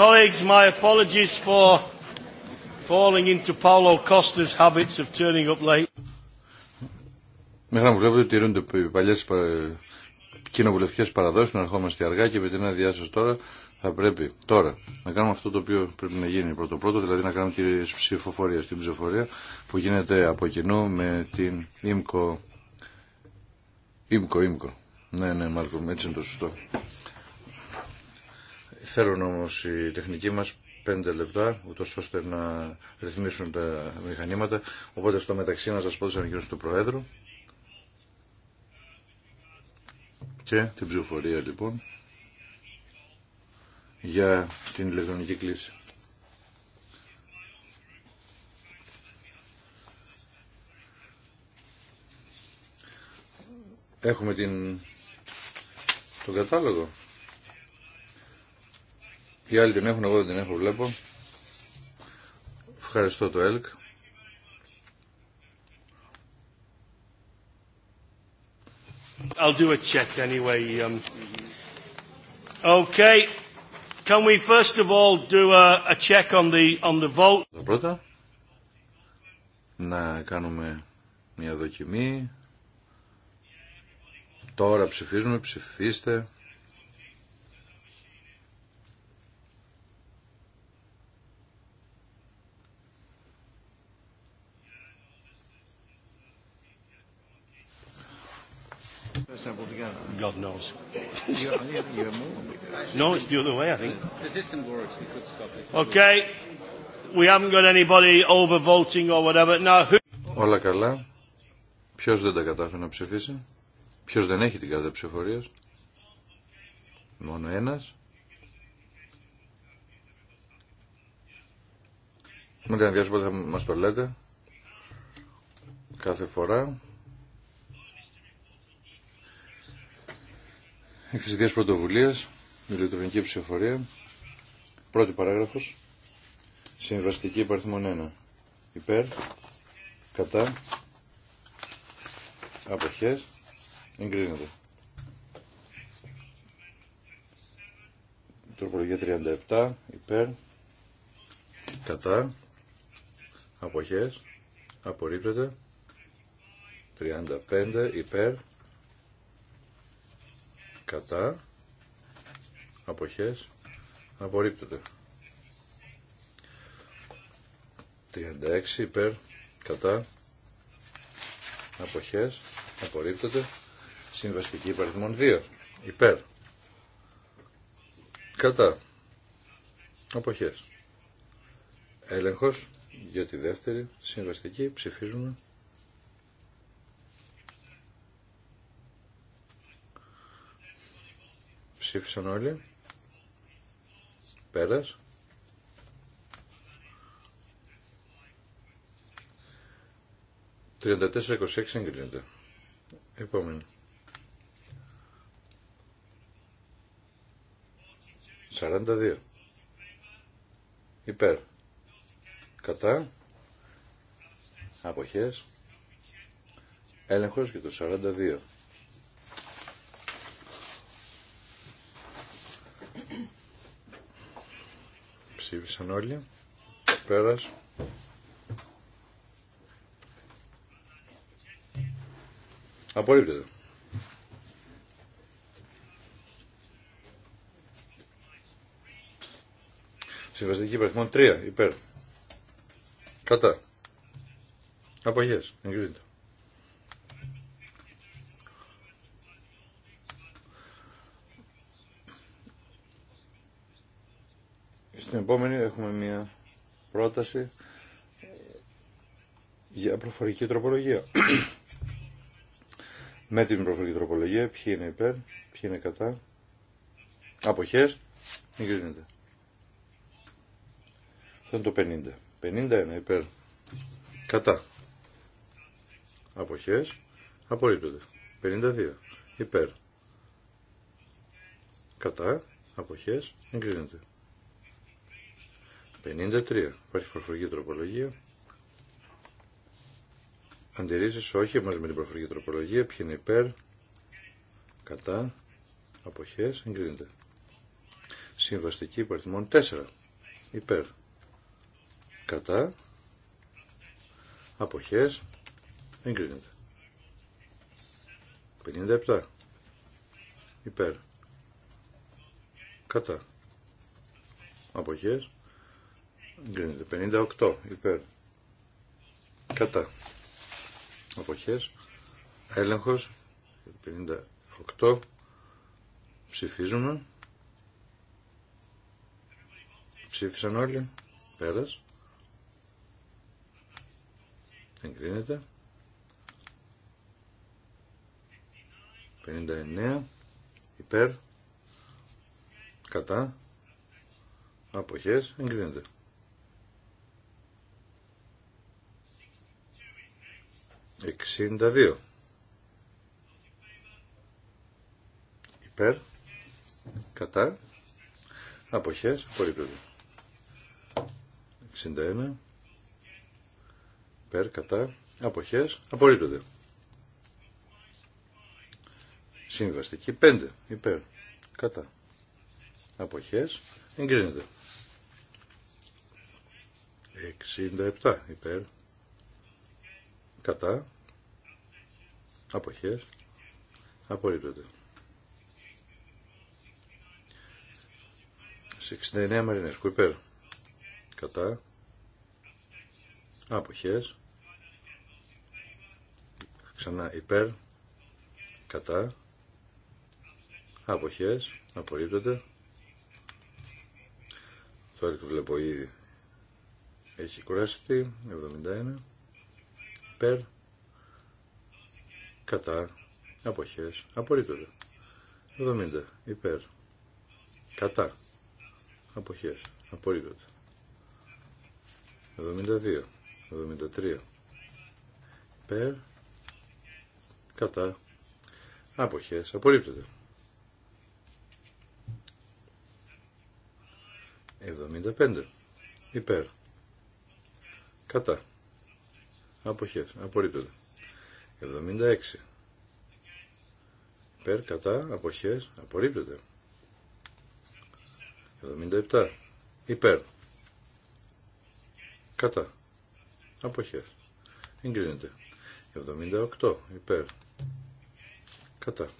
Colleagues, my apologies for falling into Paulo Costa's habits of turning up late. Μέχρι να βλέπετε ότι τηρούνται οι παλιέ ε, κοινοβουλευτικέ παραδόσει, να ερχόμαστε αργά και με την άδειά σα τώρα θα πρέπει τώρα να κάνουμε αυτό το οποίο πρέπει να γίνει πρώτο-πρώτο, δηλαδή να κάνουμε τι ψηφοφορίε, την ψηφοφορία που γίνεται από κοινού με την ΙΜΚΟ. ΙΜΚΟ, ΙΜΚΟ. Ναι, ναι, Μάρκο, έτσι είναι το σωστό. Θέλουν όμως οι τεχνικοί μας πέντε λεπτά, ούτω ώστε να ρυθμίσουν τα μηχανήματα. Οπότε στο μεταξύ να σας πω τις ανακοινώσεις του Προέδρου. Και την ψηφοφορία λοιπόν για την ηλεκτρονική κλίση. Έχουμε την... τον κατάλογο. Οι άλλοι την έχουν, εγώ δεν την έχω, βλέπω. Ευχαριστώ το ΕΛΚ. I'll do a check anyway. Um, okay. Can we first of all do a, a check on the, on the vote? πρώτα, να κάνουμε μια δοκιμή. Τώρα ψηφίζουμε, ψηφίστε. God knows. No, it's the other way, I think. The system works. We could stop it. Okay. We haven't got anybody overvoting or whatever. Now, who... Όλα καλά. Ποιο δεν τα κατάφερε να ψηφίσει. Ποιο δεν έχει την κάρτα ψηφορίας. Μόνο ένας. Μην κάνετε πότε θα μα το λέτε. Κάθε φορά. Εκθεσιδίας πρωτοβουλίας, ηλεκτρονική ψηφοφορία, πρώτη παράγραφος, συμβαστική υπαριθμόν 1. Υπέρ, κατά, Αποχέ, εγκρίνεται. Τροπολογία 37, υπέρ, κατά, αποχέ, απορρίπτεται, 35, υπέρ, κατά αποχές απορρίπτεται 36 υπέρ κατά αποχές απορρίπτεται συμβαστική υπαριθμών 2 υπέρ κατά αποχές έλεγχος για τη δεύτερη συμβαστική ψηφίζουμε Ψήφισαν όλοι. Πέρας. 34-26 εγκρίνεται. Επόμενη. 42. Υπέρ. Κατά. Αποχές. Έλεγχος για το 42. Ψήφισαν όλοι. Πέρας. Απορρίπτεται. Συμβαστική υπερθμόν 3. Υπέρ. Κατά. Απογές. Εγκρίνεται. επόμενη έχουμε μια πρόταση για προφορική τροπολογία. Με την προφορική τροπολογία, ποιοι είναι υπέρ, ποιοι είναι κατά. Αποχές, εγκρίνεται. Αυτό είναι το 50. 51 υπέρ. Κατά. Αποχές, απορρίπτονται. 52 υπέρ. Κατά, αποχές, εγκρίνεται. 53. Υπάρχει προφορική τροπολογία. Αντιρρήσει όχι, Μας με την προφορική τροπολογία. Ποιοι είναι υπέρ, κατά, αποχέ, εγκρίνεται. Συμβαστική υπαριθμών 4. Υπέρ, κατά, απόχέ, εγκρίνεται. 57. Υπέρ. Κατά. Αποχές. Εγκρίνεται. 58 υπέρ. Κατά. Αποχές. Έλεγχος. 58. Ψηφίζουμε. Ψήφισαν όλοι. Πέρας. Εγκρίνεται. 59. Υπέρ. Κατά. Αποχές. Εγκρίνεται. 62. Υπέρ. Κατά. Αποχές. Απορρίπτεται. 61. Υπέρ. Κατά. Αποχές. Απορρίπτονται. Συμβαστική 5. Υπέρ. Κατά. Αποχές. Εγκρίνεται. 67. Υπέρ κατά αποχές Σε 69 Μαρινέσκου υπέρ κατά αποχές ξανά υπέρ κατά αποχές Το τώρα το βλέπω ήδη έχει κουράσει 71 υπέρ κατά αποχές απορρίπτεται 70 υπέρ κατά αποχές απορρίπτεται 72 73 υπέρ κατά αποχές απορρίπτεται 75 υπέρ κατά αποχές απορρίπτεται 76 Περ, κατά αποχές απορρίπτεται 77 υπέρ κατά αποχές εγκρίνεται 78 υπέρ κατά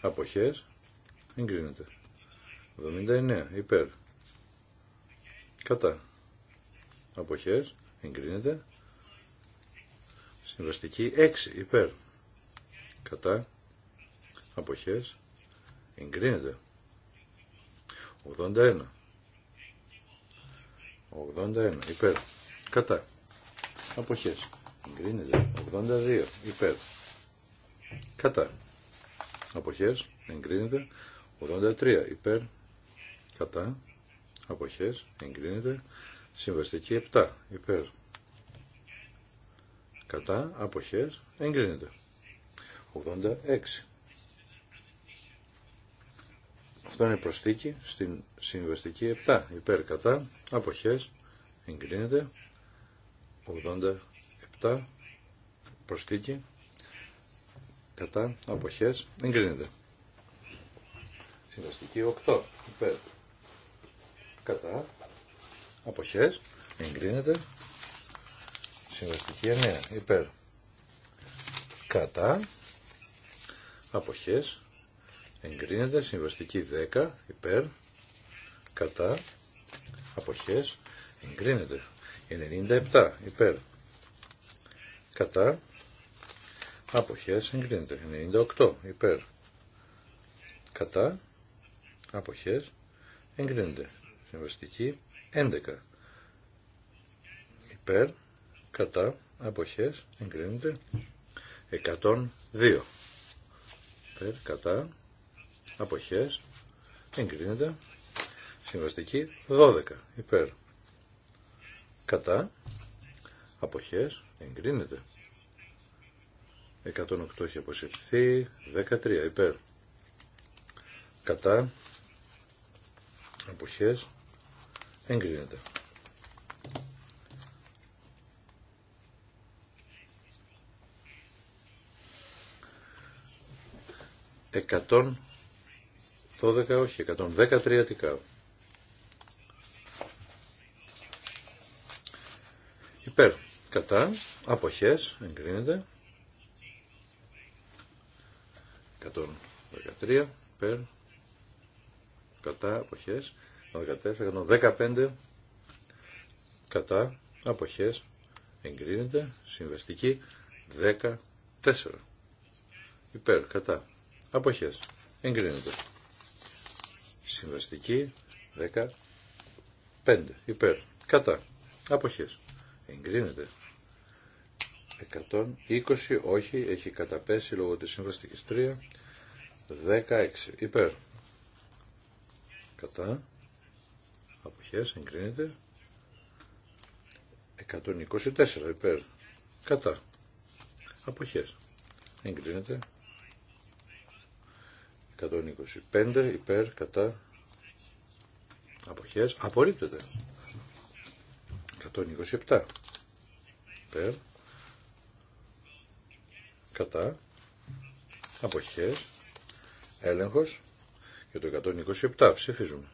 αποχές εγκρίνεται 79 υπέρ κατά αποχές εγκρίνεται Συμβαστική 6 υπέρ. Κατά. Αποχές. Εγκρίνεται. 81. 81 υπέρ. Κατά. Αποχές. Εγκρίνεται. 82 υπέρ. Κατά. Αποχές. Εγκρίνεται. 83 υπέρ. Κατά. Αποχές. Εγκρίνεται. Συμβαστική 7 υπέρ κατά αποχές εγκρίνεται. 86. Αυτό είναι προστίκη στην συμβαστική 7. Υπέρ κατά αποχές εγκρίνεται. 87 προστίκη κατά αποχές εγκρίνεται. Συμβαστική 8. Υπέρ κατά αποχές εγκρίνεται. Συμβαστική 9. Υπέρ. Κατά. Αποχές. Εγκρίνεται. Συμβαστική 10. Υπέρ. Κατά. Αποχές. Εγκρίνεται. 97. Υπέρ. Κατά. Αποχές. Εγκρίνεται. 98. Υπέρ. Κατά. Αποχές. Εγκρίνεται. Συμβαστική 11 υπέρ κατά αποχές εγκρίνεται 102 περ, κατά αποχές εγκρίνεται συμβαστική 12 υπέρ κατά αποχές εγκρίνεται 108 έχει αποσυρθεί 13 υπέρ κατά αποχές εγκρίνεται 112 όχι, 113 κάνω. Υπέρ, κατά, αποχές, εγκρίνεται. 113, υπέρ, κατά, αποχές. 114, 115, κατά, αποχές, εγκρίνεται. Συμβαστική, 14. Υπέρ, κατά, Αποχές. Εγκρίνεται. Συμβαστική 15. Υπέρ. Κατά. Αποχές. Εγκρίνεται. 120. Όχι. Έχει καταπέσει λόγω της συμβαστικής 3. 16. Υπέρ. Κατά. Αποχές. Εγκρίνεται. 124. Υπέρ. Κατά. Αποχές. Εγκρίνεται. 125 υπέρ κατά αποχές απορρίπτεται 127 υπέρ κατά αποχές έλεγχος και το 127 ψηφίζουμε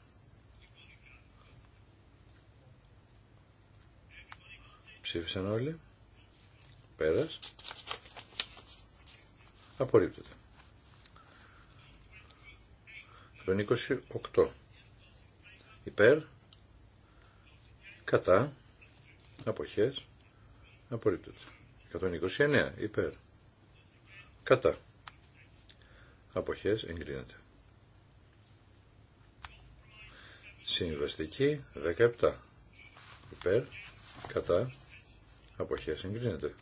ψήφισαν όλοι πέρας απορρίπτεται 28, υπέρ κατά αποχές απορρίπτεται 129 υπέρ κατά αποχές εγκρίνεται συμβαστική 17 υπέρ κατά αποχές εγκρίνεται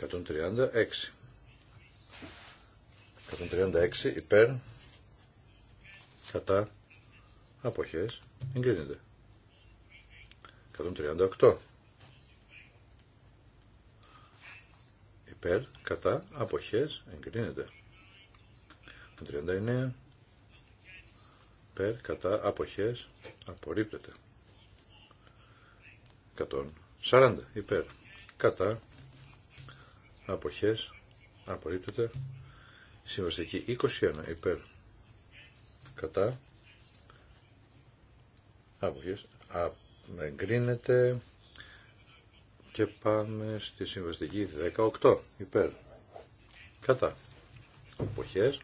136 136 υπέρ κατά αποχές εγκρίνεται 138 υπέρ κατά αποχές εγκρίνεται 139 υπέρ κατά αποχές απορρίπτεται 140 υπέρ κατά αποχές απορρίπτεται Συμβαστική 21 υπέρ κατά αποχές εγκρίνεται και πάμε στη συμβαστική 18 υπέρ κατά αποχές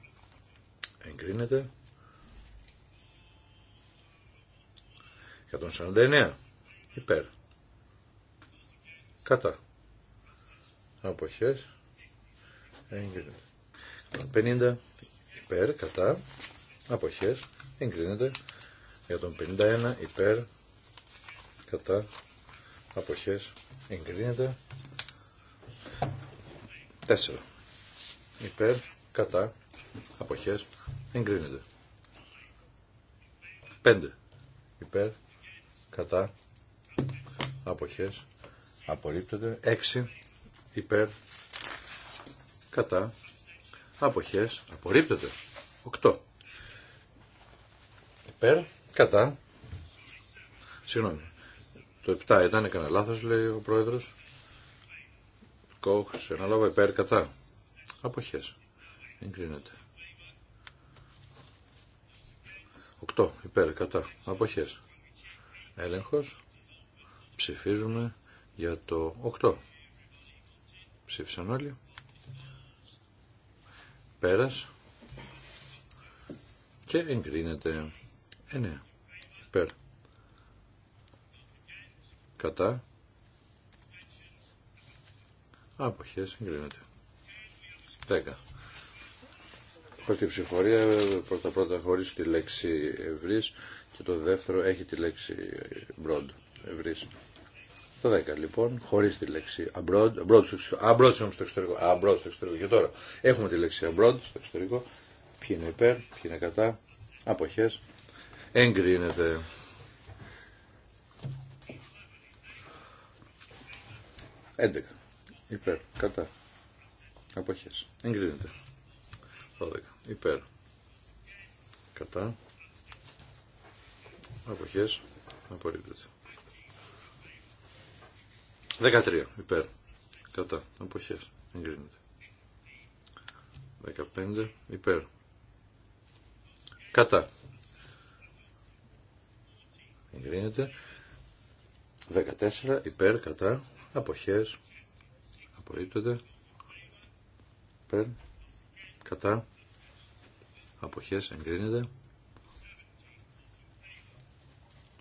εγκρίνεται 149 υπέρ κατά αποχές εγκρίνεται 50 υπέρ, κατά, αποχές, εγκρίνεται. 51 υπέρ, κατά, αποχές, εγκρίνεται. 4 υπέρ, κατά, αποχές, εγκρίνεται. 5 υπέρ, κατά, αποχές, απορρίπτεται. 6 υπέρ, κατά, αποχές απορρίπτεται 8 υπέρ κατά συγγνώμη το 7 ήταν έκανα λάθος λέει ο πρόεδρος ένα λόγο, υπέρ κατά αποχές εγκρίνεται 8 υπέρ κατά αποχές έλεγχος ψηφίζουμε για το 8 ψήφισαν όλοι Πέρας. Και εγκρίνεται 9. Πέρα. Κατά. Αποχές εγκρίνεται. 10. πρώτη ψηφορία, πρώτα πρώτα χωρίς τη λέξη ευρύς και το δεύτερο έχει τη λέξη ε, broad, ευρύς. Στο 10 λοιπόν, χωρί τη λέξη abroad, abroad στο εξωτερικό. Abroad στο εξωτερικό. Abroad στο εξωτερικό. Και τώρα έχουμε τη λέξη abroad στο εξωτερικό. Ποιοι είναι υπέρ, ποιοι είναι κατά. Αποχέ. Εγκρίνεται. Έντεκα. Υπέρ. Κατά. Αποχές. Εγκρίνεται. 12. Υπέρ. Κατά. Αποχές. Απορρίπτεται. 13 υπέρ. Κατά. Αποχές. Εγκρίνεται. 15 υπέρ. Κατά. Εγκρίνεται. 14 υπέρ. Κατά. αποχέ, Απορρίπτεται. Υπέρ. Κατά. αποχέ, Εγκρίνεται.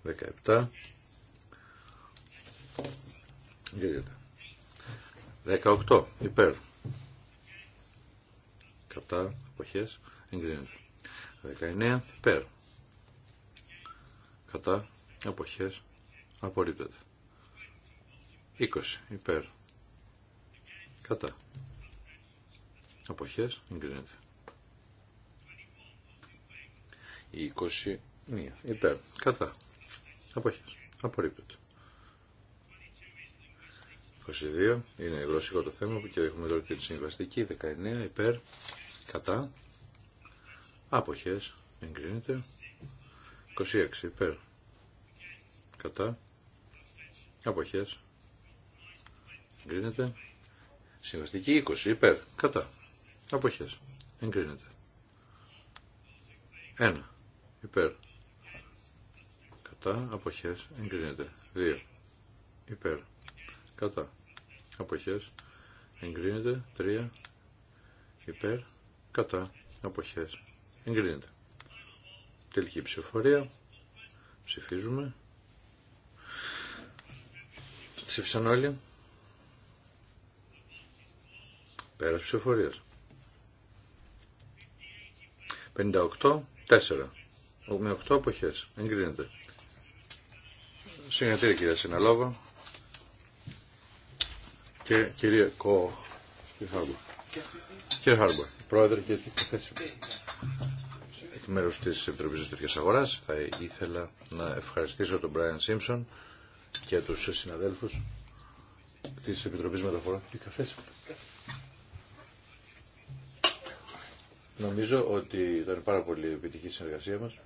17 18 υπέρ. Κατά αποχές εγκρίνεται. 19 υπέρ. Κατά αποχές απορρίπτεται. 20 υπέρ. Κατά. Αποχές εγκρίνεται. 21 υπέρ. Κατά. Αποχές. Απορρίπτεται. 22 είναι γλωσσικό το θέμα που και έχουμε τώρα τη συμβαστική 19 υπέρ κατά άποχες εγκρίνεται 26 υπέρ κατά άποχες εγκρίνεται συμβαστική 20 υπέρ κατά άποχες εγκρίνεται 1 υπέρ κατά αποχές εγκρίνεται 2 υπέρ κατά αποχές εγκρίνεται 3 υπέρ κατά αποχές εγκρίνεται τελική ψηφοφορία ψηφίζουμε ψήφισαν όλοι πέρα ψηφοφορίας 58 4 με 8 αποχές εγκρίνεται Συγχαρητήρια κυρία Συναλόβα. Και κύριε Κο, κύριε Χάρμπορ. Κύριε Χάρμπορ, πρόεδρε και θέση. Εκ μέρους της Επιτροπής Ιστορικής Αγοράς θα ήθελα να ευχαριστήσω τον Μπράιν Σίμψον και τους συναδέλφους της Επιτροπής Μεταφορών και Καφές. Νομίζω ότι ήταν πάρα πολύ επιτυχή η συνεργασία μας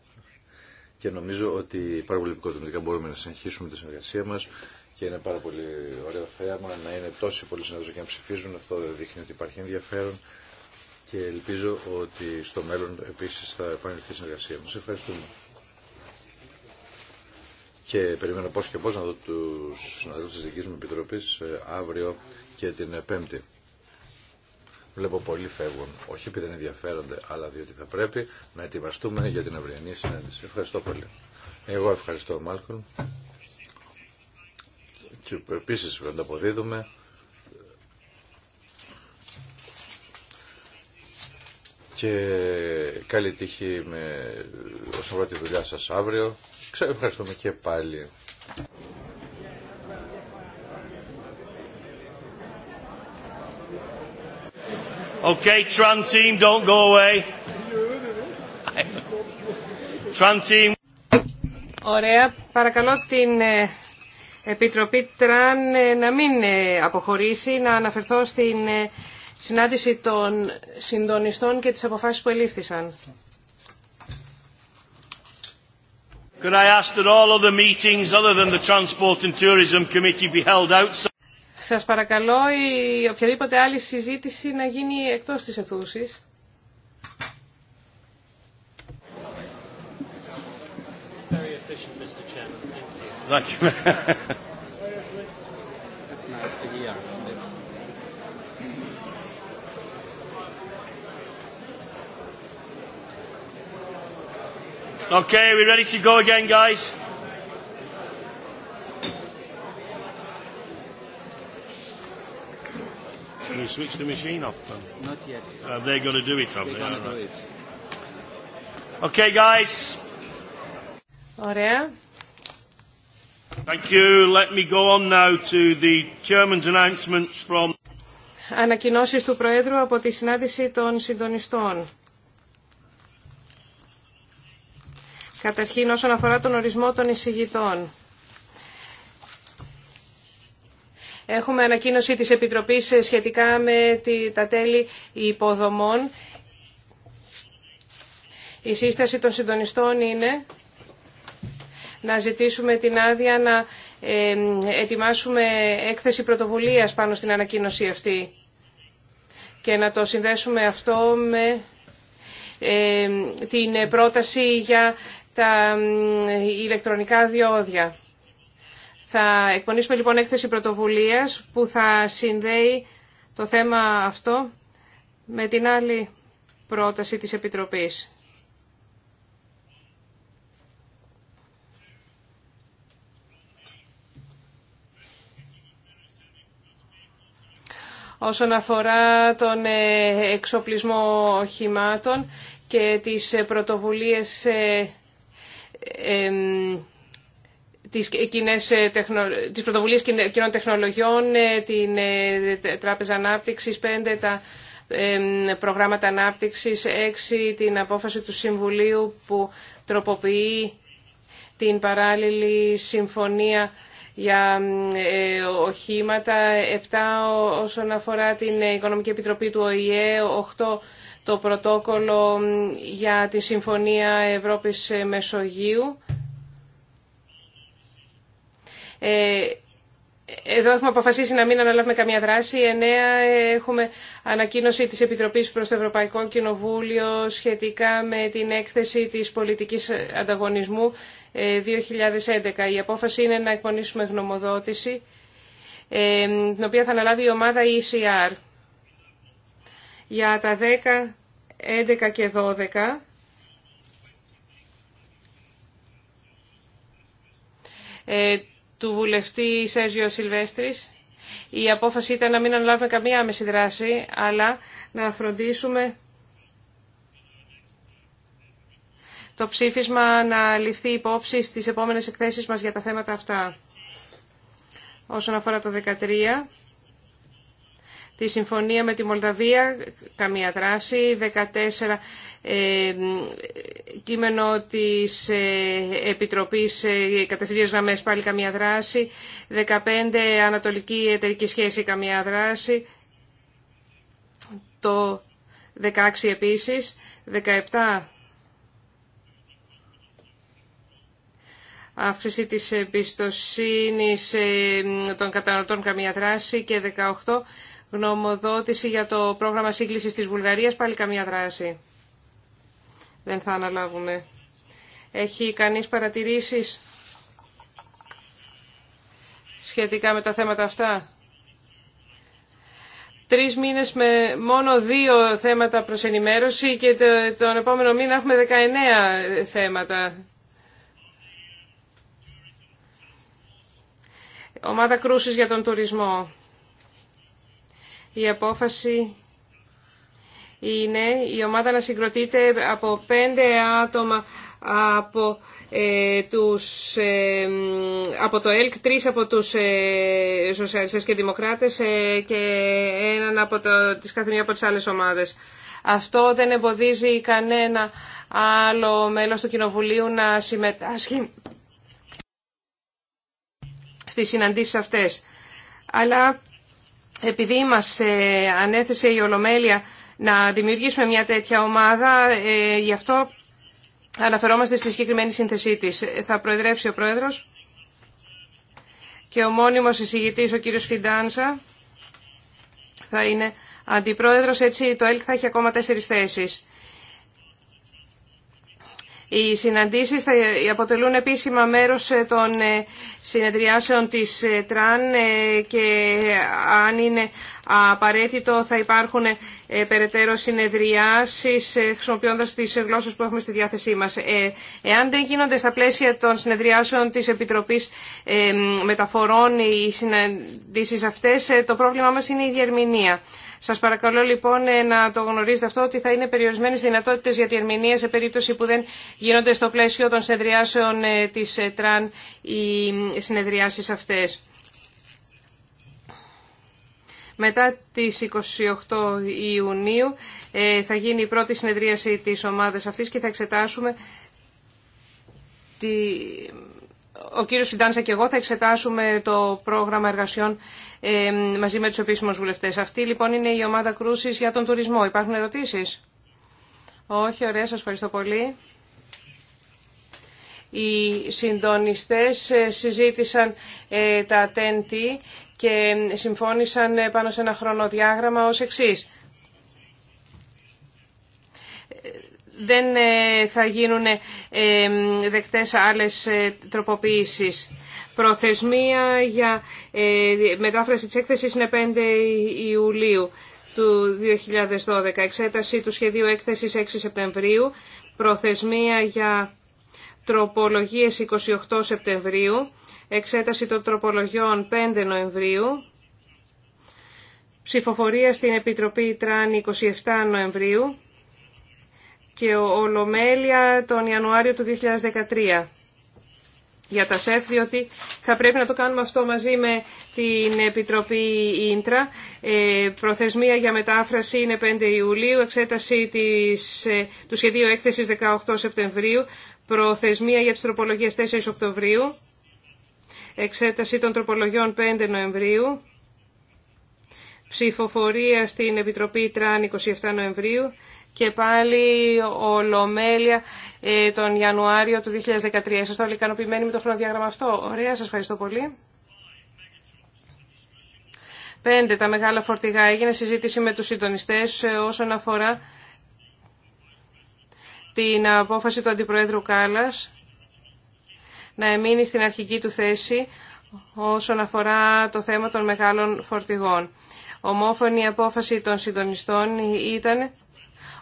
και νομίζω ότι πάρα πολύ επικοδομητικά μπορούμε να συνεχίσουμε τη συνεργασία μας και είναι πάρα πολύ ωραίο θέαμα να είναι τόσοι πολλοί συνάδελφοι και να ψηφίζουν. Αυτό δείχνει ότι υπάρχει ενδιαφέρον και ελπίζω ότι στο μέλλον επίση θα επανελθεί η συνεργασία μα. Ευχαριστούμε. Και περιμένω πω και πώ να δω του συναδέλφου τη Δική μου επιτροπή ε, αύριο και την Πέμπτη. Βλέπω πολλοί φεύγουν, όχι επειδή δεν ενδιαφέρονται, αλλά διότι θα πρέπει να ετοιμαστούμε για την αυριανή συνάντηση. Ευχαριστώ πολύ. Εγώ ευχαριστώ, Μάλκον και επίσης πρέπει να αποδίδουμε και καλή τύχη με όσον αφορά τη δουλειά σας αύριο. Ευχαριστούμε και πάλι. Okay, Tran team, don't go away. Tran team. Ωραία. Παρακαλώ την ε, Επιτροπή Τραν ε, να μην ε, αποχωρήσει, να αναφερθώ στην ε, συνάντηση των συντονιστών και τις αποφάσεις που ελήφθησαν. Σας παρακαλώ οποιαδήποτε άλλη συζήτηση να γίνει εκτός της αιθούσης. That's Okay, we're ready to go again, guys? Can we switch the machine off then? Not yet. they're going to do it, aren't they? Okay, guys. Ωραία. Thank Ανακοινώσεις του Προέδρου από τη συνάντηση των συντονιστών. Καταρχήν όσον αφορά τον ορισμό των εισηγητών. Έχουμε ανακοίνωση της Επιτροπής σχετικά με τα τέλη υποδομών. Η σύσταση των συντονιστών είναι να ζητήσουμε την άδεια να ετοιμάσουμε έκθεση πρωτοβουλίας πάνω στην ανακοίνωση αυτή και να το συνδέσουμε αυτό με την πρόταση για τα ηλεκτρονικά διόδια. Θα εκπονήσουμε λοιπόν έκθεση πρωτοβουλίας που θα συνδέει το θέμα αυτό με την άλλη πρόταση της Επιτροπής. όσον αφορά τον ε, εξοπλισμό οχημάτων και τις ε, πρωτοβουλίες ε, τις, τις πρωτοβουλίες κοινών τεχνολογιών, την Τράπεζα Ανάπτυξης, 5 τα προγράμματα ανάπτυξης, 6 την απόφαση του Συμβουλίου που τροποποιεί την παράλληλη συμφωνία για ε, οχήματα, 7 όσον αφορά την Οικονομική Επιτροπή του ΟΗΕ, 8 το πρωτόκολλο για τη Συμφωνία Ευρώπης Μεσογείου. Ε, εδώ έχουμε αποφασίσει να μην αναλάβουμε καμία δράση. Εννέα, έχουμε ανακοίνωση της Επιτροπής προς το Ευρωπαϊκό Κοινοβούλιο σχετικά με την έκθεση της πολιτικής ανταγωνισμού 2011. Ε, η απόφαση είναι να εκπονήσουμε γνωμοδότηση, ε, την οποία θα αναλάβει η ομάδα ECR. Για τα 10, 11 και 12... Ε, του βουλευτή Σέζιο Σιλβέστρης. Η απόφαση ήταν να μην αναλάβουμε καμία άμεση δράση, αλλά να φροντίσουμε το ψήφισμα να ληφθεί υπόψη στις επόμενες εκθέσεις μας για τα θέματα αυτά. Όσον αφορά το 13, τη συμφωνία με τη Μολδαβία, καμία δράση. 14, ε, κείμενο της ε, Επιτροπής ε, Κατευθυντήρες Γραμμές, πάλι καμία δράση. 15, Ανατολική Εταιρική Σχέση, καμία δράση. Το 16 επίσης. 17, αύξηση της εμπιστοσύνη ε, των καταναλωτών καμία δράση και 18 γνωμοδότηση για το πρόγραμμα σύγκλησης της Βουλγαρίας πάλι καμία δράση. Δεν θα αναλάβουμε. Έχει κανείς παρατηρήσεις σχετικά με τα θέματα αυτά. Τρεις μήνες με μόνο δύο θέματα προς ενημέρωση και τον επόμενο μήνα έχουμε 19 θέματα. Ομάδα κρούσης για τον τουρισμό. Η απόφαση είναι η ομάδα να συγκροτείται από πέντε άτομα από, ε, τους, ε, από το ΕΛΚ, τρεις από τους ε, και δημοκράτες ε, και έναν από το, της από τις άλλες ομάδες. Αυτό δεν εμποδίζει κανένα άλλο μέλος του Κοινοβουλίου να συμμετάσχει στις συναντήσεις αυτές. Αλλά επειδή μας ε, ανέθεσε η Ολομέλεια να δημιουργήσουμε μια τέτοια ομάδα, ε, γι' αυτό αναφερόμαστε στη συγκεκριμένη σύνθεσή της. Θα προεδρεύσει ο Πρόεδρος και ο μόνιμος εισηγητής, ο κύριος Φιντάνσα, θα είναι αντιπρόεδρος, έτσι το ΕΛΚ θα έχει ακόμα τέσσερις θέσεις. Οι συναντήσεις θα αποτελούν επίσημα μέρος ε, των ε, συνεδριάσεων της ε, ΤΡΑΝ και αν είναι απαραίτητο θα υπάρχουν περαιτέρω συνεδριάσεις χρησιμοποιώντας τις γλώσσες που έχουμε στη διάθεσή μας. Εάν δεν γίνονται στα πλαίσια των συνεδριάσεων της Επιτροπής Μεταφορών οι συναντήσεις αυτές, το πρόβλημά μας είναι η διαρμηνία. Σας παρακαλώ λοιπόν ε, να το γνωρίζετε αυτό ότι θα είναι περιορισμένε δυνατότητε για τη ερμηνεία σε περίπτωση που δεν γίνονται στο πλαίσιο των συνεδριάσεων ε, της ε, ΤΡΑΝ οι συνεδριάσεις αυτές. Μετά τις 28 Ιουνίου θα γίνει η πρώτη συνεδρίαση της ομάδας αυτής και θα εξετάσουμε ο κύριος Φιντάνσα και εγώ θα εξετάσουμε το πρόγραμμα εργασιών ε, μαζί με τους επίσημους βουλευτές. Αυτή λοιπόν είναι η ομάδα κρούσης για τον τουρισμό. Υπάρχουν ερωτήσεις? Όχι, ωραία, σας ευχαριστώ πολύ. Οι συντονιστές ε, συζήτησαν ε, τα Τέντη και συμφώνησαν πάνω σε ένα χρονοδιάγραμμα ως εξής. δεν ε, θα γίνουν ε, δεκτές άλλες ε, τροποποιήσεις. Προθεσμία για μετάφραση της έκθεσης είναι 5 Ιουλίου του 2012. Εξέταση του σχεδίου έκθεσης 6 Σεπτεμβρίου. Προθεσμία για τροπολογίες 28 Σεπτεμβρίου. Εξέταση των τροπολογιών 5 Νοεμβρίου. Ψηφοφορία στην Επιτροπή Τράνη 27 Νοεμβρίου και ολομέλεια τον Ιανουάριο του 2013 για τα ΣΕΦ, διότι θα πρέπει να το κάνουμε αυτό μαζί με την Επιτροπή Ίντρα. Ε, προθεσμία για μετάφραση είναι 5 Ιουλίου, εξέταση της, ε, του σχεδίου έκθεσης 18 Σεπτεμβρίου, προθεσμία για τις τροπολογίες 4 Οκτωβρίου, εξέταση των τροπολογιών 5 Νοεμβρίου, ψηφοφορία στην Επιτροπή Τραν 27 Νοεμβρίου και πάλι ολομέλεια ε, τον Ιανουάριο του 2013. Είστε όλοι ικανοποιημένοι με το χρονοδιάγραμμα αυτό. Ωραία, σας ευχαριστώ πολύ. Πέντε, τα μεγάλα φορτηγά. Έγινε συζήτηση με τους συντονιστές ε, όσον αφορά την απόφαση του Αντιπροέδρου Κάλλας να εμείνει στην αρχική του θέση όσον αφορά το θέμα των μεγάλων φορτηγών. Ομόφωνη απόφαση των συντονιστών ήταν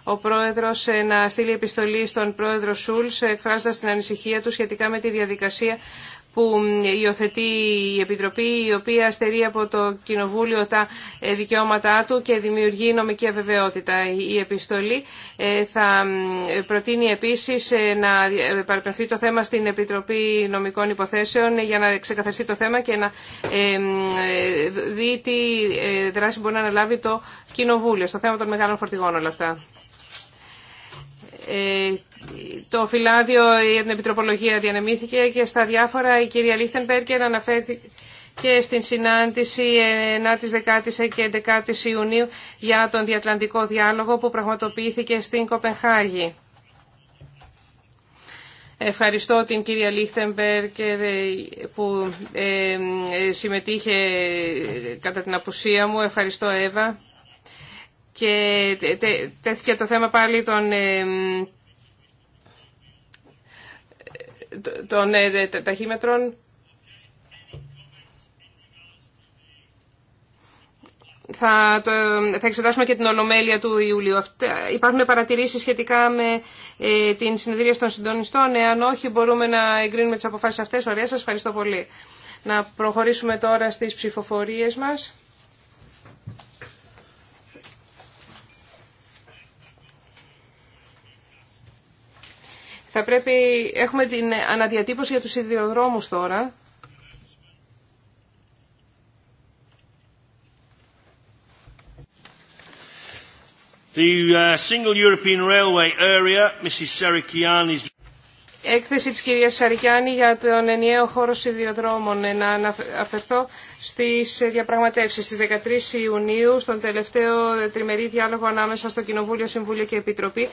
ο Πρόεδρος ε, να στείλει επιστολή στον Πρόεδρο Σούλς ε, εκφράζοντα την ανησυχία του σχετικά με τη διαδικασία που υιοθετεί η Επιτροπή η οποία στερεί από το Κοινοβούλιο τα ε, δικαιώματά του και δημιουργεί νομική αβεβαιότητα. Η επιστολή θα προτείνει επίσης να παραπευθεί το θέμα στην Επιτροπή Νομικών Υποθέσεων για να ξεκαθαριστεί το θέμα και να δει τι δράση μπορεί να αναλάβει το Κοινοβούλιο στο θέμα των μεγάλων φορτηγών όλα αυτά. Ε, το φυλάδιο για την επιτροπολογία διανεμήθηκε και στα διάφορα η κυρία Λίχτενπεργκερ αναφέρθηκε και στην συνάντηση 9ης, 10ης και 11ης Ιουνίου για τον διατλαντικό διάλογο που πραγματοποιήθηκε στην Κοπενχάγη. Ευχαριστώ την κυρία Λίχτεμπεργκερ ε, που ε, συμμετείχε κατά την απουσία μου. Ευχαριστώ Εύα. Και τέθηκε το θέμα πάλι των, ε, των ε, ταχύμετρων. Θα, θα εξετάσουμε και την Ολομέλεια του Ιουλίου. Υπάρχουν παρατηρήσεις σχετικά με ε, την συνεδρία των συντονιστών. Εάν όχι, μπορούμε να εγκρίνουμε τις αποφάσεις αυτές. Ωραία, σας ευχαριστώ πολύ. Να προχωρήσουμε τώρα στις ψηφοφορίες μας. Θα πρέπει, έχουμε την αναδιατύπωση για τους σιδηροδρόμους τώρα. The uh, single European railway area, Mrs. Serikiani's έκθεση της κυρίας Σαρικιάνη για τον ενιαίο χώρο σιδηροδρόμων. Ε, να αναφερθώ στις διαπραγματεύσεις στις 13 Ιουνίου, στον τελευταίο τριμερή διάλογο ανάμεσα στο Κοινοβούλιο, Συμβούλιο και Επιτροπή,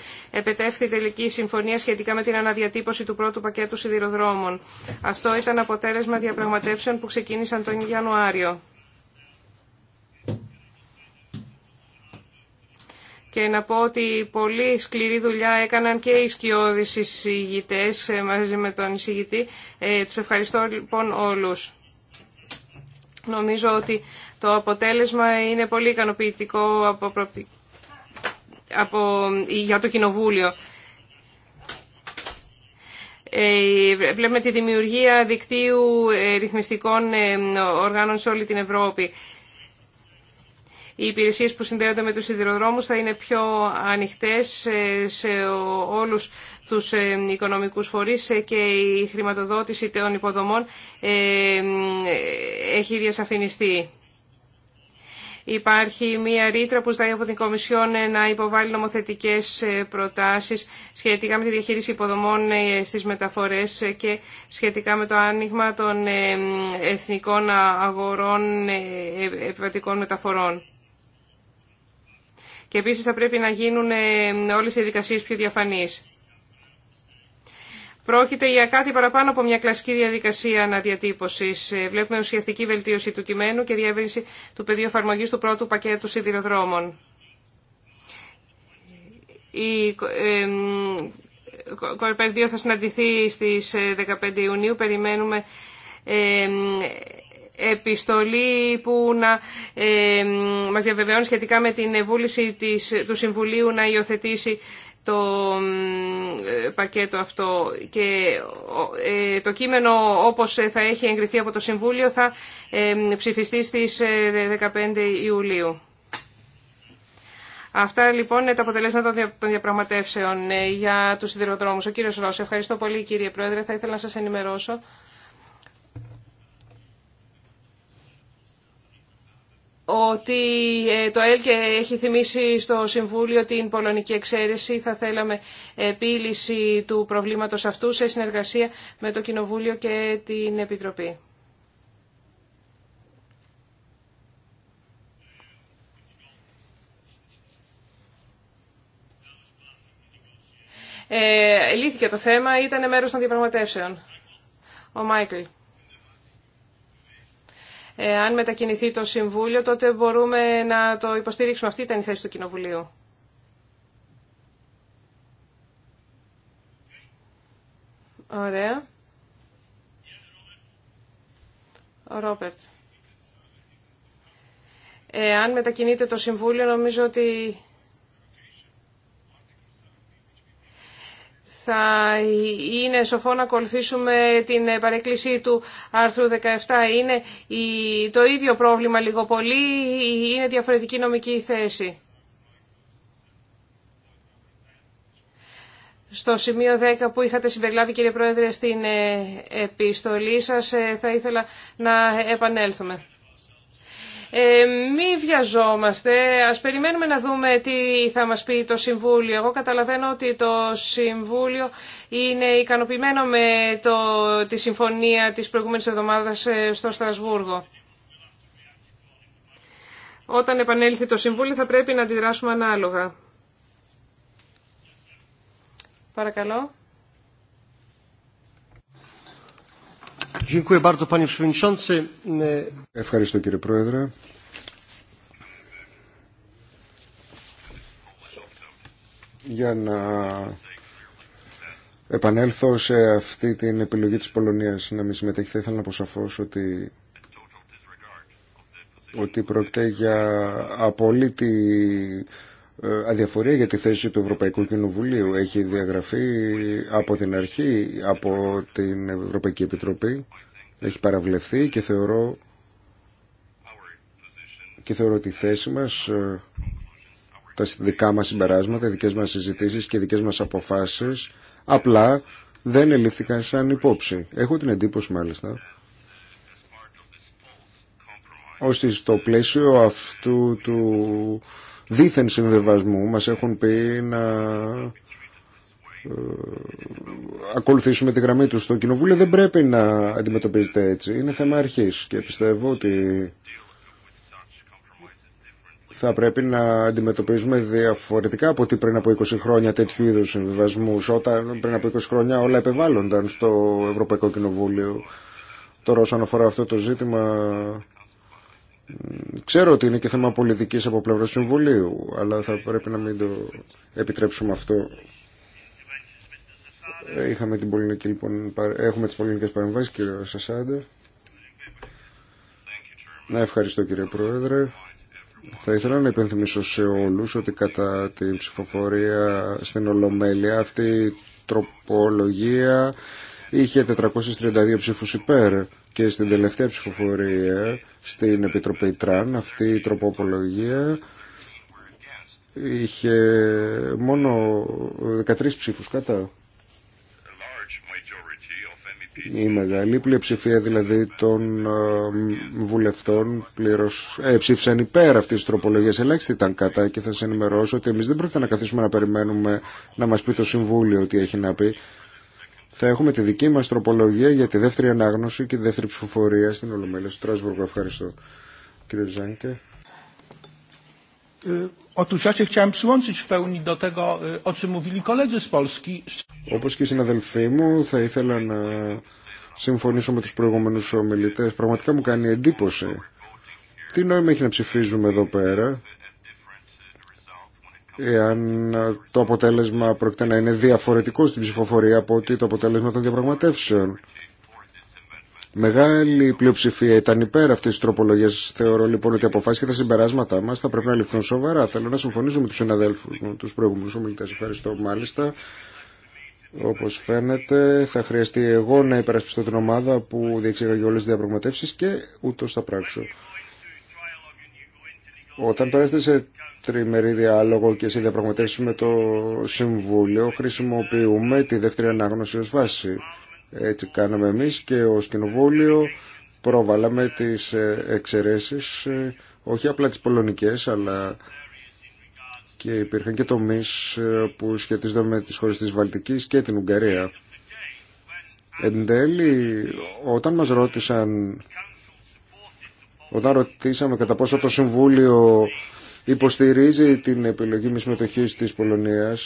η τελική συμφωνία σχετικά με την αναδιατύπωση του πρώτου πακέτου σιδηροδρόμων. Αυτό ήταν αποτέλεσμα διαπραγματεύσεων που ξεκίνησαν τον Ιανουάριο. και να πω ότι πολύ σκληρή δουλειά έκαναν και οι σκιώδεις εισηγητές ε, μαζί με τον εισηγητή. Ε, τους ευχαριστώ λοιπόν όλους. Νομίζω ότι το αποτέλεσμα είναι πολύ ικανοποιητικό από, από, ε, για το Κοινοβούλιο. Ε, βλέπουμε τη δημιουργία δικτύου ρυθμιστικών οργάνων σε όλη την Ευρώπη οι υπηρεσίε που συνδέονται με του σιδηροδρόμου θα είναι πιο ανοιχτές σε όλους τους οικονομικούς φορείς και η χρηματοδότηση των υποδομών έχει διασαφινιστεί. Υπάρχει μία ρήτρα που ζητάει από την Κομισιόν να υποβάλει νομοθετικέ προτάσεις σχετικά με τη διαχείριση υποδομών στις μεταφορές και σχετικά με το άνοιγμα των εθνικών αγορών επιβατικών μεταφορών και επίσης θα πρέπει να γίνουν ε, όλες οι διαδικασίες πιο διαφανείς. Πρόκειται για κάτι παραπάνω από μια κλασική διαδικασία αναδιατύπωση. Ε, βλέπουμε ουσιαστική βελτίωση του κειμένου και διεύρυνση του πεδίου εφαρμογή του πρώτου πακέτου σιδηροδρόμων. Η ε, ΚΟΡΠΕΡ 2 θα συναντηθεί στις 15 Ιουνίου. Περιμένουμε επιστολή που να ε, μας διαβεβαιώνει σχετικά με την βούληση της, του Συμβουλίου να υιοθετήσει το ε, πακέτο αυτό και ε, το κείμενο όπως θα έχει εγκριθεί από το Συμβούλιο θα ψηφιστεί στις 15 Ιουλίου. Αυτά λοιπόν είναι τα αποτελέσματα των διαπραγματεύσεων για τους σιδηροδρόμους. Ο κύριος Ρώση, ευχαριστώ πολύ κύριε Πρόεδρε. Θα ήθελα να σας ενημερώσω ότι ε, το ΕΛΚΕ έχει θυμίσει στο Συμβούλιο την πολωνική εξαίρεση. Θα θέλαμε επίλυση του προβλήματος αυτού σε συνεργασία με το Κοινοβούλιο και την Επιτροπή. Ε, λύθηκε το θέμα, ήταν μέρος των διαπραγματεύσεων. Ο Μάικλ. Ε, αν μετακινηθεί το Συμβούλιο, τότε μπορούμε να το υποστηρίξουμε. Αυτή ήταν η θέση του Κοινοβουλίου. Ωραία. Ο Ρόπερτ. Ε, αν μετακινείται το Συμβούλιο, νομίζω ότι θα είναι σοφό να ακολουθήσουμε την παρέκκληση του άρθρου 17. Είναι το ίδιο πρόβλημα λίγο πολύ ή είναι διαφορετική νομική θέση. Στο σημείο 10 που είχατε συμπεριλάβει κύριε Πρόεδρε στην ε, επιστολή σας ε, θα ήθελα να επανέλθουμε. Ε, μη βιαζόμαστε, ας περιμένουμε να δούμε τι θα μας πει το Συμβούλιο. Εγώ καταλαβαίνω ότι το Συμβούλιο είναι ικανοποιημένο με το, τη συμφωνία της προηγούμενης εβδομάδας ε, στο Στρασβούργο. Όταν επανέλθει το Συμβούλιο θα πρέπει να αντιδράσουμε ανάλογα. Παρακαλώ. Ευχαριστώ κύριε Πρόεδρε. Για να επανέλθω σε αυτή την επιλογή της Πολωνίας να μην συμμετέχει, θα ήθελα να αποσαφώσω ότι ότι πρόκειται για απολύτη ε, αδιαφορία για τη θέση του Ευρωπαϊκού Κοινοβουλίου. Έχει διαγραφεί από την αρχή από την Ευρωπαϊκή Επιτροπή. Έχει παραβλεφθεί και θεωρώ, και θεωρώ τη θέση μας, ε, τα δικά μας συμπεράσματα, δικές μας συζητήσεις και δικές μας αποφάσεις απλά δεν ελήφθηκαν σαν υπόψη. Έχω την εντύπωση μάλιστα ώστε στο πλαίσιο αυτού του δίθεν συμβιβασμού. Μας έχουν πει να ε, ακολουθήσουμε τη γραμμή του στο κοινοβούλιο δεν πρέπει να αντιμετωπίζεται έτσι είναι θέμα αρχής και πιστεύω ότι θα πρέπει να αντιμετωπίζουμε διαφορετικά από ότι πριν από 20 χρόνια τέτοιου είδους συμβιβασμού. όταν πριν από 20 χρόνια όλα επεβάλλονταν στο Ευρωπαϊκό Κοινοβούλιο τώρα όσον αφορά αυτό το ζήτημα Ξέρω ότι είναι και θέμα πολιτικής από πλευρά του Συμβουλίου, αλλά θα πρέπει να μην το επιτρέψουμε αυτό. Ε, είχαμε την πολυνική, λοιπόν, έχουμε τις πολιτικές παρεμβάσεις, κύριο Σασάντε. Να ευχαριστώ κύριε Πρόεδρε. Θα ήθελα να υπενθυμίσω σε όλους ότι κατά την ψηφοφορία στην Ολομέλεια αυτή η τροπολογία είχε 432 ψήφους υπέρ και στην τελευταία ψηφοφορία στην Επιτροπή Τραν αυτή η τροποπολογία είχε μόνο 13 ψήφους κατά. Η μεγάλη πλειοψηφία δηλαδή των ε, βουλευτών πλήρως, ε, ψήφισαν υπέρ αυτής της τροπολογίας. Ελάχιστη ήταν κατά και θα σας ενημερώσω ότι εμείς δεν πρόκειται να καθίσουμε να περιμένουμε να μας πει το Συμβούλιο τι έχει να πει θα έχουμε τη δική μας τροπολογία για τη δεύτερη ανάγνωση και τη δεύτερη ψηφοφορία στην Ολομέλεια του Τράσβουργο Ευχαριστώ. Κύριε Ζάνκε. Όπως και οι συναδελφοί μου, θα ήθελα να συμφωνήσω με τους προηγούμενους ομιλητές. Πραγματικά μου κάνει εντύπωση. Τι νόημα έχει να ψηφίζουμε εδώ πέρα εάν το αποτέλεσμα πρόκειται να είναι διαφορετικό στην ψηφοφορία από ότι το αποτέλεσμα των διαπραγματεύσεων. Μεγάλη πλειοψηφία ήταν υπέρ αυτή τη τροπολογία. Θεωρώ λοιπόν ότι οι αποφάσει και τα συμπεράσματά μα θα πρέπει να ληφθούν σοβαρά. Θέλω να συμφωνήσω με του συναδέλφου, του προηγούμενου ομιλητέ. Ευχαριστώ μάλιστα. Όπω φαίνεται, θα χρειαστεί εγώ να υπερασπιστώ την ομάδα που διεξήγαγε όλε τι διαπραγματεύσει και ούτω θα πράξω. Όταν περάσετε σε τριμερή διάλογο και σε διαπραγματεύσει με το Συμβούλιο χρησιμοποιούμε τη δεύτερη ανάγνωση ως βάση. Έτσι κάναμε εμείς και ως Κοινοβούλιο πρόβαλαμε τις ε, εξαιρέσεις, ε, όχι απλά τις πολωνικές, αλλά και υπήρχαν και τομείς ε, που σχετίζονται με τις χώρες της Βαλτικής και την Ουγγαρία. Εν τέλει, όταν μας ρώτησαν, όταν ρωτήσαμε κατά πόσο το Συμβούλιο υποστηρίζει την επιλογή μη συμμετοχή τη Πολωνία,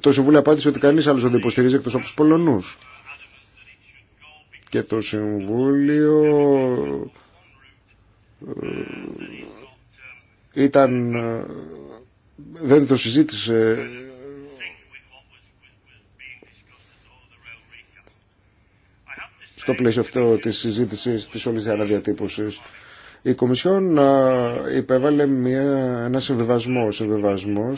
το Συμβούλιο απάντησε ότι κανεί άλλο δεν το υποστηρίζει εκτό από του Πολωνού. και το Συμβούλιο ε, ήταν ε, δεν το συζήτησε στο πλαίσιο αυτό της συζήτησης της όλης της αναδιατύπωσης η Κομισιόν υπέβαλε μια, ένα συμβιβασμό. Ο συμβιβασμό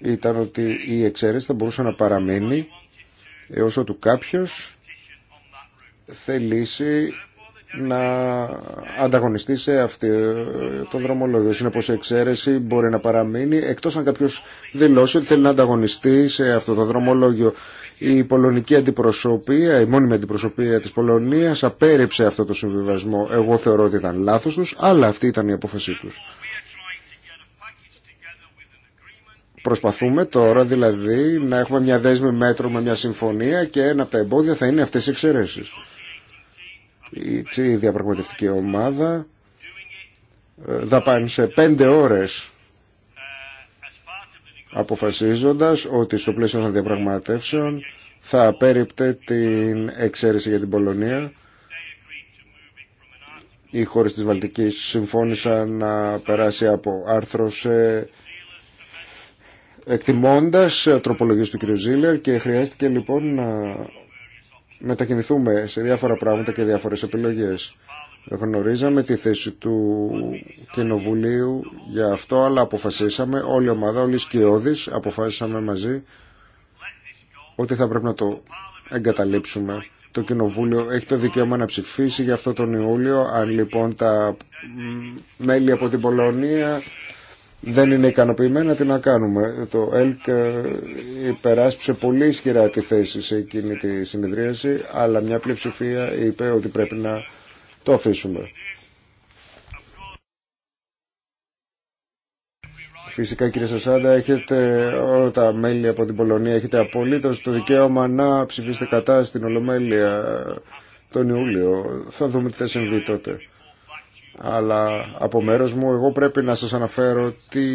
ήταν ότι η εξαίρεση θα μπορούσε να παραμείνει έως ότου κάποιος θελήσει να ανταγωνιστεί σε αυτό ε, το δρομολόγιο. Συνεπώς η εξαίρεση μπορεί να παραμείνει εκτός αν κάποιος δηλώσει ότι θέλει να ανταγωνιστεί σε αυτό το δρομολόγιο. Η πολωνική αντιπροσωπεία, η μόνιμη αντιπροσωπεία της Πολωνίας απέρριψε αυτό το συμβιβασμό. Εγώ θεωρώ ότι ήταν λάθος τους, αλλά αυτή ήταν η απόφασή τους. Προσπαθούμε τώρα δηλαδή να έχουμε μια δέσμη μέτρων με μια συμφωνία και ένα από τα εμπόδια θα είναι αυτές οι εξαιρέσεις. Η διαπραγματευτική ομάδα ε, δαπάνησε πέντε ώρες αποφασίζοντας ότι στο πλαίσιο των διαπραγματεύσεων θα απέριπτε την εξαίρεση για την Πολωνία. Οι χώρες της Βαλτικής συμφώνησαν να περάσει από άρθρο σε εκτιμώντας τροπολογίες του κ. Ζήλερ και χρειάστηκε λοιπόν να μετακινηθούμε σε διάφορα πράγματα και διάφορες επιλογές. Γνωρίζαμε τη θέση του Κοινοβουλίου για αυτό, αλλά αποφασίσαμε, όλη η ομάδα, όλοι οι σκιώδεις, αποφάσισαμε μαζί ότι θα πρέπει να το εγκαταλείψουμε. Το Κοινοβούλιο έχει το δικαίωμα να ψηφίσει για αυτό τον Ιούλιο. Αν λοιπόν τα μέλη από την Πολωνία δεν είναι ικανοποιημένα, τι να κάνουμε. Το ΕΛΚ ε, υπεράσπισε πολύ ισχυρά τη θέση σε εκείνη τη συνεδρίαση, αλλά μια πλειοψηφία είπε ότι πρέπει να το αφήσουμε. Φυσικά κύριε Σασάντα, έχετε όλα τα μέλη από την Πολωνία, έχετε απολύτως το δικαίωμα να ψηφίσετε κατά στην Ολομέλεια τον Ιούλιο. Θα δούμε τι θα συμβεί τότε. Αλλά από μέρος μου εγώ πρέπει να σας αναφέρω τι,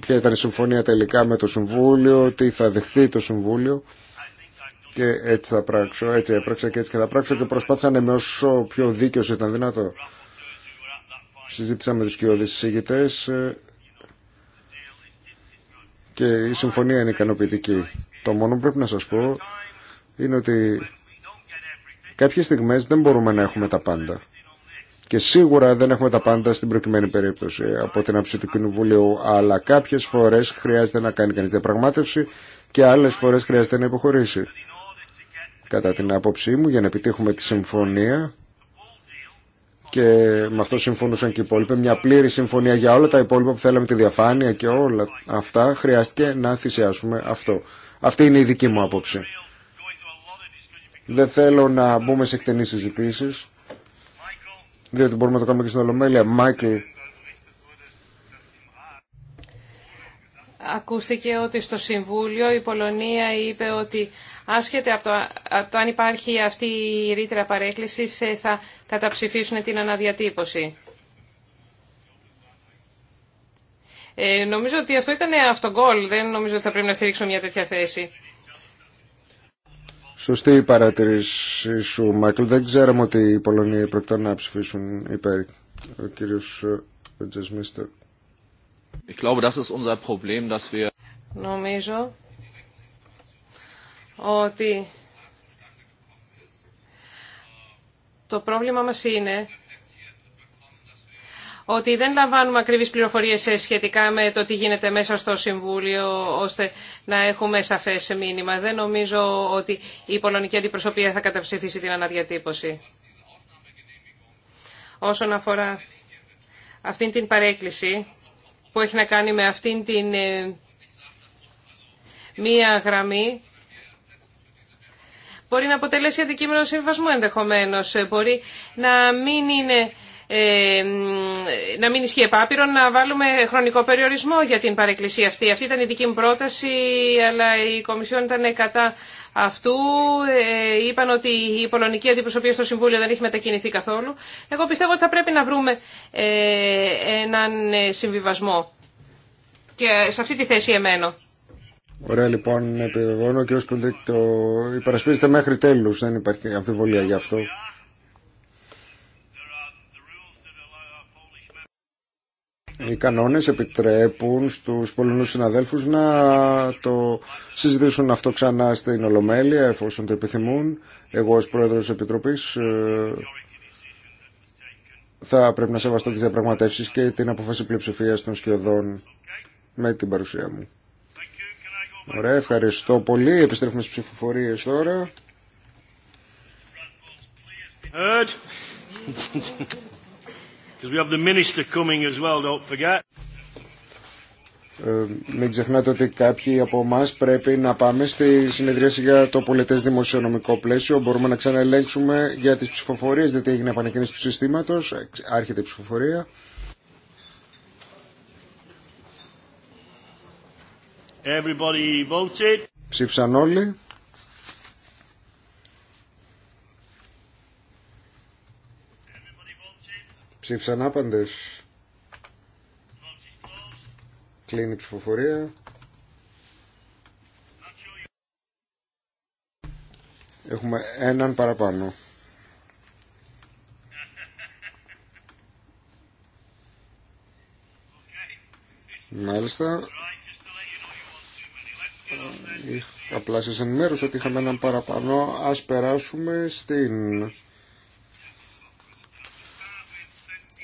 ποια ήταν η συμφωνία τελικά με το Συμβούλιο, τι θα δεχθεί το Συμβούλιο. Και έτσι θα πράξω, έτσι έπραξα και έτσι και θα πράξω και προσπάθησα να είμαι όσο πιο δίκαιος ήταν δυνατό. Συζήτησα με τους κοιόδης συζητητές ε, και η συμφωνία είναι ικανοποιητική. Το μόνο που πρέπει να σας πω είναι ότι κάποιες στιγμές δεν μπορούμε να έχουμε τα πάντα. Και σίγουρα δεν έχουμε τα πάντα στην προκειμένη περίπτωση από την άψη του Κοινοβουλίου. Αλλά κάποιε φορέ χρειάζεται να κάνει κανεί διαπραγμάτευση και άλλε φορέ χρειάζεται να υποχωρήσει. Κατά την άποψή μου, για να επιτύχουμε τη συμφωνία και με αυτό συμφωνούσαν και οι υπόλοιποι. Μια πλήρη συμφωνία για όλα τα υπόλοιπα που θέλαμε, τη διαφάνεια και όλα αυτά. Χρειάστηκε να θυσιάσουμε αυτό. Αυτή είναι η δική μου άποψη. Δεν θέλω να μπούμε σε εκτενείς συζητήσει, διότι μπορούμε να το κάνουμε και στην Ολομέλεια. Ακούστηκε ότι στο Συμβούλιο η Πολωνία είπε ότι άσχετα από το, το αν υπάρχει αυτή η ρήτρα παρέκκληση ε, θα καταψηφίσουν την αναδιατύπωση. Ε, νομίζω ότι αυτό ήταν αυτογκόλ. Δεν νομίζω ότι θα πρέπει να στηρίξουμε μια τέτοια θέση. Σωστή η παρατηρήση σου, Μάικλ. Δεν ξέραμε ότι οι Πολωνίοι πρόκειται να ψηφίσουν υπέρ. Ο κύριος ε, Ich glaube, das ist unser Problem, dass wir... Νομίζω ότι το πρόβλημα μας είναι ότι δεν λαμβάνουμε ακριβείς πληροφορίες σχετικά με το τι γίνεται μέσα στο Συμβούλιο ώστε να έχουμε σαφές μήνυμα. Δεν νομίζω ότι η πολωνική αντιπροσωπεία θα καταψηφίσει την αναδιατύπωση. Όσον αφορά αυτήν την παρέκκληση, που έχει να κάνει με αυτήν την ε, μία γραμμή μπορεί να αποτελέσει αντικείμενο συμβασμού ενδεχομένως, ε, μπορεί να μην είναι ε, να μην ισχύει επάπειρο, να βάλουμε χρονικό περιορισμό για την παρεκκλησία αυτή. Αυτή ήταν η δική μου πρόταση, αλλά η Κομισιόν ήταν κατά αυτού. Ε, είπαν ότι η πολωνική αντιπροσωπεία στο Συμβούλιο δεν έχει μετακινηθεί καθόλου. Εγώ πιστεύω ότι θα πρέπει να βρούμε ε, έναν συμβιβασμό. Και σε αυτή τη θέση εμένω. Ωραία λοιπόν, επιβεβαιώνω ο κ. Κουντέκ το υπερασπίζεται μέχρι τέλους, δεν υπάρχει αμφιβολία γι' αυτό. Οι κανόνες επιτρέπουν στους πολλούς συναδέλφους να το συζητήσουν αυτό ξανά στην Ολομέλεια εφόσον το επιθυμούν. Εγώ ως Πρόεδρος Επιτροπής ε, θα πρέπει να σεβαστώ τις διαπραγματεύσεις και την αποφάση πλειοψηφία των σκιωδών με την παρουσία μου. Ωραία, ευχαριστώ πολύ. Επιστρέφουμε στις ψηφοφορίες τώρα we have the minister coming as well, don't forget. Ε, μην ξεχνάτε ότι κάποιοι από εμά πρέπει να πάμε στη συνεδρίαση για το πολιτέ δημοσιονομικό πλαίσιο. Μπορούμε να ξαναελέγξουμε για τις ψηφοφορίες, διότι έγινε επανεκκίνηση του συστήματος. Άρχεται η ψηφοφορία. Everybody voted. Ψήφισαν όλοι. Ψήφισαν άπαντες. Κλείνει η ψηφοφορία. Έχουμε έναν παραπάνω. Μάλιστα. Ε, απλά σας ενημέρωσα ότι είχαμε έναν παραπάνω. Ας περάσουμε στην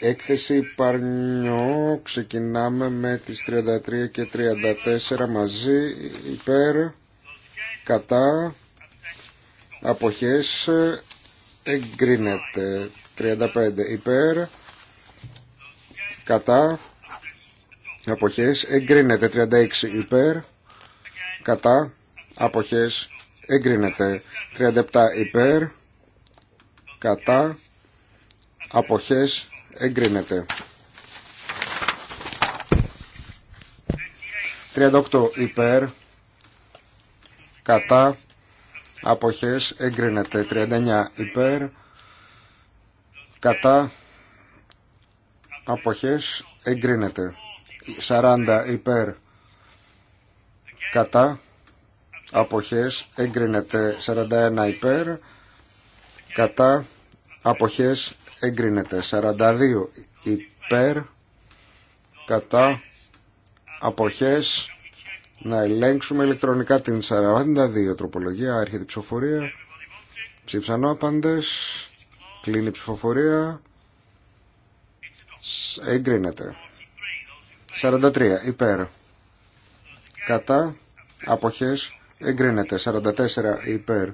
Έκθεση Παρνιό, ξεκινάμε με τις 33 και 34 μαζί, υπέρ, κατά, αποχές, εγκρίνεται, 35 υπέρ, κατά, αποχές, εγκρίνεται, 36 υπέρ, κατά, αποχές, εγκρίνεται, 37 υπέρ, κατά, αποχές, εγκρίνεται. 38 υπέρ, κατά, αποχές, εγκρίνεται. 39 υπέρ, κατά, αποχές, εγκρίνεται. 40 υπέρ, κατά, αποχές, εγκρίνεται. 41 υπέρ, κατά, αποχές, εγκρίνεται 42 υπέρ κατά αποχές να ελέγξουμε ηλεκτρονικά την 42 τροπολογία άρχεται η ψηφοφορία ψήφισαν άπαντες κλείνει η ψηφοφορία εγκρίνεται 43 υπέρ κατά αποχές εγκρίνεται 44 υπέρ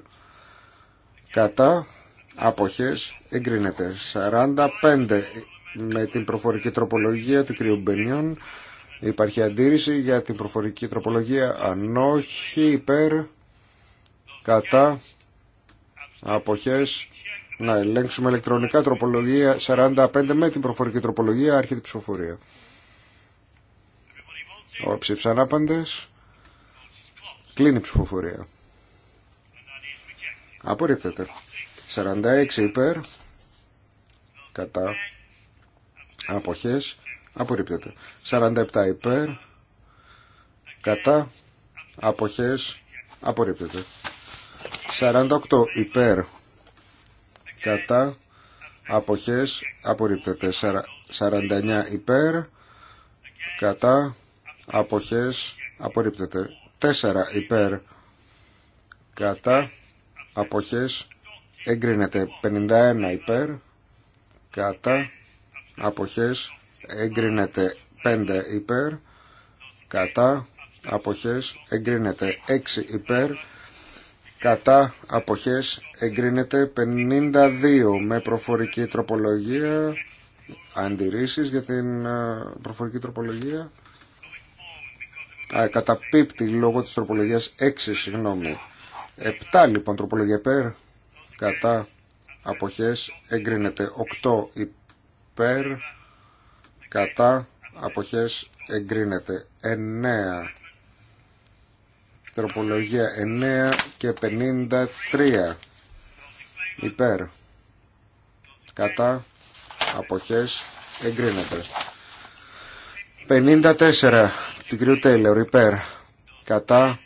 κατά αποχές εγκρίνεται 45 με την προφορική τροπολογία του κ. υπάρχει αντίρρηση για την προφορική τροπολογία αν όχι υπέρ κατά αποχές να ελέγξουμε ηλεκτρονικά τροπολογία 45 με την προφορική τροπολογία άρχεται ψηφοφορία ο ψήφισαν άπαντες κλείνει η ψηφοφορία απορρίπτεται 46 υπέρ κατά αποχές απορρίπτεται 47 υπέρ κατά αποχές απορρίπτεται 48 υπέρ κατά αποχές απορρίπτεται 49 υπέρ κατά αποχές απορρίπτεται 4 υπέρ κατά αποχές Εγκρίνεται 51 υπέρ, κατά, αποχές. Εγκρίνεται 5 υπέρ, κατά, αποχές. Εγκρίνεται 6 υπέρ, κατά, αποχές. Εγκρίνεται 52 με προφορική τροπολογία. Αντιρρήσεις για την ε, προφορική τροπολογία. Α, καταπίπτει λόγω της τροπολογίας 6, συγγνώμη. 7 λοιπόν τροπολογία υπέρ κατά αποχές εγκρίνεται 8 υπέρ κατά αποχές εγκρίνεται 9 τροπολογία 9 και 53 υπέρ κατά αποχές εγκρίνεται 54 του κυρίου Τέιλερ υπέρ κατά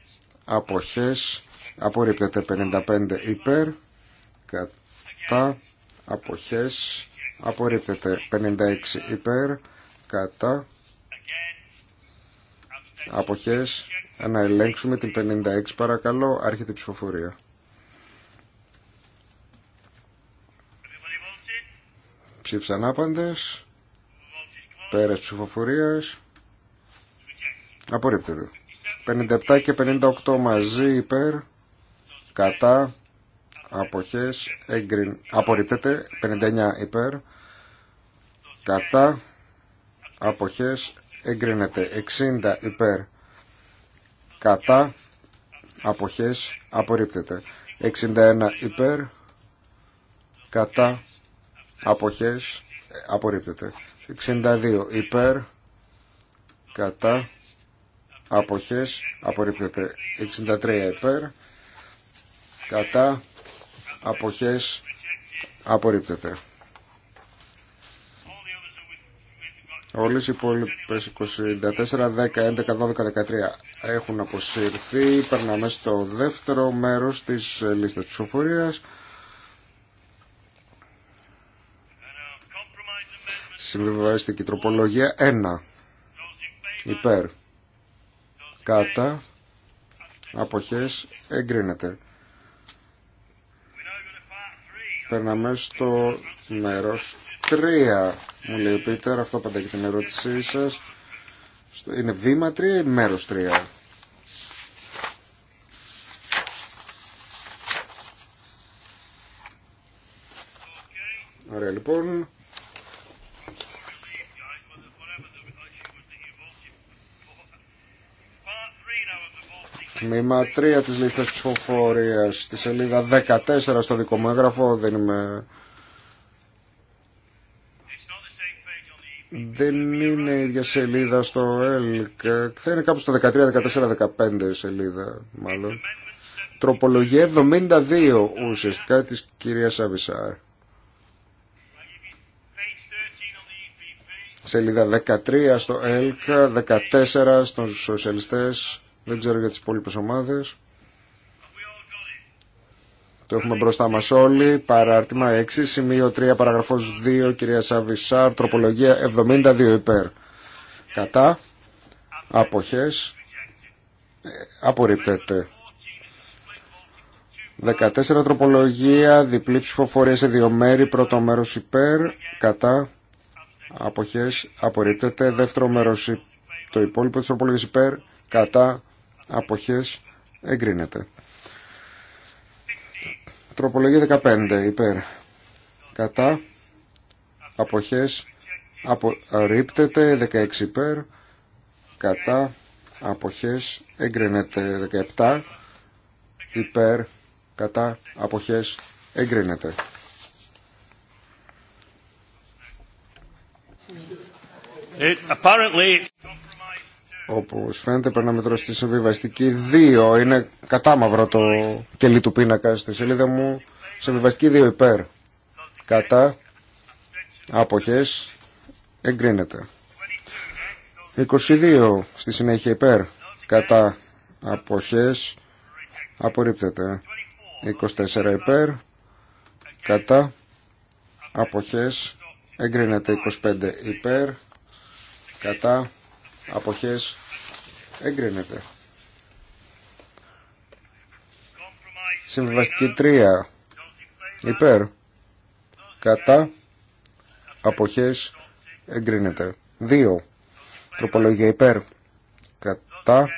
αποχές απορρίπτεται 55 υπέρ κατά αποχές απορρίπτεται 56 υπέρ κατά αποχές να ελέγξουμε την 56 παρακαλώ άρχεται η ψηφοφορία ψήφισαν άπαντες πέρα ψηφοφορίας απορρίπτεται 57 και 58 μαζί υπέρ κατά αποχές εγκριν, απορρίπτεται 59 υπέρ κατά αποχές εγκρίνεται 60 υπέρ κατά αποχές απορρίπτεται 61 υπέρ κατά αποχές απορρίπτεται 62 υπέρ κατά αποχές απορρίπτεται 63 υπέρ κατά αποχές απορρίπτεται. Όλες οι υπόλοιπες 24, 10, 11, 12, 13 έχουν αποσυρθεί. Περνάμε στο δεύτερο μέρος της λίστας ψηφοφορίας. Συμβιβαστική τροπολογία 1. Υπέρ. Κατά. Αποχές εγκρίνεται. Περνάμε στο μέρος 3. Μου λέει ο Πίτερ, αυτό απαντάει και την ερώτησή σας. Είναι βήμα 3 ή μέρος 3. Ωραία λοιπόν. Τμήμα 3 της λίστας ψηφοφορίας, στη σελίδα 14 στο δικό μου έγγραφο, δεν είμαι... Δεν είναι η ίδια σελίδα στο ΕΛΚ. Θα είναι κάπου στο 13, 14, 15 σελίδα μάλλον. Τροπολογία 72 ουσιαστικά της κυρίας Αβισάρ. Σελίδα 13 στο ΕΛΚ, 14 στους σοσιαλιστές, δεν ξέρω για τις υπόλοιπες ομάδες. Το έχουμε μπροστά μας όλοι. Παράρτημα 6, σημείο 3, παραγραφός 2, κυρία Σαββισάρ, τροπολογία 72 υπέρ. Κατά. Αποχές. Ε, απορρίπτεται. 14 τροπολογία, διπλή ψηφοφορία σε δύο μέρη, πρώτο μέρος υπέρ, κατά, αποχές, απορρίπτεται, δεύτερο μέρος το υπόλοιπο της τροπολογίας υπέρ, κατά, αποχές εγκρίνεται. Τροπολογία 15 υπέρ κατά αποχές απορρίπτεται 16 υπέρ κατά αποχές εγκρίνεται 17 υπέρ κατά αποχές εγκρίνεται. apparently... Όπω φαίνεται να τώρα στη συμβιβαστική 2. Είναι κατάμαυρο το κελί του πίνακα στη σελίδα μου. Συμβιβαστική 2 υπέρ. Κατά. Άποχες. Εγκρίνεται. 22 στη συνέχεια υπέρ. Κατά. Αποχές. Απορρίπτεται. 24 υπέρ. Κατά. Αποχές. Εγκρίνεται 25 υπέρ. Κατά αποχές εγκρίνεται συμβιβαστική 3 υπέρ κατά αποχές εγκρίνεται 2 τροπολογία υπέρ κατά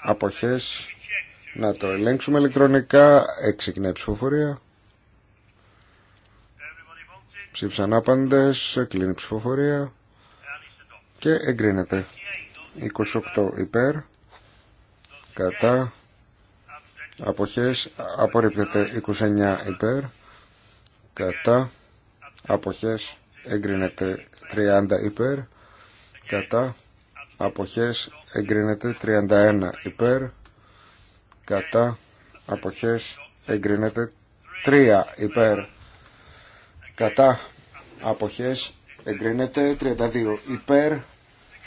αποχές να το ελέγξουμε ηλεκτρονικά η ψηφοφορία ψήφισαν άπαντες κλείνει η ψηφοφορία και εγκρίνεται 28 υπέρ κατά αποχές απορρίπτεται 29 υπέρ κατά αποχές εγκρίνεται 30 υπέρ κατά αποχές εγκρίνεται 31 υπέρ κατά αποχές εγκρίνεται 3 υπέρ κατά αποχές εγκρίνεται 32 υπέρ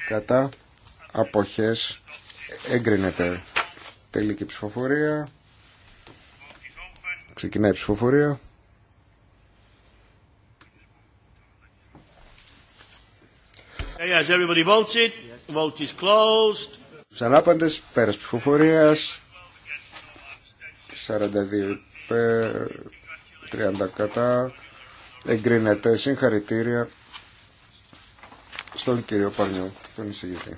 κατά αποχές εγκρίνεται τελική ψηφοφορία ξεκινάει η ψηφοφορία Σαν everybody voted, πέρας ψηφοφορίας, 42 υπέρ, 30 κατά, εγκρίνεται συγχαρητήρια στον κύριο Παρνιού τον εισηγητή.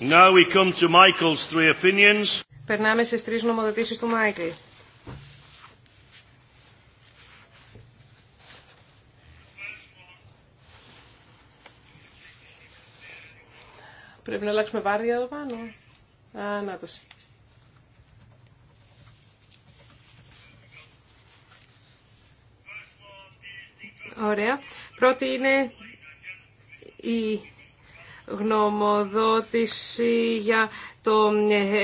Now we come to Michael's three opinions. Περνάμε στις τρεις νομοδοτήσεις του Μάικλ. Πρέπει να αλλάξουμε βάρδια εδώ πάνω. Α, νάτος. Ωραία. Πρώτη είναι η γνωμοδότηση για το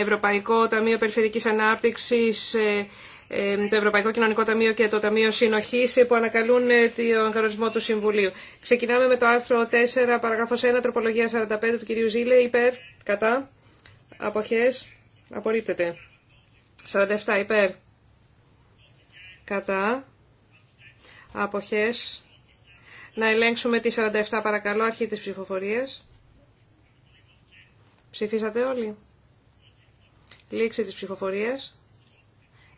Ευρωπαϊκό Ταμείο Περιφερικής Ανάπτυξης, ε, ε, το Ευρωπαϊκό Κοινωνικό Ταμείο και το Ταμείο Συνοχής που ανακαλούν ε, τον κανονισμό του Συμβουλίου. Ξεκινάμε με το άρθρο 4, παραγράφος 1, τροπολογία 45 του κυρίου Ζήλε, υπέρ, κατά, αποχές, απορρίπτεται. 47 υπέρ, κατά, αποχές, να ελέγξουμε τη 47 παρακαλώ, αρχή της ψηφοφορίας. Ψηφίσατε όλοι. Λήξη της ψηφοφορίας.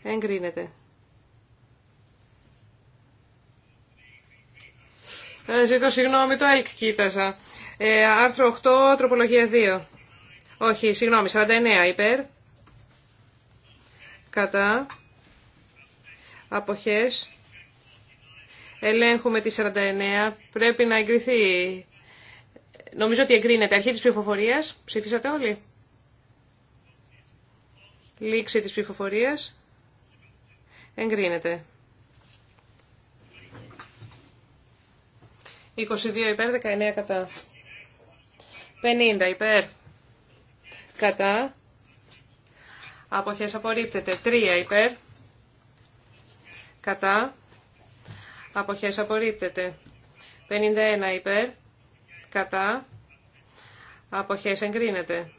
Εγκρίνεται. Ε, Ζήτω συγγνώμη, το ΕΛΚ κοίταζα. Ε, άρθρο 8, τροπολογία 2. Όχι, συγγνώμη, 49 υπέρ. Κατά. Αποχές. Ελέγχουμε τη 49. Πρέπει να εγκριθεί. Νομίζω ότι εγκρίνεται. Αρχή της ψηφοφορίας. Ψήφισατε όλοι. Λήξη της ψηφοφορίας. Εγκρίνεται. 22 υπέρ, 19 κατά. 50 υπέρ. Κατά. Αποχές απορρίπτεται. 3 υπέρ. Κατά αποχές απορρίπτεται. 51 υπέρ, κατά, αποχές εγκρίνεται.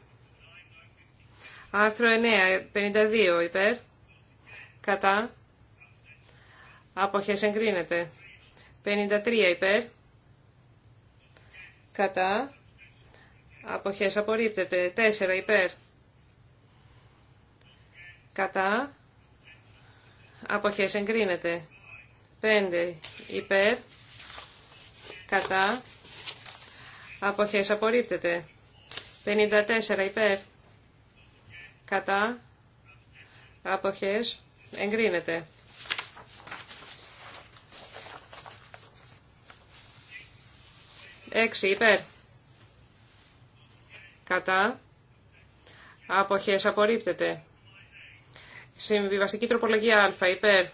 Άρθρο 9, 52 υπέρ, κατά, αποχές εγκρίνεται. 53 υπέρ, κατά, αποχές απορρίπτεται. 4 υπέρ, κατά, αποχές εγκρίνεται. 5 υπέρ, κατά, αποχές απορρίπτεται. 54 υπέρ, κατά, αποχές εγκρίνεται. 6 υπέρ, κατά, αποχές απορρίπτεται. Συμβιβαστική τροπολογία α υπέρ,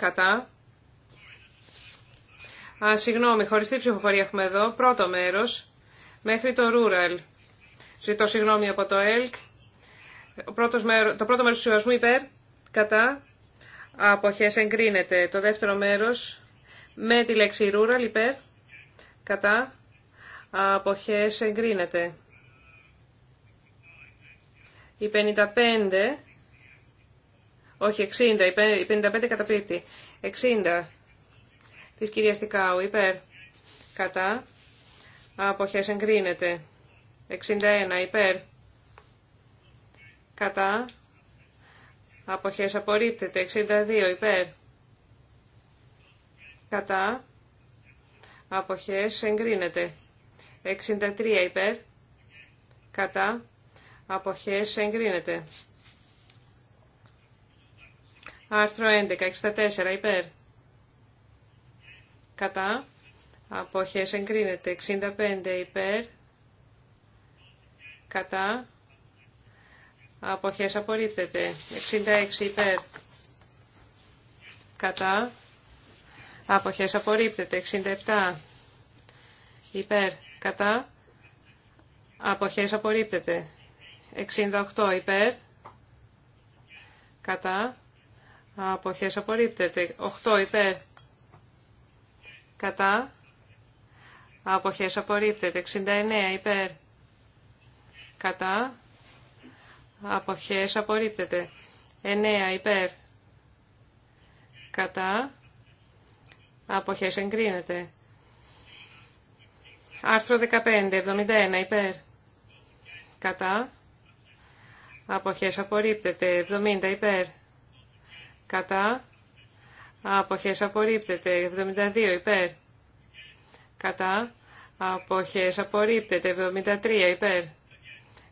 Κατά. Α, συγγνώμη, χωριστή ψηφοφορία έχουμε εδώ. Πρώτο μέρος, μέχρι το rural. Ζητώ συγγνώμη από το ΕΛΚ. το πρώτο μέρος του συμβασμού υπέρ, κατά, αποχές εγκρίνεται. Το δεύτερο μέρος, με τη λέξη rural υπέρ, κατά, αποχές εγκρίνεται. Η 55 όχι, 60. Η 55 καταπίπτει. 60 της κυρίας Τικάου. Υπέρ. Κατά. Αποχές εγκρίνεται. 61. Υπέρ. Κατά. Αποχές απορρίπτεται. 62. Υπέρ. Κατά. Αποχές εγκρίνεται. 63. Υπέρ. Κατά. Αποχές εγκρίνεται. Άρθρο 11, 64, υπέρ. Κατά. Αποχές εγκρίνεται. 65, υπέρ. Κατά. Αποχές απορρίπτεται. 66, υπέρ. Κατά. Αποχές απορρίπτεται. 67, υπέρ. Κατά. Αποχές απορρίπτεται. 68, υπέρ. Κατά. Αποχές απορρίπτεται. 8 υπέρ. Κατά. Αποχές απορρίπτεται. 69 υπέρ. Κατά. Αποχές απορρίπτεται. 9 υπέρ. Κατά. Αποχές εγκρίνεται. Άρθρο 15, 71 υπέρ. Κατά. Αποχές απορρίπτεται. 70 υπέρ κατά αποχές απορρίπτεται 72 υπέρ κατά αποχές απορρίπτεται 73 υπέρ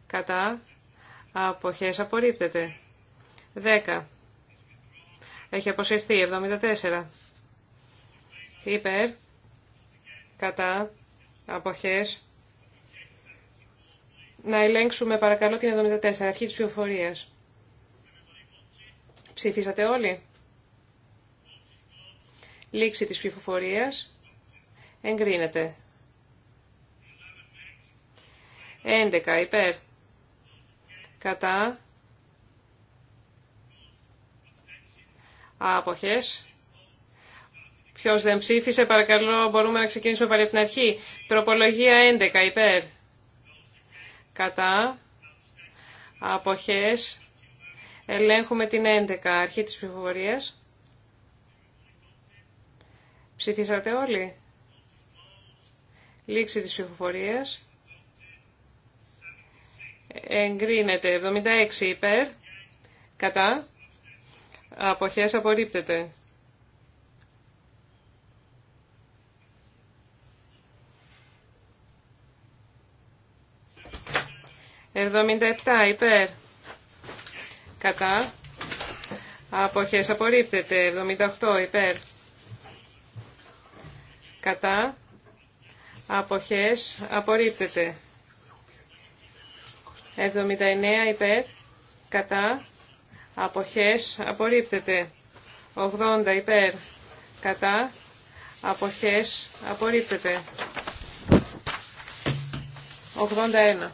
κατά αποχές απορρίπτεται 10 έχει αποσυρθεί 74 υπέρ κατά αποχές να ελέγξουμε παρακαλώ την 74 αρχή της πληροφορία. Ψηφίσατε όλοι. Λήξη της ψηφοφορίας. Εγκρίνεται. 11 υπέρ. Κατά. Αποχές. Ποιος δεν ψήφισε, παρακαλώ, μπορούμε να ξεκινήσουμε πάλι από την αρχή. Τροπολογία 11 υπέρ. Κατά. Αποχές. Ελέγχουμε την 11, αρχή της ψηφοφορίας. Ψηφίσατε όλοι. Λήξη της ψηφοφορίας. Εγκρίνεται 76 υπέρ. Κατά. Αποχές απορρίπτεται. 77 υπέρ κατά, αποχές απορρίπτεται, 78 υπέρ, κατά, αποχές απορρίπτεται, 79 υπέρ, κατά, αποχές απορρίπτεται, 80 υπέρ, κατά, αποχές απορρίπτεται. 81.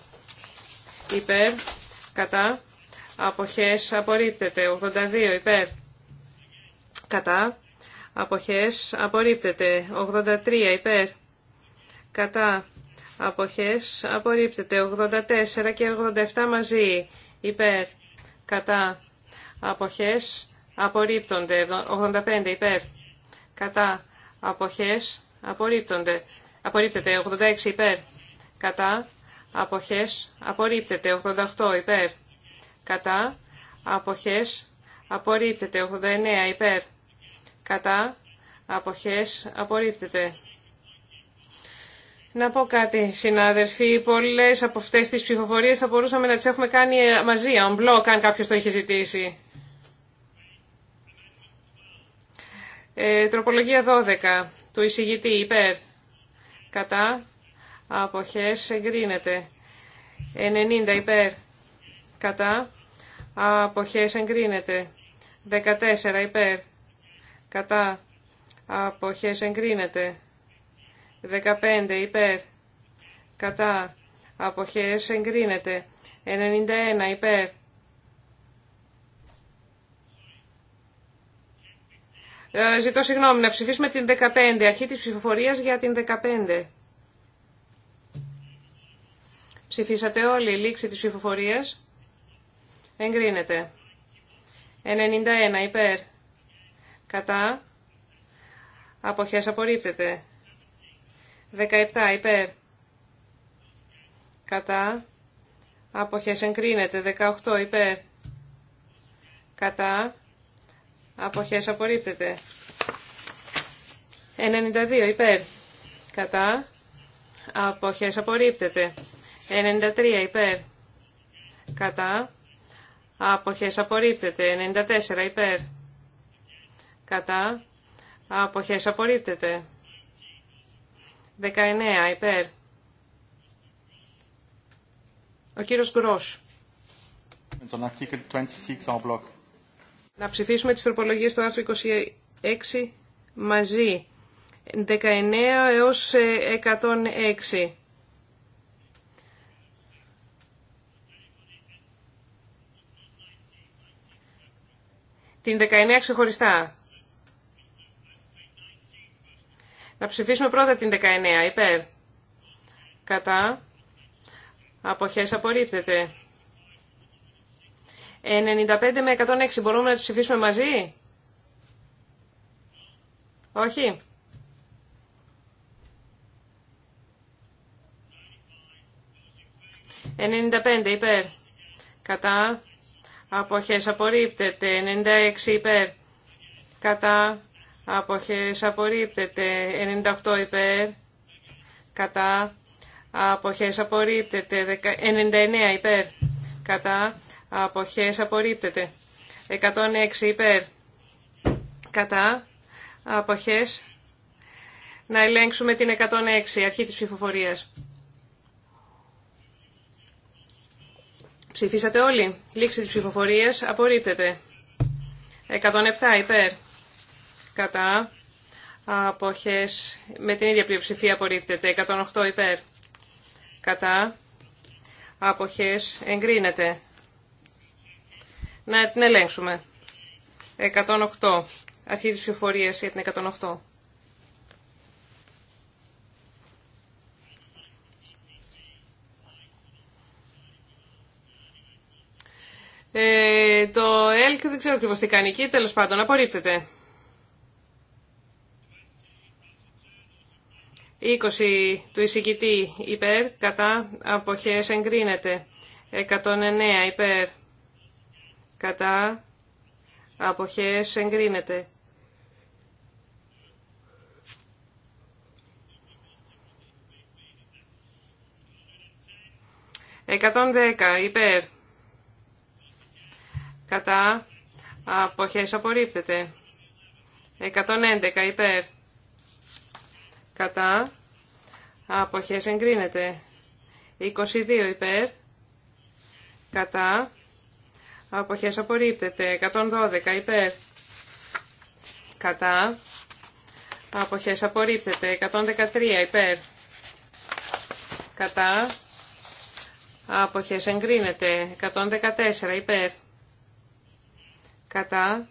Υπέρ, κατά, αποχές απορρίπτεται. 82 υπέρ κατά αποχές απορρίπτεται. 83 υπέρ κατά αποχές απορρίπτεται. 84 και 87 μαζί υπέρ κατά αποχές απορρίπτονται. 85 υπέρ κατά αποχές απορρίπτονται. Απορρίπτεται 86 υπέρ. Κατά αποχές απορρίπτεται 88 υπέρ κατά, αποχές, απορρίπτεται. 89 υπέρ, κατά, αποχές, απορρίπτεται. Να πω κάτι, συνάδελφοι. Πολλέ από αυτέ τι ψηφοφορίε θα μπορούσαμε να τι έχουμε κάνει ε, μαζί, on block, αν κάποιο το είχε ζητήσει. Ε, τροπολογία 12 του εισηγητή υπέρ. Κατά. Αποχές εγκρίνεται. 90 υπέρ. Κατά αποχές εγκρίνεται. 14 υπέρ, κατά, αποχές εγκρίνεται. 15 υπέρ, κατά, αποχές εγκρίνεται. 91 υπέρ. Ε, ζητώ συγγνώμη, να ψηφίσουμε την 15, αρχή της ψηφοφορίας για την 15. Ψηφίσατε όλοι, λήξη της ψηφοφορίας. Εγκρίνεται. 91 υπέρ. Κατά. Αποχές απορρίπτεται. 17 υπέρ. Κατά. Αποχές εγκρίνεται. 18 υπέρ. Κατά. Αποχές απορρίπτεται. 92 υπέρ. Κατά. Αποχές απορρίπτεται. 93 υπέρ. Κατά. Αποχές απορρίπτεται. 94 υπέρ. Κατά. Αποχές απορρίπτεται. 19 υπέρ. Ο κύριος Γκρός. Να ψηφίσουμε τις τροπολογίες του άρθρου 26 μαζί. 19 έως 106. την 19 ξεχωριστά. Να ψηφίσουμε πρώτα την 19 υπέρ. Κατά. Αποχές απορρίπτεται. 95 με 106 μπορούμε να τις ψηφίσουμε μαζί. Όχι. 95 υπέρ. Κατά αποχές απορρίπτεται 96 υπέρ κατά αποχές απορρίπτεται 98 υπέρ κατά αποχές απορρίπτεται 99 υπέρ κατά αποχές απορρίπτεται 106 υπέρ κατά αποχές να ελέγξουμε την 106 αρχή της ψηφοφορίας. Ψηφίσατε όλοι. Λήξη της ψηφοφορίας. Απορρίπτεται. 107 υπέρ. Κατά. Αποχές. Με την ίδια πλειοψηφία απορρίπτεται. 108 υπέρ. Κατά. Αποχές. Εγκρίνεται. Να την ελέγξουμε. 108. Αρχή της ψηφοφορίας για την 108. Ε, το ΕΛΚ δεν ξέρω ακριβώς τι κάνει εκεί, τέλος πάντων, απορρίπτεται. 20 του εισηγητή υπέρ, κατά, αποχές εγκρίνεται. 109 υπέρ, κατά, αποχές εγκρίνεται. 110 υπέρ, κατά αποχές απορρίπτεται. 111 υπέρ κατά αποχές εγκρίνεται. 22 υπέρ κατά αποχές απορρίπτεται. 112 υπέρ κατά αποχές απορρίπτεται. 113 υπέρ κατά αποχές εγκρίνεται. 114 υπέρ κατά,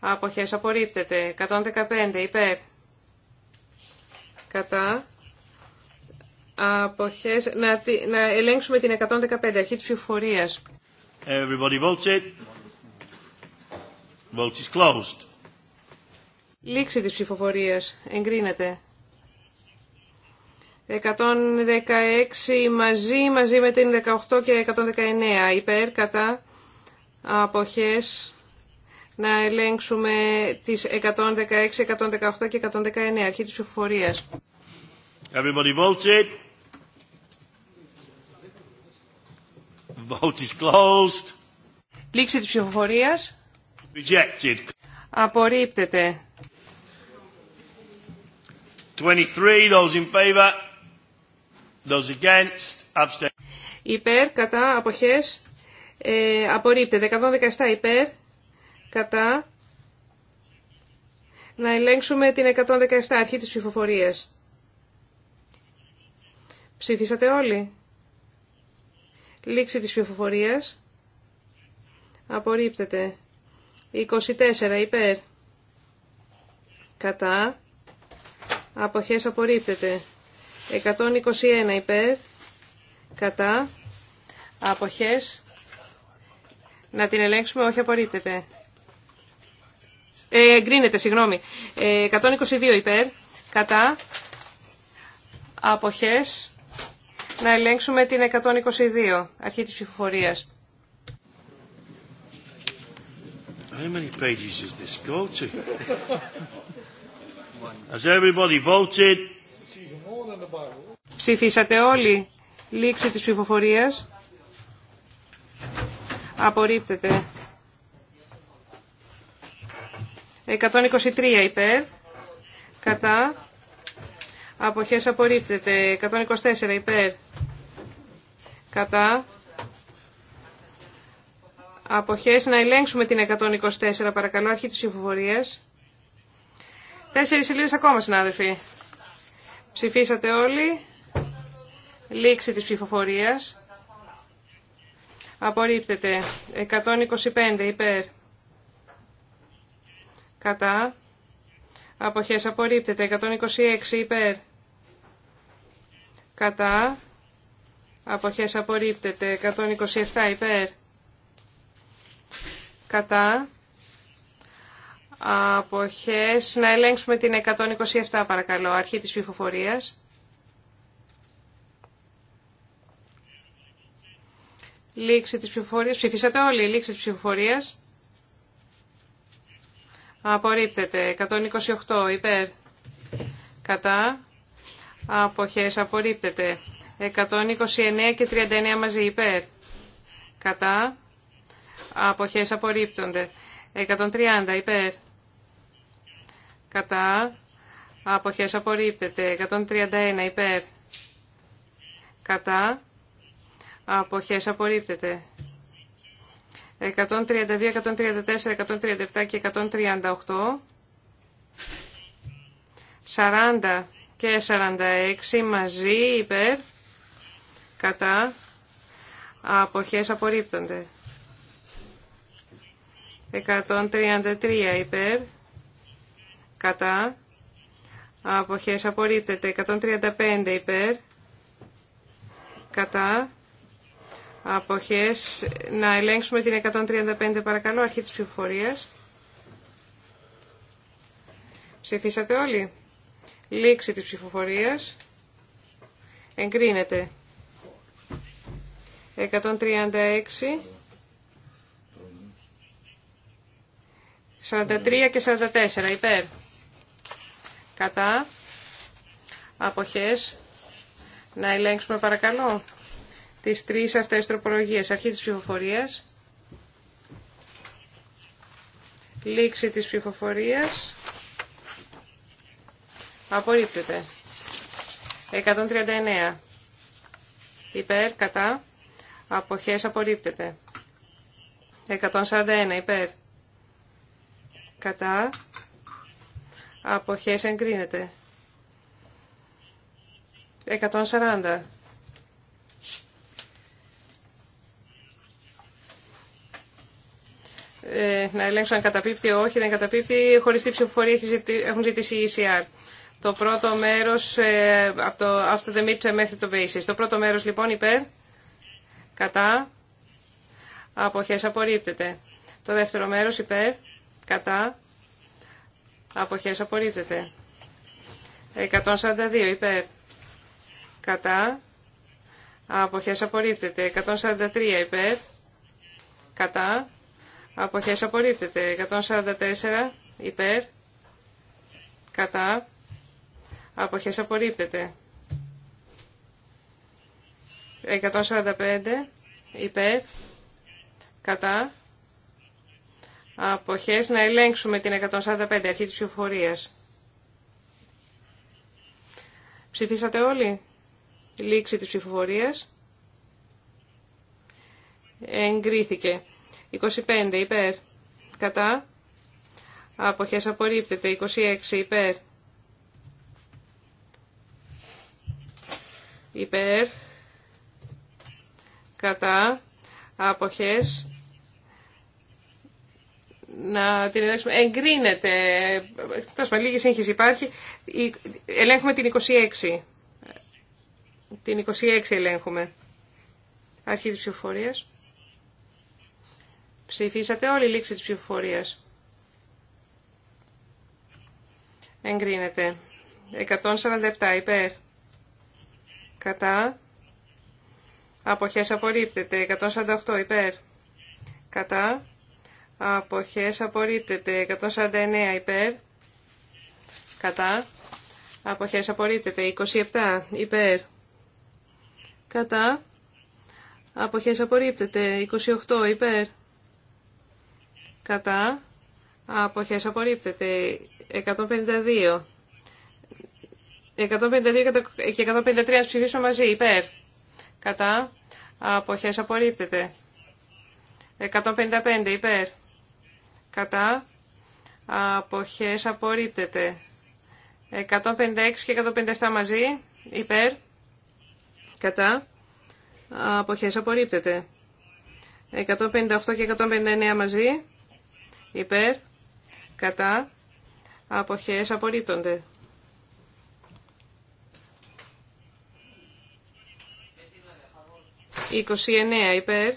αποχές απορρίπτεται. 115 υπέρ, κατά, αποχές, να, να ελέγξουμε την 115 αρχή της ψηφοφορίας. Everybody votes it. Vote is closed. Λήξη της ψηφοφορίας. Εγκρίνεται. 116 μαζί, μαζί με την 18 και 119. Υπέρ, κατά, αποχές, να ελέγξουμε τις 116, 118 και 119, αρχή της ψηφοφορίας. Everybody voted. Vote is closed. Λήξη της ψηφοφορίας. Rejected. Απορρίπτεται. 23 those in favor. Those against. Abstain. Υπέρ, κατά, αποχές. Ε, απορρίπτεται. 117 υπέρ, κατά. Να ελέγξουμε την 117 αρχή της ψηφοφορίας. Ψήφισατε όλοι. Λήξη της ψηφοφορίας. Απορρίπτεται. 24 υπέρ. Κατά. Αποχές απορρίπτεται. 121 υπέρ. Κατά. Αποχές. Να την ελέγξουμε, όχι απορρίπτεται. Ε, εγκρίνεται, συγγνώμη. 122 ε, υπέρ, κατά, αποχές. Να ελέγξουμε την 122, αρχή της ψηφοφορίας. How everybody voted? Ψηφίσατε όλοι. Λήξη της ψηφοφορίας. Απορρίπτεται. 123 υπέρ, κατά, αποχές απορρίπτεται. 124 υπέρ, κατά, αποχές. Να ελέγξουμε την 124 παρακαλώ, αρχή της ψηφοφορίας. Τέσσερις σελίδες ακόμα συνάδελφοι. Ψηφίσατε όλοι. Λήξη της ψηφοφορίας. Απορρίπτεται. 125 υπέρ κατά, αποχές απορρίπτεται. 126 υπέρ, κατά, αποχές απορρίπτεται. 127 υπέρ, κατά, αποχές. Να ελέγξουμε την 127 παρακαλώ, αρχή της ψηφοφορίας. Λήξη της ψηφοφορίας. Ψηφίσατε όλοι. Λήξη της ψηφοφορίας. Απορρίπτεται. 128 υπέρ. Κατά. Αποχές. Απορρίπτεται. 129 και 39 μαζί υπέρ. Κατά. Αποχές απορρίπτονται. 130 υπέρ. Κατά. Αποχές απορρίπτεται. 131 υπέρ. Κατά. Αποχές απορρίπτεται. 132, 134, 137 και 138. 40 και 46 μαζί υπέρ κατά αποχές απορρίπτονται. 133 υπέρ κατά αποχές απορρίπτεται. 135 υπέρ κατά αποχές. Να ελέγξουμε την 135 παρακαλώ, αρχή της ψηφοφορίας. Ψηφίσατε όλοι. Λήξη της ψηφοφορίας. Εγκρίνεται. 136. 43 και 44 υπέρ. Κατά. Αποχές. Να ελέγξουμε παρακαλώ τις τρεις αυτές τροπολογίες. Αρχή της ψηφοφορίας, λήξη της ψηφοφορίας, απορρίπτεται. 139. Υπέρ, κατά, αποχές απορρίπτεται. 141. Υπέρ, κατά, αποχές εγκρίνεται. 140. Ε, να ελέγξω αν καταπίπτει ή όχι. Δεν καταπίπτει. τι ψηφοφορία έχουν ζητήσει η ECR. Το πρώτο μέρος ε, από το After the Midterm μέχρι το Basis. Το πρώτο μέρος λοιπόν υπέρ. Κατά. Αποχές απορρίπτεται. Το δεύτερο μέρος υπέρ. Κατά. Αποχές απορρίπτεται. 142 υπέρ. Κατά. Αποχές απορρίπτεται. 143 υπέρ. Κατά. Αποχές απορρίπτεται. 144 υπέρ. Κατά. Αποχές απορρίπτεται. 145 υπέρ. Κατά. Αποχές να ελέγξουμε την 145 αρχή της ψηφοφορίας. Ψηφίσατε όλοι. Λήξη της ψηφοφορίας. Εγκρίθηκε. 25 υπέρ. Κατά. Αποχές απορρίπτεται. 26 υπέρ. Υπέρ. Κατά. Αποχές. Να την ελέγξουμε. Εγκρίνεται. Τόσο λίγη σύγχυση υπάρχει. Ελέγχουμε την 26. Την 26 ελέγχουμε. Αρχή της ψηφοφορίας. Ψηφίσατε όλη η λήξη της ψηφοφορίας. Εγκρίνεται. 147 υπέρ. Κατά. Αποχές απορρίπτεται. 148 υπέρ. Κατά. Αποχές απορρίπτεται. 149 υπέρ. Κατά. Αποχές απορρίπτεται. 27 υπέρ. Κατά. Αποχές απορρίπτεται. 28 υπέρ κατά αποχές απορρίπτεται 152 152 και 153 ψηφίσω μαζί υπέρ κατά αποχές απορρίπτεται 155 υπέρ κατά αποχές απορρίπτεται 156 και 157 μαζί υπέρ κατά αποχές απορρίπτεται 158 και 159 μαζί υπέρ, κατά, αποχές απορρίπτονται. 29 υπέρ,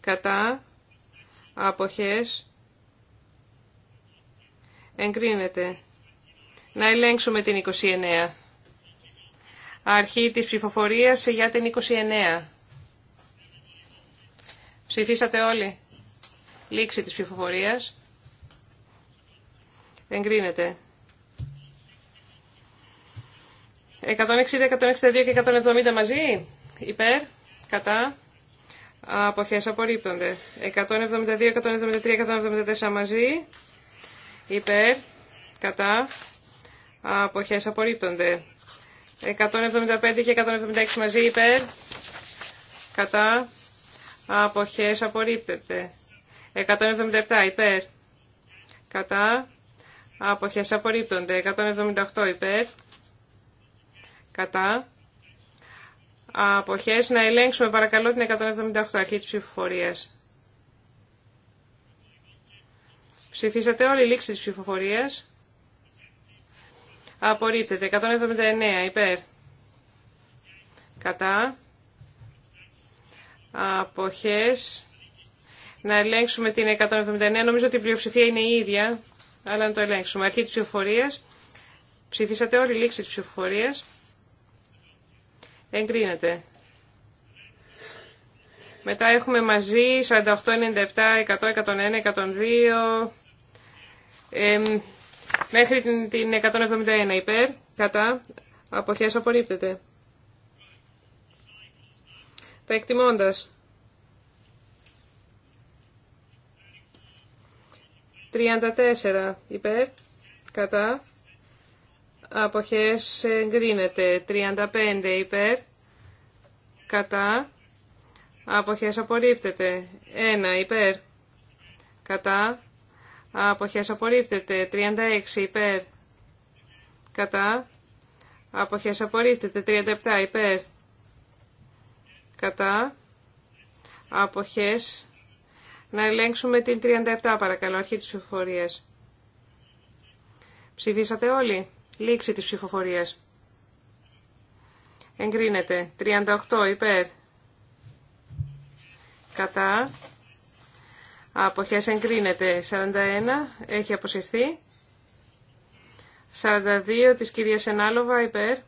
κατά, αποχές, εγκρίνεται. Να ελέγξουμε την 29. Αρχή της ψηφοφορίας για την 29. Ψηφίσατε όλοι. Λήξη της ψηφοφορίας. Εγκρίνεται. 160, 162 και 170 μαζί. Υπέρ. Κατά. Αποχές απορρίπτονται. 172, 173, 174 μαζί. Υπέρ. Κατά. Αποχές απορρίπτονται. 175 και 176 μαζί. Υπέρ. Κατά. Αποχές απορρίπτεται. 177 υπέρ. Κατά. Αποχές απορρίπτονται. 178 υπέρ. Κατά. Αποχές να ελέγξουμε παρακαλώ την 178 αρχή της ψηφοφορίας. Ψηφίσατε όλοι η λήξη της ψηφοφορίας. Απορρίπτεται. 179 υπέρ. Κατά. Αποχές. Να ελέγξουμε την 179. Νομίζω ότι η πλειοψηφία είναι η ίδια, αλλά να το ελέγξουμε. Αρχή της ψηφοφορίας. Ψηφίσατε όλοι λήξη της ψηφοφορίας. Εγκρίνεται. Μετά έχουμε μαζί 48, 97, 100, 101, 102, ε, μέχρι την, την 171 υπέρ, κατά, αποχές απορρίπτεται. Τα εκτιμώντας. 34 υπέρ, κατά, αποχές εγκρίνεται. 35 υπέρ, κατά, αποχές απορρίπτεται. 1 υπέρ, κατά, αποχές απορρίπτεται. 36 υπέρ, κατά, αποχές απορρίπτεται. 37 υπέρ, κατά, αποχές να ελέγξουμε την 37 παρακαλώ, αρχή της ψηφοφορίας. Ψηφίσατε όλοι. Λήξη της ψηφοφορίας. Εγκρίνεται. 38 υπέρ. Κατά. Αποχές εγκρίνεται. 41 έχει αποσυρθεί. 42 της κυρίας Ενάλοβα υπέρ.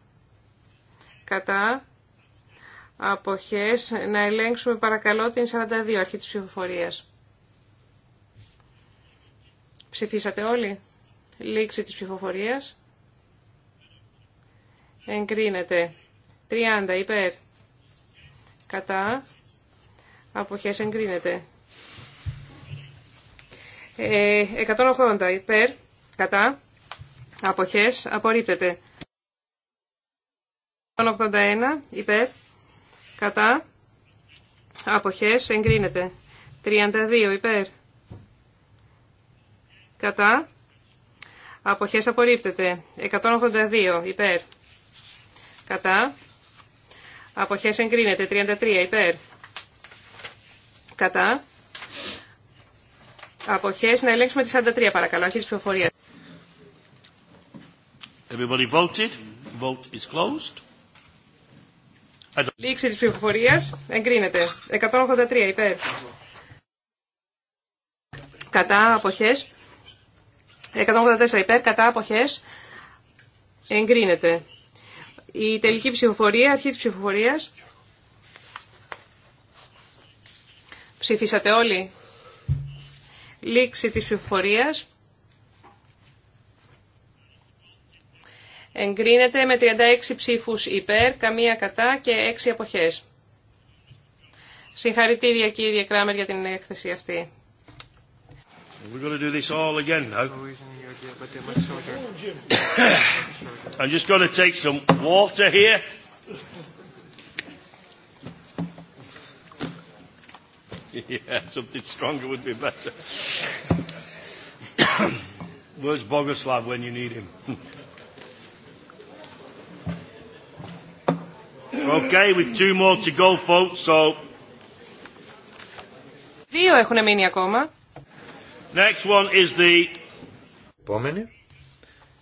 Κατά. Αποχές. Να ελέγξουμε παρακαλώ την 42 αρχή της ψηφοφορίας. Ψηφίσατε όλοι. Λήξη της ψηφοφορίας. Εγκρίνεται. 30 υπέρ. Κατά. Αποχές εγκρίνεται. Ε, 180 υπέρ. Κατά. Αποχές απορρίπτεται. 181 υπέρ. Κατά. Αποχές εγκρίνεται. 32 υπέρ κατά, αποχές απορρίπτεται. 182 υπέρ, κατά, αποχές εγκρίνεται. 33 υπέρ, κατά, αποχές να ελέγξουμε τις 43 παρακαλώ, αρχή της ψηφοφορίας. Everybody voted. Vote is closed. Λήξη της ψηφοφορίας εγκρίνεται. 183 υπέρ. Κατά αποχές 184 υπέρ, κατά αποχές εγκρίνεται. Η τελική ψηφοφορία, αρχή της ψηφοφορίας. Ψηφίσατε όλοι. Λήξη της ψηφοφορίας. Εγκρίνεται με 36 ψήφους υπέρ, καμία κατά και 6 αποχές. Συγχαρητήρια κύριε Κράμερ για την έκθεση αυτή. We're going to do this all again now. I'm just going to take some water here. yeah, something stronger would be better. Where's Bogoslav when you need him? okay, with two more to go, folks, so... Δύο έχουν μείνει ακόμα. Next one is the... Επόμενη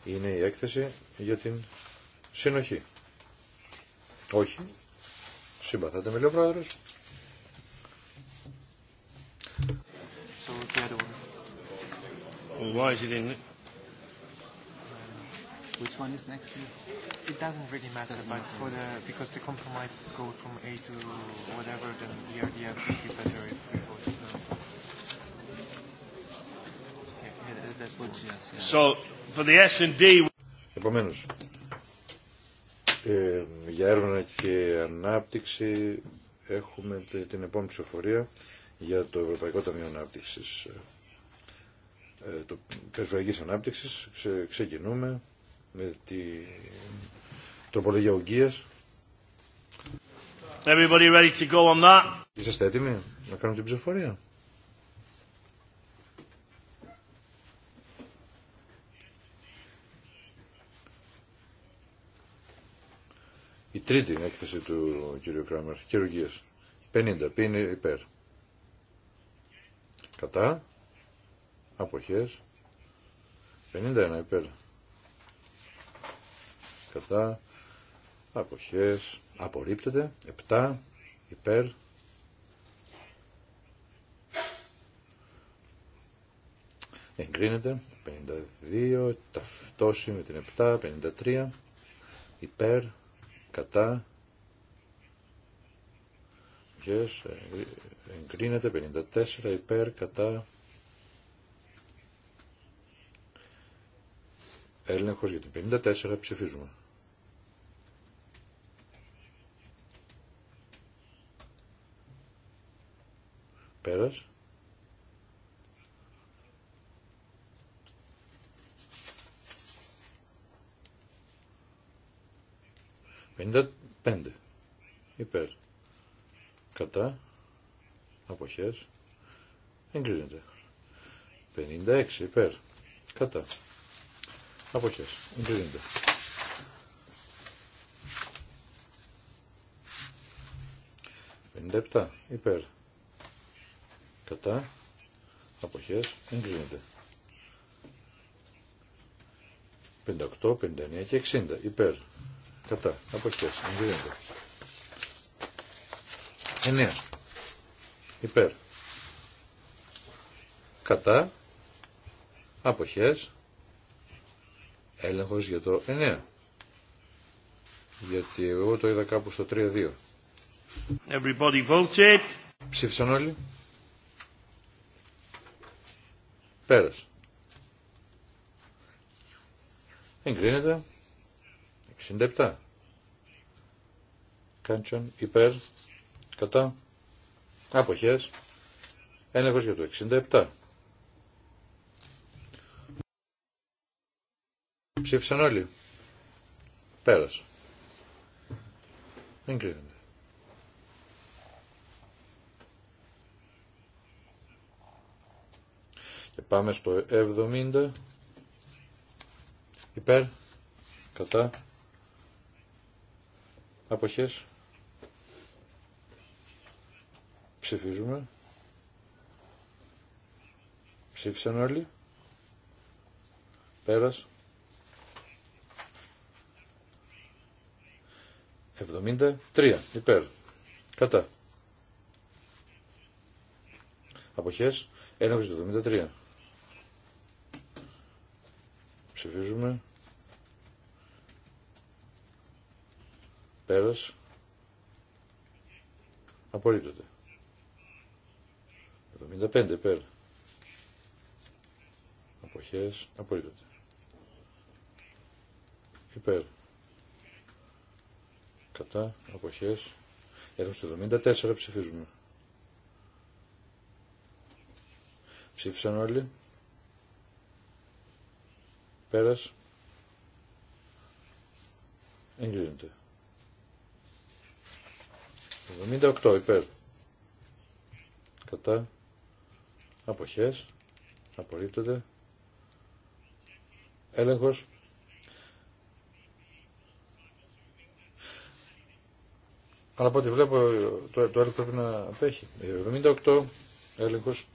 είναι η έκθεση για την συνοχή. Όχι. Συμπαθάτε με λέει ο πρόεδρος. Well, why is it in Which one is next? It doesn't really matter, but for the because the compromises go from A to whatever, then the idea would be better if we go to So, Επομένως, ε, για έρευνα και ανάπτυξη έχουμε την επόμενη ψηφοφορία για το Ευρωπαϊκό Ταμείο Ανάπτυξης. Ε, το Περιφερειακής Ανάπτυξης ξεκινούμε με τη τροπολογία ογκίας. Everybody ready to go on that? Είσαστε έτοιμοι να κάνουμε την ψηφοφορία. η τρίτη έκθεση του κ. Κράμερ, χειρουργίες. 50, πίνει υπέρ. Κατά, αποχές, 51 υπέρ. Κατά, αποχές, απορρίπτεται, 7 υπέρ. Εγκρίνεται, 52, Ταυτόση με την 7, 53, υπέρ, κατά yes, ε, εγκρίνεται 54 υπέρ κατά έλεγχος για την 54 ψηφίζουμε πέρας 55 υπέρ κατά αποχές εγκρίνεται 56 υπέρ κατά αποχές εγκρίνεται 57 υπέρ κατά αποχές εγκρίνεται 58, 59 και 60 υπέρ Κατά. Αποχές. Εγκρίνεται. Εννέα. Υπέρ. Κατά. Αποχές. Έλεγχος για το 9. Γιατί εγώ το είδα κάπου στο 3-2. Everybody voted. Ψήφισαν όλοι. Πέρασε. Εγκρίνεται. 67. Κάντσον υπέρ κατά αποχές Έλεγχο για το 67. Ψήφισαν όλοι. Πέρασε. Δεν κρίνεται. Και πάμε στο 70. Υπέρ. Κατά. Αποχές. Ψηφίζουμε. Ψήφισαν όλοι. Πέρας. 73 υπέρ. Κατά. Αποχές. Ένοχος 73. Ψηφίζουμε. Πέρας. απορρίπτονται. 75 πέρα. Αποχές. Και Υπέρ. Κατά. Αποχές. Έχω στο 74 ψηφίζουμε. Ψήφισαν όλοι. Πέρας. Εγκρίνεται. 78 υπέρ. Κατά. Αποχές. απορρίπτονται, Έλεγχος. Αλλά από ό,τι βλέπω το, το έλεγχο πρέπει να απέχει. 78 έλεγχος.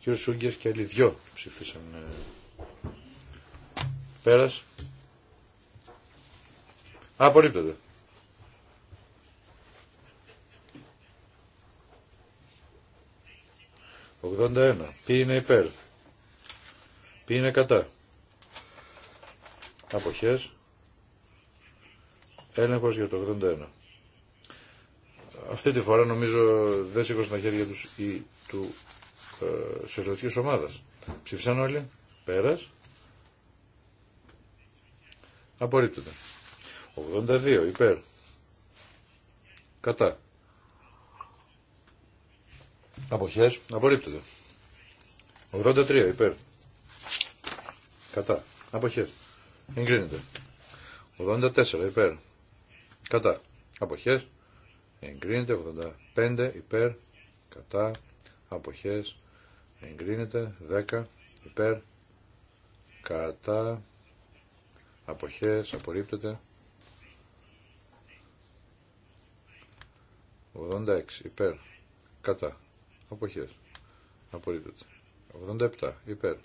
Κύριο Σούγκερ και άλλοι δυο ψηφίσαν. Ε, πέρας. απορρίπτονται. 81. Ποιοι είναι υπέρ. Ποιοι είναι κατά. Αποχές. Έλεγχος για το 81. Αυτή τη φορά νομίζω δεν σήκωσαν τα χέρια τους ή του ε, ομάδας. Ψήφισαν όλοι. Πέρας. Απορρίπτονται. 82. Υπέρ. Κατά. Αποχές. Απορρίπτεται. 83 υπέρ. Κατά. Αποχές. Εγκρίνεται. 84 υπέρ. Κατά. Αποχές. Εγκρίνεται. 85 υπέρ. Κατά. Αποχές. Εγκρίνεται. 10 υπέρ. Κατά. Αποχές. Απορρίπτεται. 86 υπέρ. Κατά. Αποχές. Απορρίπτεται. 87. Υπέρ.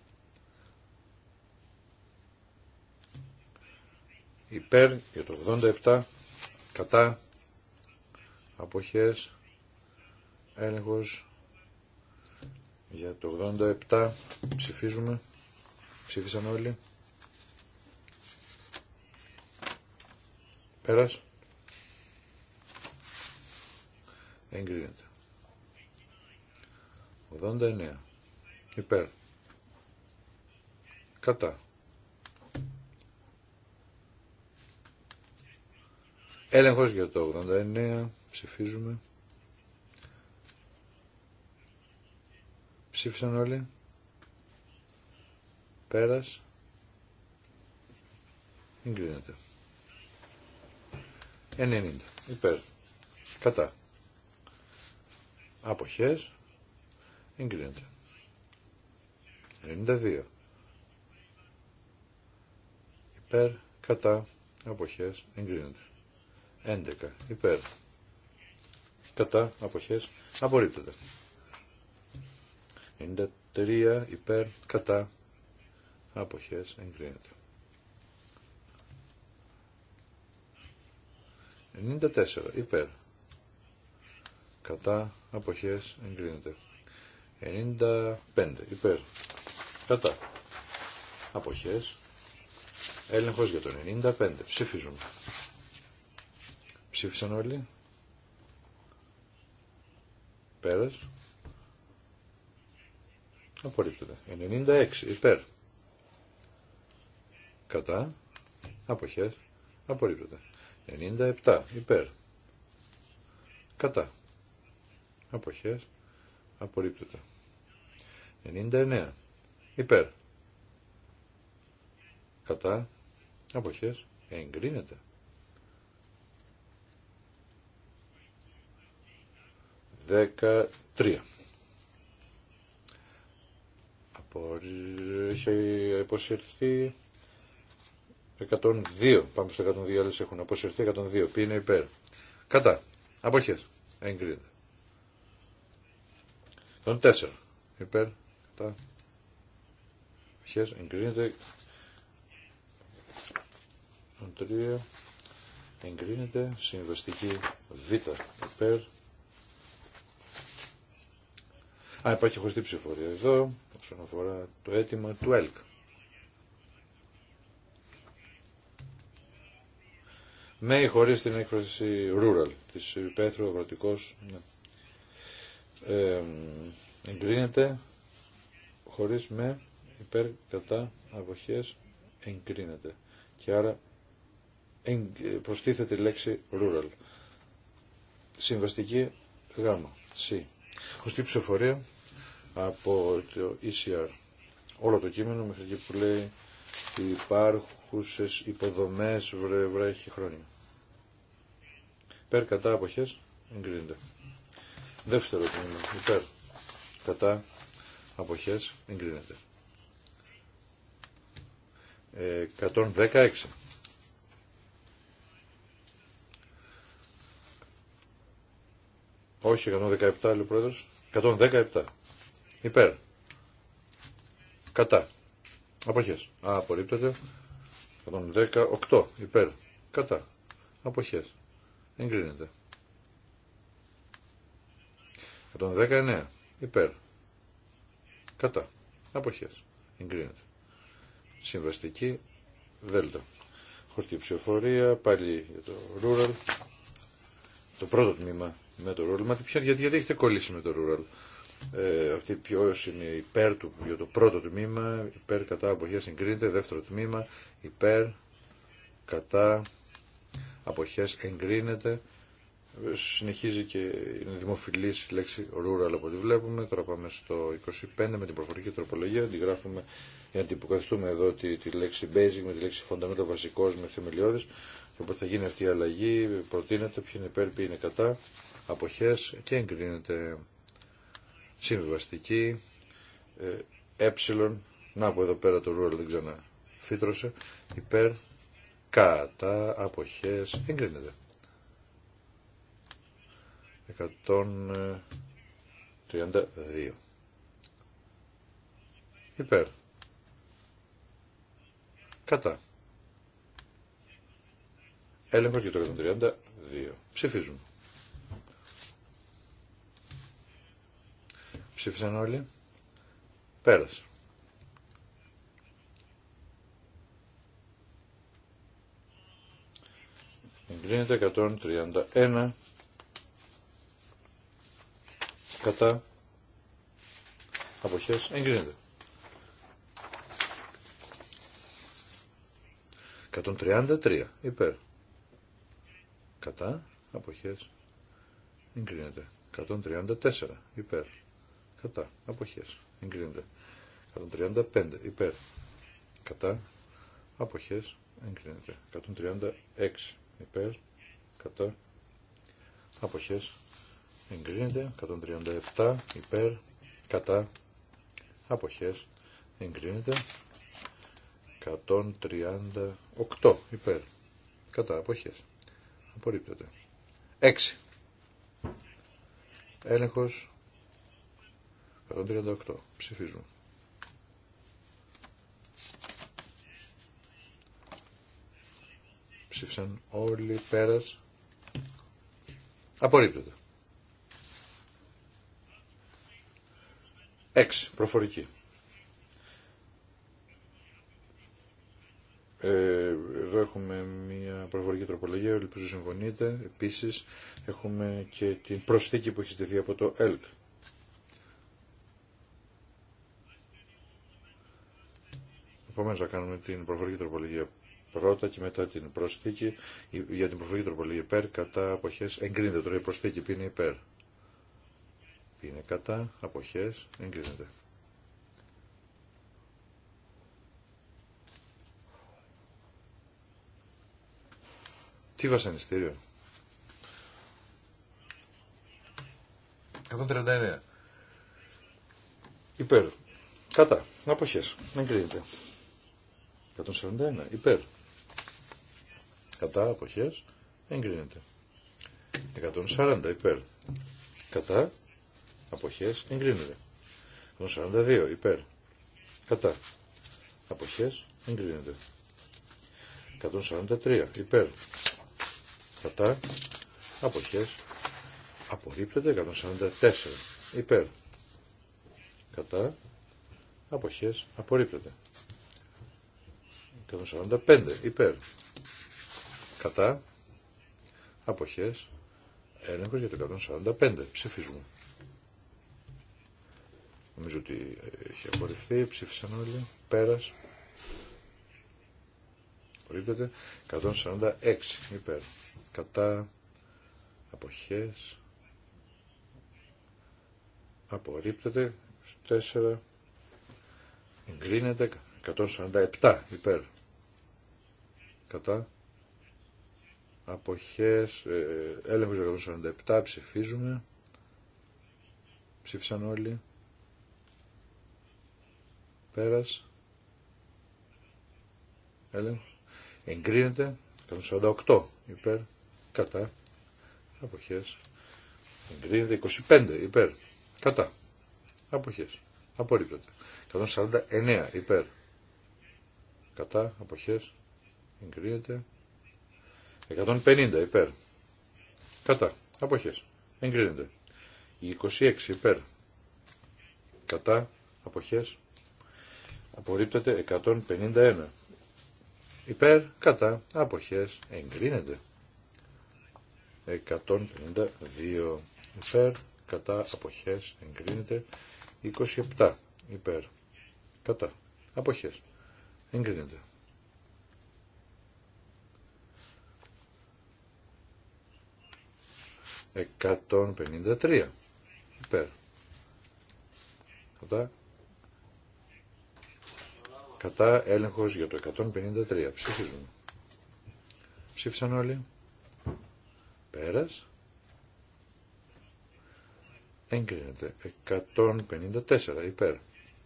Υπέρ για το 87. Κατά. Αποχές. Έλεγχος. Για το 87 ψηφίζουμε. Ψήφισαν όλοι. Πέρας. Εγκρίνεται. 89. Υπέρ. Κατά. Έλεγχος για το 89. Ψηφίζουμε. Ψήφισαν όλοι. Πέρας. Εγκρίνεται. 90. Υπέρ. Κατά. Αποχές. Εγκρίνεται. 92. Υπέρ, κατά, αποχές, εγκρίνεται. 11. Υπέρ, κατά, αποχές, απορρίπτεται. 93. Υπέρ, κατά, αποχές, εγκρίνεται. 94. Υπέρ, κατά, αποχές, εγκρίνεται. 95 υπέρ κατά αποχές έλεγχος για το 95 ψηφίζουμε ψήφισαν όλοι πέρας απορρίπτεται 96 υπέρ κατά αποχές απορρίπτεται 97 υπέρ κατά αποχές απορρίπτεται. 99 υπέρ κατά αποχές εγκρίνεται. Δεκατρία. Έχει αποσυρθεί 102. Πάμε στο 102, άλλες έχουν αποσυρθεί 102. Ποιοι είναι υπέρ. Κατά. Αποχές. Εγκρίνεται. 104 υπέρ κατά χες εγκρίνεται 3 εγκρίνεται συμβαστική β υπέρ Α, υπάρχει χωριστή ψηφορία εδώ όσον αφορά το αίτημα του ΕΛΚ. με ναι, ή χωρί την έκφραση rural, τη υπαίθρου, αγροτικό. Ναι ε, εγκρίνεται χωρίς με υπέρ κατά αποχές εγκρίνεται και άρα προστίθεται η λέξη rural συμβαστική γάμα C χωστή ψηφοφορία από το ECR όλο το κείμενο μέχρι εκεί που λέει υπάρχουσες υποδομές βρε, βρέχει χρόνια υπέρ κατά αποχές εγκρίνεται Δεύτερο τμήμα, υπέρ. Κατά αποχές εγκρίνεται. Ε, 116. Όχι, 117 λέει ο 117. Υπέρ. Κατά. Αποχές. Α, απορρίπτεται. 118. Υπέρ. Κατά. Αποχές. Εγκρίνεται. 19. υπέρ κατά αποχές εγκρίνεται συμβαστική δέλτα χωρική ψηφοφορία πάλι για το rural το πρώτο τμήμα με το rural μα γιατί, γιατί έχετε κολλήσει με το rural ε, αυτή ποιο είναι υπέρ του για το πρώτο τμήμα υπέρ κατά αποχές εγκρίνεται δεύτερο τμήμα υπέρ κατά αποχές εγκρίνεται συνεχίζει και είναι δημοφιλή η λέξη rural από ό,τι βλέπουμε. Τώρα πάμε στο 25 με την προφορική τροπολογία. Αντιγράφουμε για να υποκαθιστούμε εδώ τη, τη λέξη basic με τη λέξη fundamental βασικός με θεμελιώδης. Οπότε θα γίνει αυτή η αλλαγή, προτείνεται, ποιοι είναι υπέρ, ποιοι είναι κατά, αποχές και εγκρίνεται συμβιβαστική, ε, ε, να από εδώ πέρα το rural δεν ξαναφύτρωσε, υπέρ, κατά, αποχές, εγκρίνεται. 132. Υπέρ. Κατά. Έλεγχος για το 132. Ψηφίζουν. Ψήφισαν όλοι. Πέρασε. Εγκρίνεται 131 κατά αποχές εγκρίνεται. 133 υπέρ κατά αποχές εγκρίνεται. 134 υπέρ κατά αποχές εγκρίνεται. 135 υπέρ κατά αποχές εγκρίνεται. 136 υπέρ κατά αποχές εγκρίνεται 137 υπέρ κατά αποχές εγκρίνεται 138 υπέρ κατά αποχές απορρίπτεται 6 έλεγχος 138 ψηφίζουμε ψήφισαν όλοι πέρας απορρίπτεται 6 προφορική. Ε, εδώ έχουμε μια προφορική τροπολογία, ελπίζω συμφωνείτε. Επίσης έχουμε και την προσθήκη που έχει στηθεί από το ΕΛΚ. Επομένως θα κάνουμε την προφορική τροπολογία πρώτα και μετά την προσθήκη. Για την προφορική τροπολογία υπέρ, κατά αποχές εγκρίνεται τώρα η προσθήκη, είναι υπέρ είναι κατά, αποχές, εγκρίνεται. Τι βασανιστήριο. 139. Υπέρ. Κατά. Αποχές. Εγκρίνεται. 141. Υπέρ. Κατά. Αποχές. Εγκρίνεται. 140. Υπέρ. Κατά αποχές εγκρίνεται. 142 υπέρ κατά αποχές εγκρίνεται. 143 υπέρ κατά αποχές απορρίπτεται. 144 υπέρ κατά αποχές απορρίπτεται. 145 υπέρ κατά αποχές έλεγχος για το 145 ψηφίζουμε. Νομίζω ότι έχει απορριφθεί, ψήφισαν όλοι. Πέρας. Απορρίπτεται. 146 υπέρ. Κατά. Αποχές. Απορρίπτεται. 4. Εγκρίνεται. 147 υπέρ. Κατά. Αποχές. Ε, έλεγχος 147. Ψηφίζουμε. Ψήφισαν όλοι. Πέρας. Εγκρίνεται. 148 υπέρ. Κατά. Αποχές. Εγκρίνεται 25 υπέρ. Κατά. Αποχές. Απορρίπτεται. 149 υπέρ. Κατά. Αποχές. Εγκρίνεται. 150 υπέρ. Κατά. Αποχές. Εγκρίνεται. 26 υπέρ. Κατά. Αποχές απορρίπτεται 151. Υπέρ, κατά, αποχές, εγκρίνεται. 152. Υπέρ, κατά, αποχές, εγκρίνεται. 27. Υπέρ, κατά, αποχές, εγκρίνεται. 153. Υπέρ. Κατά, Κατά έλεγχος για το 153. Ψήφισαν όλοι. Πέρας. Εγκρίνεται. 154 υπέρ.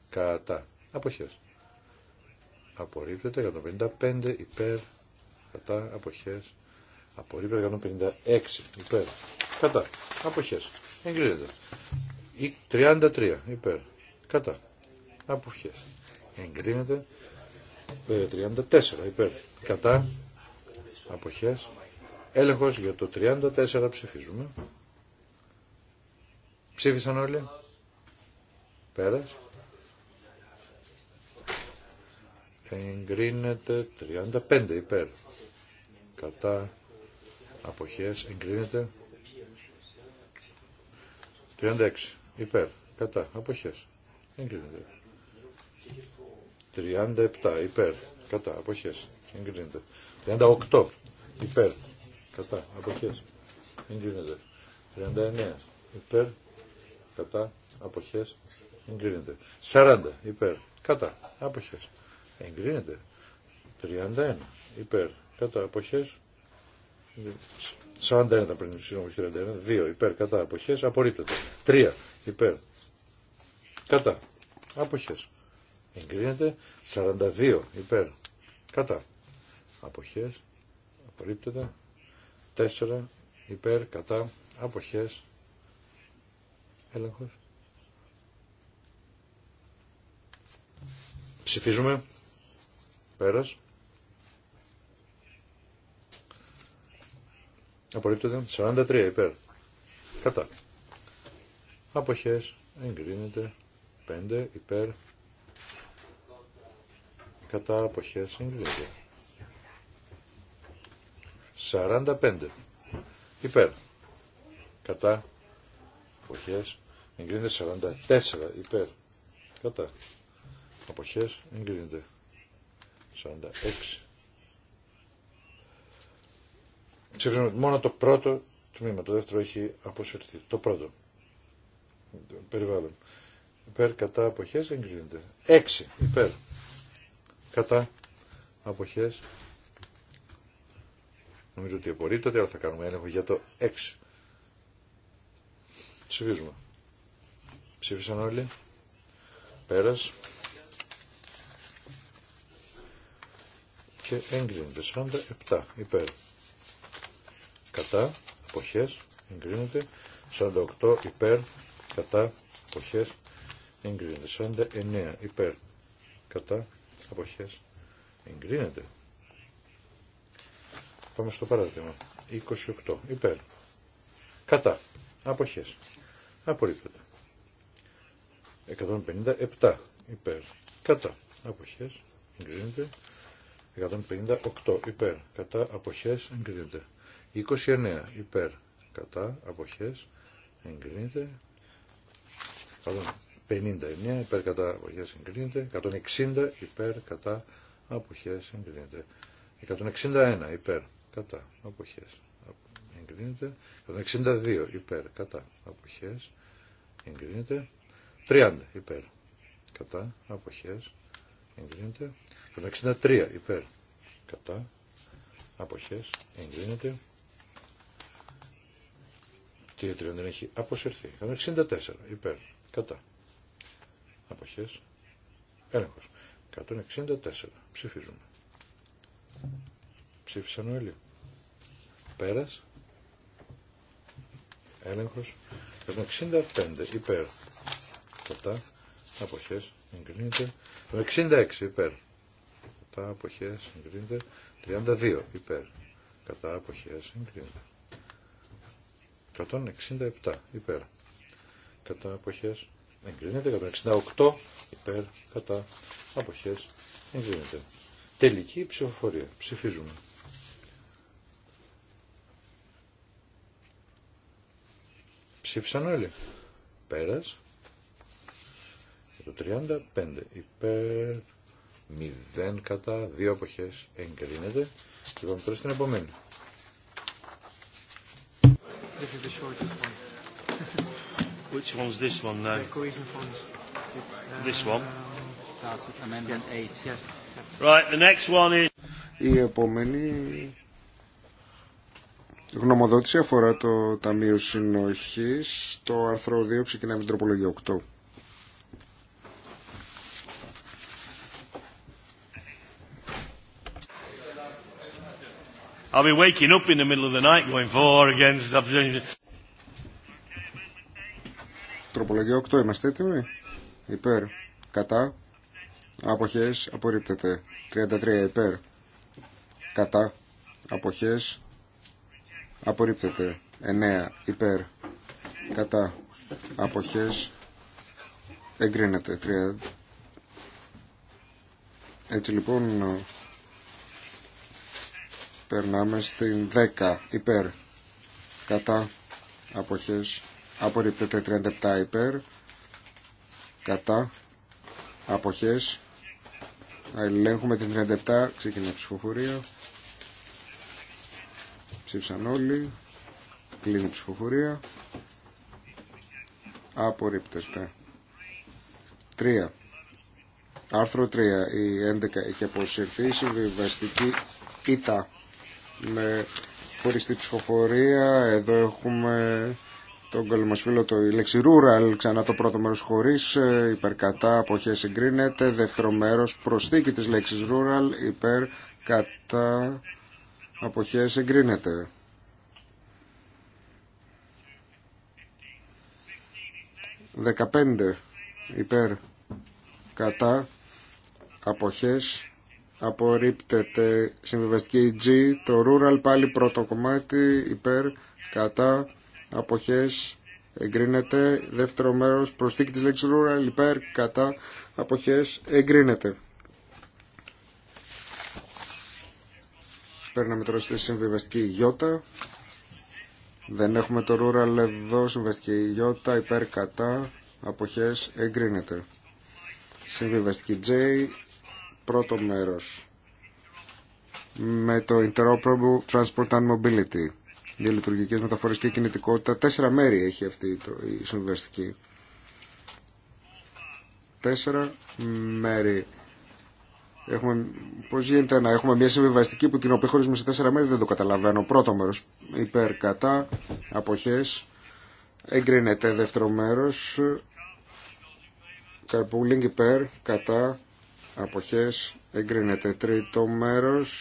Κατά. Αποχές. Απορρίπτεται. 155 υπέρ. Κατά. Αποχές. Απορρίπτεται. 156 υπέρ. Κατά. Αποχές. Εγκρίνεται. 33 υπέρ. Κατά. Αποχές εγκρίνεται 34 ε, υπέρ κατά αποχές έλεγχος για το 34 ψηφίζουμε ψήφισαν όλοι πέρας εγκρίνεται 35 υπέρ κατά αποχές εγκρίνεται 36 υπέρ κατά αποχές εγκρίνεται 37 υπέρ. Κατά. Αποχές. Εγκρίνεται. 38 υπέρ. Κατά. Αποχές. Εγκρίνεται. 39 υπέρ. Κατά. Αποχές. Εγκρίνεται. 40 υπέρ. Κατά. Αποχές. Εγκρίνεται. 31 υπέρ. Κατά. Αποχές. 41 ήταν πριν, συγγνώμη, 41. 2 υπέρ κατά αποχές, απορρίπτεται. 3 υπέρ κατά αποχές εγκρίνεται 42 υπέρ κατά αποχές απορρίπτεται 4 υπέρ κατά αποχές έλεγχος ψηφίζουμε πέρας απορρίπτεται 43 υπέρ κατά αποχές εγκρίνεται 5 υπέρ κατά αποχές εγκρίνεται. 45 υπέρ κατά αποχές εγκρίνεται 44 υπέρ κατά αποχές εγκρίνεται 46 Ψήφισαμε μόνο το πρώτο τμήμα, το δεύτερο έχει αποσυρθεί. Το πρώτο. Περιβάλλον. Υπέρ κατά αποχές εγκρίνεται. 6 υπέρ κατά αποχές νομίζω ότι απορρίπτεται αλλά θα κάνουμε έλεγχο για το 6 ψηφίζουμε ψήφισαν όλοι πέρας και εγκρίνεται 47 υπέρ κατά αποχές εγκρίνεται 48 υπέρ κατά αποχές εγκρίνεται 49 υπέρ κατά αποχές εγκρίνεται. Πάμε στο παράδειγμα. 28 υπέρ. Κατά. Αποχές. Απορρίπτεται. 157 υπέρ. Κατά. Αποχές εγκρίνεται. 158 υπέρ. Κατά. Αποχές εγκρίνεται. 29 υπέρ. Κατά. Αποχές εγκρίνεται. Πάμε. 59 υπέρ κατά αποχές εγκρίνεται, 160 υπέρ κατά αποχές εγκρίνεται, 161 υπέρ κατά αποχές εγκρίνεται, 162 υπέρ κατά αποχές εγκρίνεται, 30 υπέρ κατά αποχές εγκρίνεται, 163 υπέρ κατά αποχές εγκρίνεται, δεν έχει αποσυρθεί, 164 υπέρ κατά αποχές, έλεγχος. 164. Ψηφίζουμε. Ψήφισαν όλοι. Πέρας. Έλεγχος. 165. Υπέρ. Κατά. Αποχές. Εγκρίνεται. 66. Υπέρ. Κατά. Αποχές. Εγκρίνεται. 32. Υπέρ. Κατά. Αποχές. Εγκρίνεται. 167. Υπέρ. Κατά. Αποχές εγκρίνεται. 168 υπέρ κατά αποχές εγκρίνεται. Τελική ψηφοφορία. Ψηφίζουμε. Ψήφισαν όλοι. Πέρας. Το 35 υπέρ 0 κατά 2 αποχές εγκρίνεται. Λοιπόν, τώρα στην επόμενη. Which one's this one now? This one. Starts with amendment eight. Yes. Right. The next one is. Η επόμενη γνωμοδότηση αφορά το Ταμείο Συνοχής. Το άρθρο 2 ξεκινάει με την τροπολογία 8. I'll be waking up in the middle of the night going for against the opposition. Τροπολογία 8. Είμαστε έτοιμοι. Υπέρ. Κατά. Αποχές. Απορρίπτεται. 33. Υπέρ. Κατά. Αποχές. Απορρίπτεται. 9. Υπέρ. Κατά. Αποχές. Εγκρίνεται. 3. Έτσι λοιπόν περνάμε στην 10 υπέρ κατά αποχές απορρίπτεται 37 υπέρ κατά αποχές ελέγχουμε την 37 ξεκινά η ψηφοφορία ψήφισαν όλοι κλείνει η ψηφοφορία απορρίπτεται 3 Άρθρο 3, η 11 έχει αποσυρθεί, συμβιβαστική ήττα με χωριστή ψηφοφορία. Εδώ έχουμε τον φίλο το η λέξη rural, ξανά το πρώτο μέρος χωρίς, ε, υπερκατά, αποχές εγκρίνεται, δεύτερο μέρος προσθήκη της λέξης rural, υπερκατά κατά, αποχές εγκρίνεται. Δεκαπέντε υπέρ κατά αποχές απορρίπτεται συμβιβαστική G το rural πάλι πρώτο κομμάτι υπέρ κατά αποχές εγκρίνεται. Δεύτερο μέρος, προσθήκη της λέξης rural, υπέρ, κατά, αποχές εγκρίνεται. Παίρναμε τώρα στη συμβιβαστική γιώτα. Δεν έχουμε το rural εδώ, συμβιβαστική γιώτα, υπέρ, κατά, αποχές εγκρίνεται. Συμβιβαστική J, πρώτο μέρος. Με το Interoperable Transport and Mobility διαλειτουργικές μεταφορές και κινητικότητα. Τέσσερα μέρη έχει αυτή το, η συμβιβαστική. Τέσσερα μέρη. Έχουμε, πώς γίνεται να έχουμε μια συμβιβαστική που την οποία χωρίζουμε σε τέσσερα μέρη δεν το καταλαβαίνω. Πρώτο μέρος υπέρ κατά αποχές. Εγκρίνεται δεύτερο μέρος. Καρπούλινγκ υπέρ κατά αποχές. Εγκρίνεται τρίτο μέρος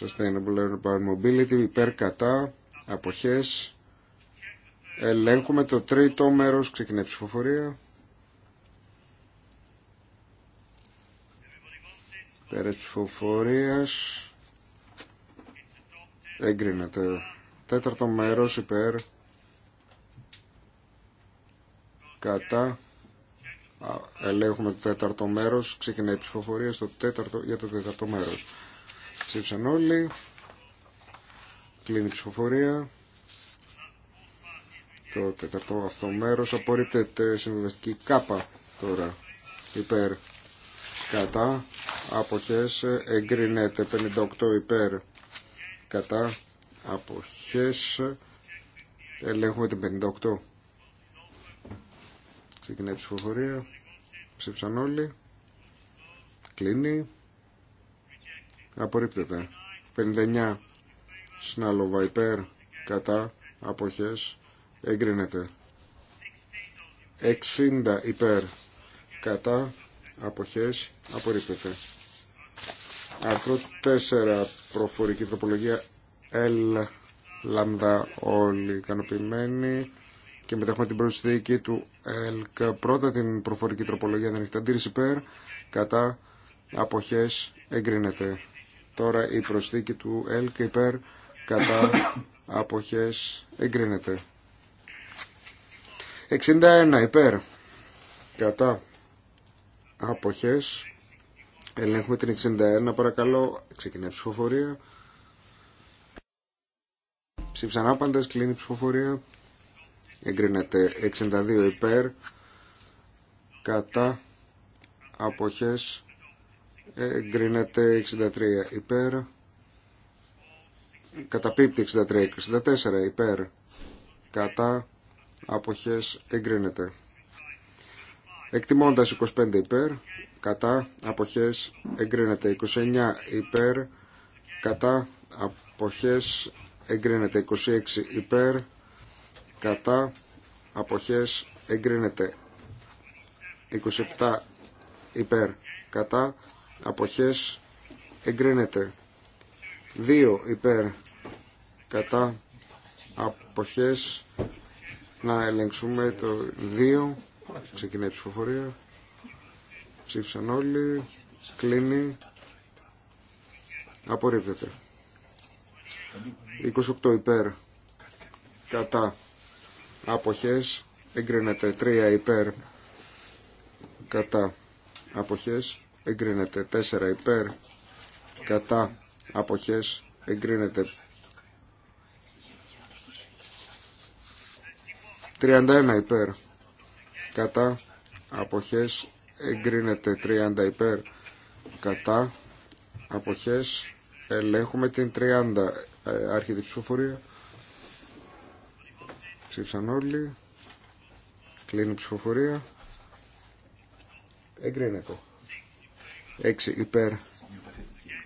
Sustainable Urban Mobility, υπέρ κατά, αποχές. Ελέγχουμε το τρίτο μέρος, ξεκινάει ψηφοφορία. Πέρα ψηφοφορίας. Εγκρίνεται. Τέταρτο μέρος υπέρ. Κατά. Ελέγχουμε το τέταρτο μέρος. Ξεκινάει η ψηφοφορία στο τέταρτο, για το τέταρτο μέρος. Ψήφισαν όλοι. Κλείνει η ψηφοφορία. Το τέταρτο αυτό μέρος απορρίπτεται συμβιβαστική κάπα τώρα υπέρ κατά αποχές εγκρίνεται 58 υπέρ κατά αποχές ελέγχουμε την 58 ξεκινάει η ψηφοφορία ψήφισαν όλοι κλείνει Απορρίπτεται. 59 Σνάλοβα υπέρ κατά αποχές εγκρίνεται. 60 υπέρ κατά αποχές απορρίπτεται. Άρθρο 4 προφορική τροπολογία L λάμδα όλοι ικανοποιημένοι και μετά έχουμε την προσθήκη του ΕΛΚ. Πρώτα την προφορική τροπολογία δεν έχει αντίρρηση υπέρ, κατά αποχές εγκρίνεται. Τώρα η προσθήκη του ΕΛΚ υπέρ κατά αποχές εγκρίνεται. 61 υπέρ κατά αποχές ελέγχουμε την 61 παρακαλώ ξεκινάει η ψηφοφορία ψήφισαν άπαντες κλείνει η ψηφοφορία εγκρίνεται 62 υπέρ κατά αποχές εγκρίνεται 63 υπέρ καταπίπτει 63 64 υπέρ κατά αποχές εγκρίνεται εκτιμώντας 25 υπέρ κατά αποχές εγκρίνεται 29 υπέρ κατά αποχές εγκρίνεται 26 υπέρ κατά αποχές εγκρίνεται 27 υπέρ κατά αποχές εγκρίνεται 2 υπέρ κατά αποχές να ελεγξούμε το 2 ξεκινάει η ψηφοφορία ψήφισαν όλοι κλείνει απορρίπτεται 28 υπέρ κατά αποχές εγκρίνεται 3 υπέρ κατά αποχές εγκρίνεται 4 υπέρ κατά αποχές εγκρίνεται 31 υπέρ κατά αποχές εγκρίνεται 30 υπέρ κατά αποχές ελέγχουμε την 30 ε, άρχιτη ψηφοφορία ψήφισαν όλοι κλείνει ψηφοφορία εγκρίνεται 6 υπέρ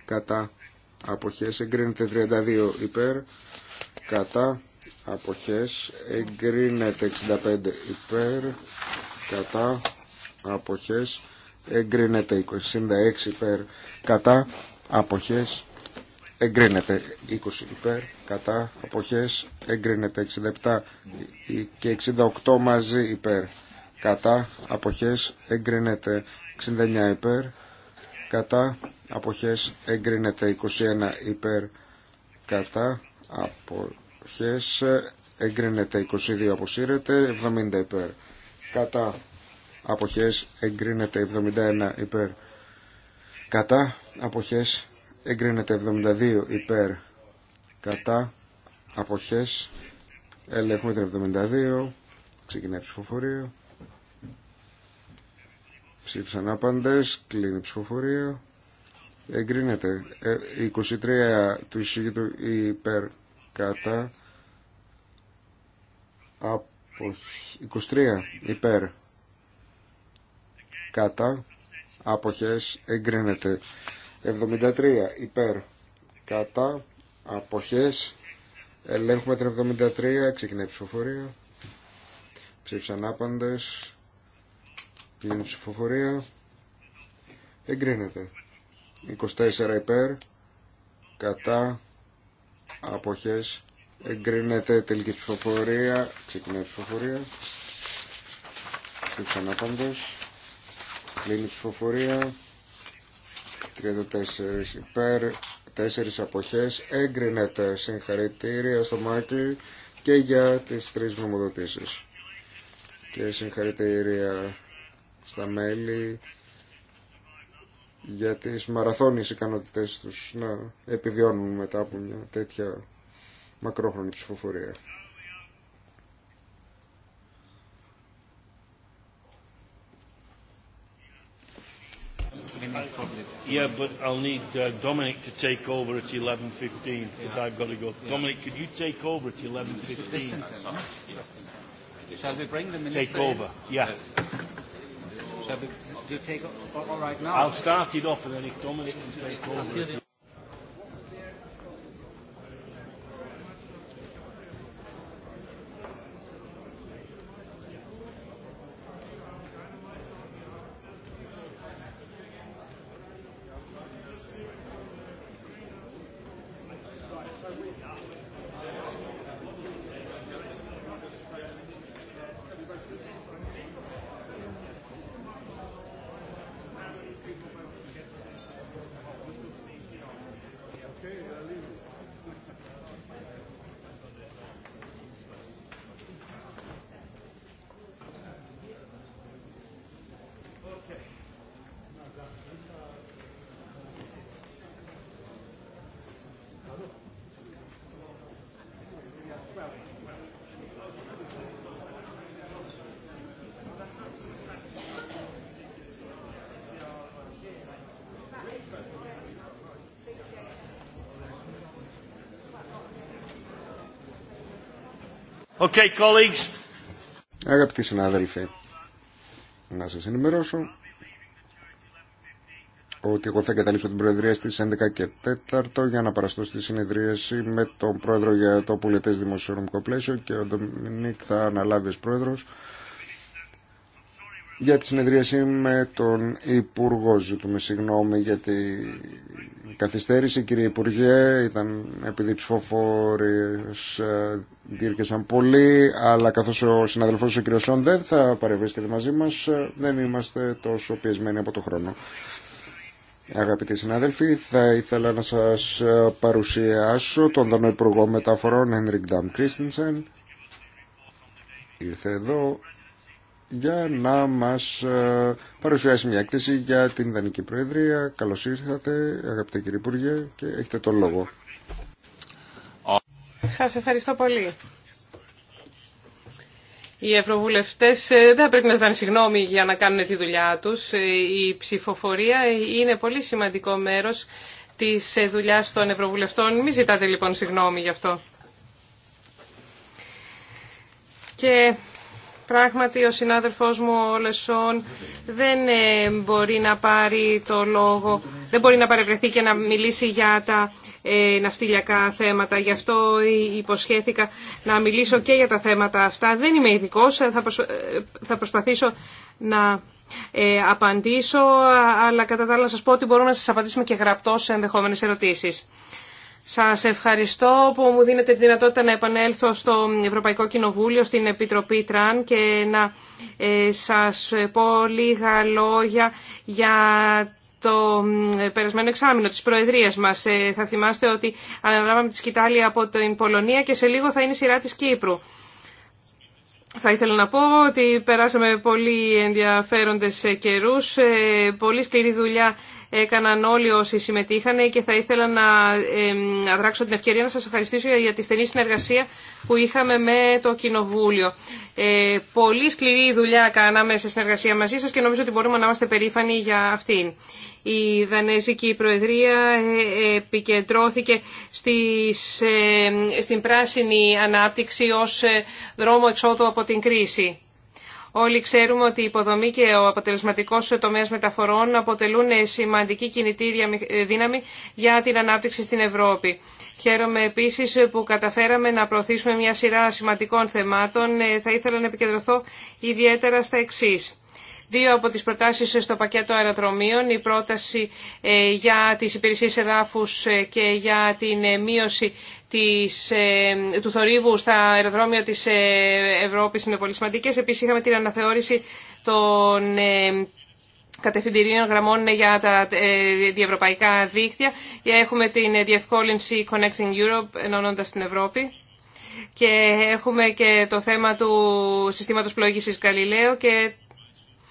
κατά αποχές εγκρίνεται 32 υπέρ κατά αποχές εγκρίνεται 65 υπέρ κατά αποχές εγκρίνεται 26 υπέρ κατά αποχές εγκρίνεται 20 υπέρ κατά αποχές εγκρίνεται 67 και 68 μαζί υπέρ κατά αποχές εγκρίνεται 69 υπέρ κατά αποχές εγκρίνεται 21 υπέρ κατά αποχές εγκρίνεται 22 αποσύρεται 70 υπέρ κατά αποχές εγκρίνεται 71 υπέρ κατά αποχές εγκρίνεται 72 υπέρ κατά αποχές ελέγχουμε την 72 ξεκινάει η ψηφοφορία Ψήφισαν άπαντε, κλείνει η ψηφοφορία. Εγκρίνεται. 23 ε, του εισηγητού υπέρ κατά. Από 23 υπέρ κατά. Αποχές εγκρίνεται. 73 υπέρ κατά. Αποχές. Ελέγχουμε την 73. Ξεκινάει η ψηφοφορία. Ψήφισαν άπαντες. Κλείνει ψηφοφορία. Εγκρίνεται. 24 υπέρ. Κατά. Αποχές. Εγκρίνεται τελική ψηφοφορία. Ξεκινάει η ψηφοφορία. Ξεκινάει ανάπαντος. Κλείνει ψηφοφορία. 34 υπέρ. 4 αποχές. Εγκρίνεται. Συγχαρητήρια στο Μάκη και για τις τρεις νομοδοτήσεις. Και συγχαρητήρια στα μέλη για τις μαραθώνιες ικανότητές τους να επιβιώνουν μετά από μια τέτοια μακρόχρονη ψηφοφορία. Yeah, but I'll need uh, Dominic to take over at 11.15 because I've got to go. Dominic, could you take over at 11.15? Shall we bring the minister Take over, yeah. Yes. Shall we do take all right now? I'll start it off and then if Dominic can take over. Okay, colleagues. Αγαπητοί συνάδελφοι, να σας ενημερώσω ότι εγώ θα εγκαταλείψω την Προεδρία στις 11 και 4 για να παραστώ στη συνεδρίαση με τον Πρόεδρο για το Πολιτές Δημοσιονομικό Πλαίσιο και ο Ντομινίκ θα αναλάβει ως Πρόεδρος για τη συνεδρίαση με τον Υπουργό. Ζητούμε συγγνώμη γιατί η καθυστέρηση, κύριε Υπουργέ, ήταν επειδή οι ψηφοφόροι ε, διήρκεσαν πολύ, αλλά καθώς ο συναδελφός ο κύριος Σόν δεν θα παρευρίσκεται μαζί μας, ε, δεν είμαστε τόσο πιεσμένοι από το χρόνο. Αγαπητοί συνάδελφοι, θα ήθελα να σας ε, παρουσιάσω τον Δανό Υπουργό Μεταφορών, Henrik Dam Christensen. Ήρθε εδώ για να μας ε, παρουσιάσει μια έκθεση για την Δανική Προεδρία. Καλώς ήρθατε, αγαπητέ κύριε Υπουργέ, και έχετε τον λόγο. Σας ευχαριστώ πολύ. Οι ευρωβουλευτές ε, δεν πρέπει να ζητάνε συγγνώμη για να κάνουν τη δουλειά τους. Ε, η ψηφοφορία είναι πολύ σημαντικό μέρος της δουλειάς των ευρωβουλευτών. Μην ζητάτε λοιπόν συγγνώμη γι' αυτό. Και Πράγματι ο συνάδελφός μου ο Λεσόν δεν ε, μπορεί να πάρει το λόγο, δεν μπορεί να παρευρεθεί και να μιλήσει για τα ε, ναυτιλιακά θέματα. Γι' αυτό ε, υποσχέθηκα να μιλήσω και για τα θέματα αυτά. Δεν είμαι ειδικό, θα προσπαθήσω να απαντήσω, αλλά κατά τα άλλα σας πω ότι μπορούμε να σας απαντήσουμε και γραπτώς σε ενδεχόμενες ερωτήσεις. Σας ευχαριστώ που μου δίνετε τη δυνατότητα να επανέλθω στο Ευρωπαϊκό Κοινοβούλιο, στην Επιτροπή Τραν και να ε, σας πω λίγα λόγια για το περασμένο εξάμεινο της Προεδρίας μας. Ε, θα θυμάστε ότι αναλάβαμε τη σκητάλη από την Πολωνία και σε λίγο θα είναι η σειρά της Κύπρου. Θα ήθελα να πω ότι περάσαμε πολύ ενδιαφέροντες καιρούς, ε, πολύ σκληρή δουλειά έκαναν όλοι όσοι συμμετείχαν και θα ήθελα να αδράξω την ευκαιρία να σας ευχαριστήσω για τη στενή συνεργασία που είχαμε με το Κοινοβούλιο. Ε, πολύ σκληρή δουλειά κάναμε σε συνεργασία μαζί σας και νομίζω ότι μπορούμε να είμαστε περήφανοι για αυτήν. Η Δανέζικη Προεδρία ε, επικεντρώθηκε στις, ε, στην πράσινη ανάπτυξη ως ε, δρόμο εξόδου από την κρίση. Όλοι ξέρουμε ότι η υποδομή και ο αποτελεσματικός τομέας μεταφορών αποτελούν σημαντική κινητήρια ε, δύναμη για την ανάπτυξη στην Ευρώπη. Χαίρομαι επίσης που καταφέραμε να προωθήσουμε μια σειρά σημαντικών θεμάτων. Ε, θα ήθελα να επικεντρωθώ ιδιαίτερα στα εξή δύο από τις προτάσεις στο πακέτο αεροδρομίων, η πρόταση ε, για τις υπηρεσίες εδάφους ε, και για την ε, μείωση του θορύβου στα αεροδρόμια της Ευρώπης είναι πολύ σημαντικέ. Επίσης είχαμε την αναθεώρηση των κατευθυντηρίων γραμμών για τα διευρωπαϊκά δίκτυα. Έχουμε την διευκόλυνση Connecting Europe ενώνοντας την Ευρώπη. Και έχουμε και το θέμα του συστήματος πλοήγησης Γαλιλαίου και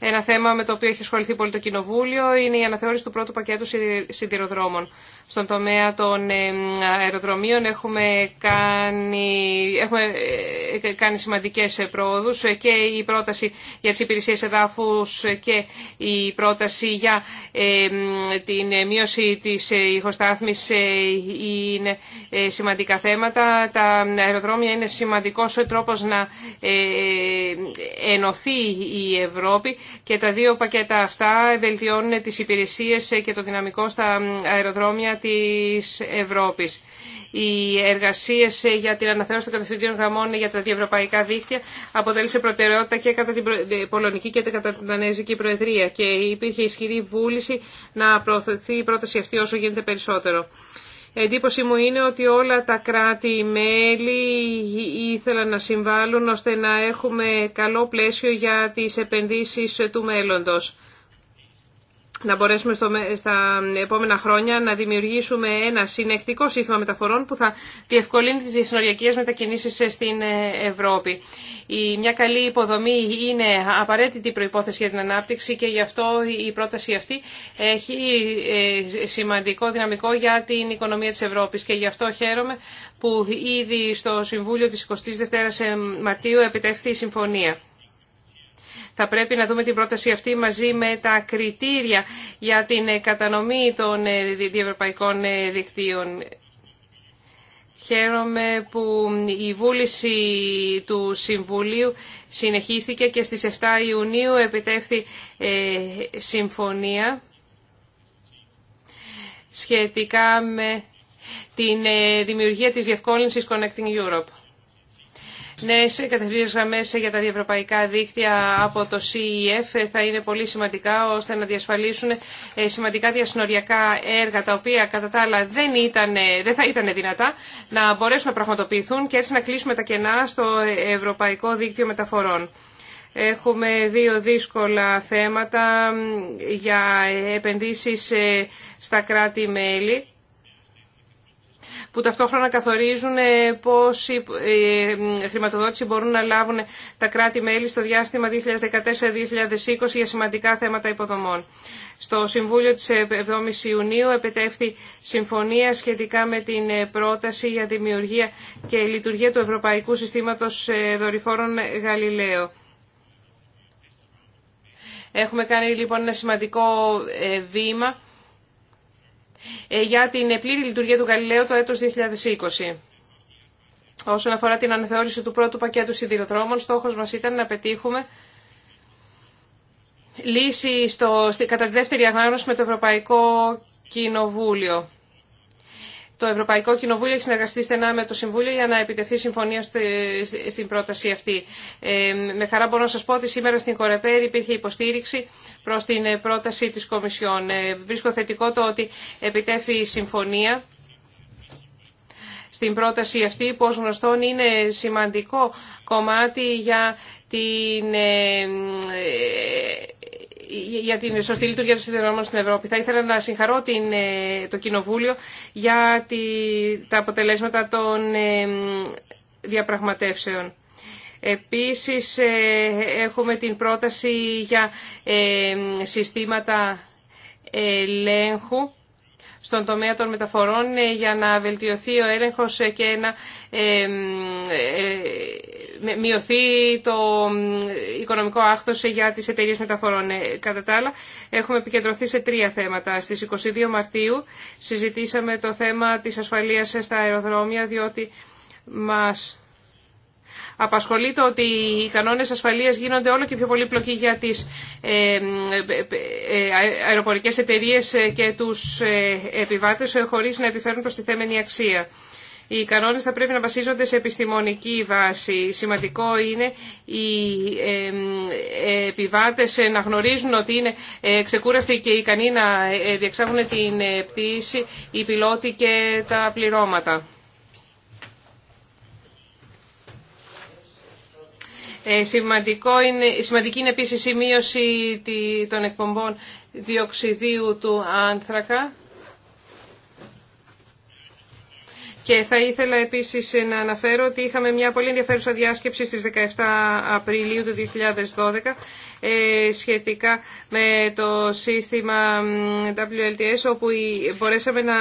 Ένα θέμα με το οποίο έχει ασχοληθεί πολύ το Κοινοβούλιο είναι η αναθεώρηση του πρώτου πακέτου σιδηροδρόμων. Στον τομέα των αεροδρομίων έχουμε κάνει, έχουμε ε, κάνει σημαντικές πρόοδους και η πρόταση για τις υπηρεσίες εδάφους και η πρόταση για την μείωση της ε, ηχοστάθμης ε, είναι σημαντικά θέματα. Τα αεροδρόμια είναι σημαντικός τρόπος να ενωθεί η Ευρώπη και τα δύο πακέτα αυτά βελτιώνουν τις υπηρεσίες και το δυναμικό στα αεροδρόμια της Ευρώπης. Οι εργασίες για την αναθεώρηση των κατευθυντήριων γραμμών για τα διευρωπαϊκά δίκτυα αποτέλεσε προτεραιότητα και κατά την ε, Πολωνική και κατά την Δανέζικη Προεδρία και υπήρχε ισχυρή βούληση να προωθηθεί η πρόταση αυτή όσο γίνεται περισσότερο εντύπωση μου είναι ότι όλα τα κράτη-μέλη ήθελαν να συμβάλλουν ώστε να έχουμε καλό πλαίσιο για τις επενδύσεις του μέλλοντος να μπορέσουμε στο, στα επόμενα χρόνια να δημιουργήσουμε ένα συνεκτικό σύστημα μεταφορών που θα διευκολύνει τις συνοριακές μετακινήσεις στην ε, Ευρώπη. Η, μια καλή υποδομή είναι απαραίτητη προϋπόθεση για την ανάπτυξη και γι' αυτό η πρόταση αυτή έχει ε, σημαντικό δυναμικό για την οικονομία της Ευρώπης και γι' αυτό χαίρομαι που ήδη στο Συμβούλιο της 22ης Μαρτίου επιτεύχθη η συμφωνία. Θα πρέπει να δούμε την πρόταση αυτή μαζί με τα κριτήρια για την ε, κατανομή των ε, διευρωπαϊκών ε, δικτύων. Χαίρομαι που η βούληση του Συμβουλίου συνεχίστηκε και στις 7 Ιουνίου επιτεύχθη συμφωνία σχετικά με την δημιουργία της διευκόλυνσης Connecting Europe νέες κατευθυντήρες γραμμέ για τα διευρωπαϊκά δίκτυα από το CEF θα είναι πολύ σημαντικά ώστε να διασφαλίσουν ε, σημαντικά διασυνοριακά έργα τα οποία κατά τα άλλα δεν, ήταν, δεν θα ήταν δυνατά να μπορέσουν να πραγματοποιηθούν και έτσι να κλείσουμε τα κενά στο ευρωπαϊκό δίκτυο μεταφορών. Έχουμε δύο δύσκολα θέματα για επενδύσεις ε, στα κράτη-μέλη που ταυτόχρονα καθορίζουν ε, οι ε, χρηματοδότηση μπορούν να λάβουν τα κράτη-μέλη στο διάστημα 2014-2020 για σημαντικά θέματα υποδομών. Στο Συμβούλιο της 7ης Ιουνίου επιτεύχθη συμφωνία σχετικά με την ε, πρόταση για δημιουργία και λειτουργία του Ευρωπαϊκού Συστήματος Δορυφόρων Γαλιλαίο. Έχουμε κάνει λοιπόν ένα σημαντικό βήμα ε, για την πλήρη λειτουργία του Γαλιλαίου το έτος 2020. Όσον αφορά την αναθεώρηση του πρώτου πακέτου σιδηροδρόμων, στόχος μας ήταν να πετύχουμε λύση στο, κατά τη δεύτερη ανάγνωση με το Ευρωπαϊκό Κοινοβούλιο. Το Ευρωπαϊκό Κοινοβούλιο έχει συνεργαστεί στενά με το Συμβούλιο για να επιτευχθεί συμφωνία στην πρόταση αυτή. Ε, με χαρά μπορώ να σα πω ότι σήμερα στην Κορεπέρη υπήρχε υποστήριξη προ την ε, πρόταση τη Κομισιόν. Ε, βρίσκω θετικό το ότι επιτεύχθη η συμφωνία στην πρόταση αυτή που ως γνωστόν είναι σημαντικό κομμάτι για την ε, ε, ε, για την σωστή λειτουργία των συνδεδεμένων στην Ευρώπη. Θα ήθελα να συγχαρώ την, ε, το Κοινοβούλιο για τα αποτελέσματα των ε, διαπραγματεύσεων. Επίσης έχουμε την πρόταση για συστήματα ελέγχου στον τομέα των μεταφορών για να βελτιωθεί ο έλεγχος και να μειωθεί το οικονομικό άχθος για τις εταιρείε μεταφορών. Ε, κατά τα άλλα, έχουμε επικεντρωθεί σε τρία θέματα. Στις 22 Μαρτίου συζητήσαμε το θέμα της ασφαλείας στα αεροδρόμια, διότι μας απασχολεί το ότι οι κανόνες ασφαλείας γίνονται όλο και πιο πολύπλοκοι για τις ε, ε, αεροπορικές εταιρείε και τους επιβάτες χωρίς να επιφέρουν θέμενη αξία. Οι κανόνες θα πρέπει να βασίζονται σε επιστημονική βάση. Σημαντικό είναι οι επιβάτες να γνωρίζουν ότι είναι ε, ξεκούραστοι και ικανοί να ε, διεξάγουν την ε, πτήση, οι πιλότοι και τα πληρώματα. σημαντικό είναι, σημαντική είναι επίσης η μείωση των εκπομπών διοξιδίου του άνθρακα. Και θα ήθελα επίσης να αναφέρω ότι είχαμε μια πολύ ενδιαφέρουσα διάσκεψη στις 17 Απριλίου του 2012 ε, σχετικά με το σύστημα WLTS όπου μπορέσαμε να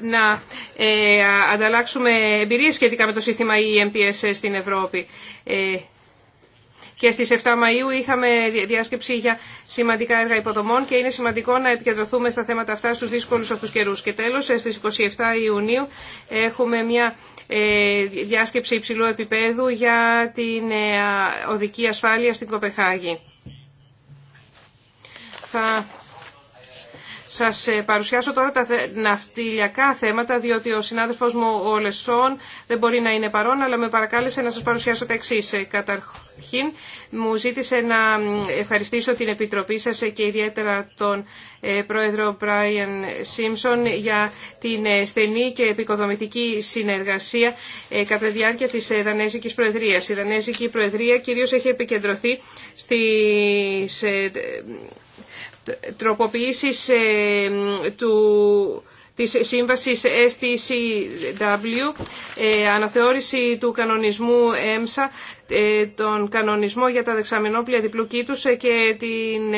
να ε, ανταλλάξουμε εμπειρίες σχετικά με το σύστημα EMTS στην Ευρώπη. Ε, και στις 7 Μαΐου είχαμε διάσκεψη για σημαντικά έργα υποδομών και είναι σημαντικό να επικεντρωθούμε στα θέματα αυτά στους δύσκολους αυτούς καιρούς. Και τέλος, ε, στις 27 Ιουνίου έχουμε μια ε, διάσκεψη υψηλού επίπεδου για την ε, οδική ασφάλεια στην Κοπεχάγη. Σας ε, παρουσιάσω τώρα τα ναυτιλιακά θέματα, διότι ο συνάδελφός μου ο Λεσόν δεν μπορεί να είναι παρόν, αλλά με παρακάλεσε να σας παρουσιάσω τα εξής. Ε, καταρχήν, μου ζήτησε να ευχαριστήσω την Επιτροπή σας ε, και ιδιαίτερα τον Πρόεδρο Brian Simpson για την στενή και επικοδομητική συνεργασία κατά τη διάρκεια της Δανέζικης Προεδρίας. Η Δανέζικη Προεδρία κυρίως έχει επικεντρωθεί στις τροποποιήσεις ε, του της σύμβασης STCW, ε, αναθεώρηση του κανονισμού ΕΜΣΑ, ε, τον κανονισμό για τα δεξαμενόπλια διπλού κήτους και την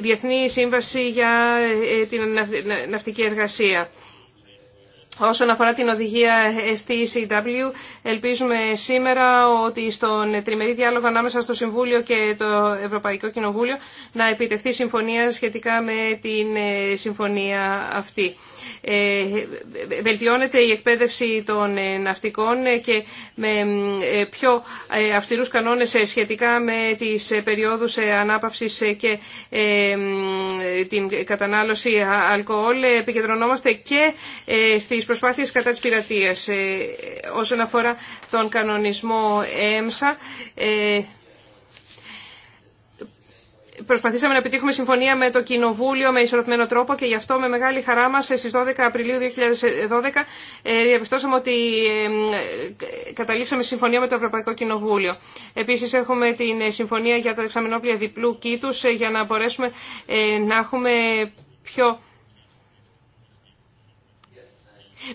Διεθνή Σύμβαση για την Ναυτική Εργασία. Όσον αφορά την οδηγία STCW, ελπίζουμε σήμερα ότι στον τριμερή διάλογο ανάμεσα στο Συμβούλιο και το Ευρωπαϊκό Κοινοβούλιο να επιτευχθεί συμφωνία σχετικά με την ε, συμφωνία αυτή. Ε, βελτιώνεται η εκπαίδευση των ε, ναυτικών και με πιο αυστηρούς κανόνες σχετικά με τις περιόδους ανάπαυσης και την κατανάλωση αλκοόλ. Επικεντρωνόμαστε και στις τις προσπάθειες κατά της πειρατείας. Ε, όσον αφορά τον κανονισμό ΕΜΣΑ, ε, προσπαθήσαμε να επιτύχουμε συμφωνία με το Κοινοβούλιο με ισορροπημένο τρόπο και γι' αυτό με μεγάλη χαρά μας ε, στις 12 Απριλίου 2012 διαπιστώσαμε ότι καταλήξαμε συμφωνία με το Ευρωπαϊκό Κοινοβούλιο. Επίσης έχουμε την συμφωνία για τα δεξαμενόπλια διπλού κήτους για να μπορέσουμε να έχουμε πιο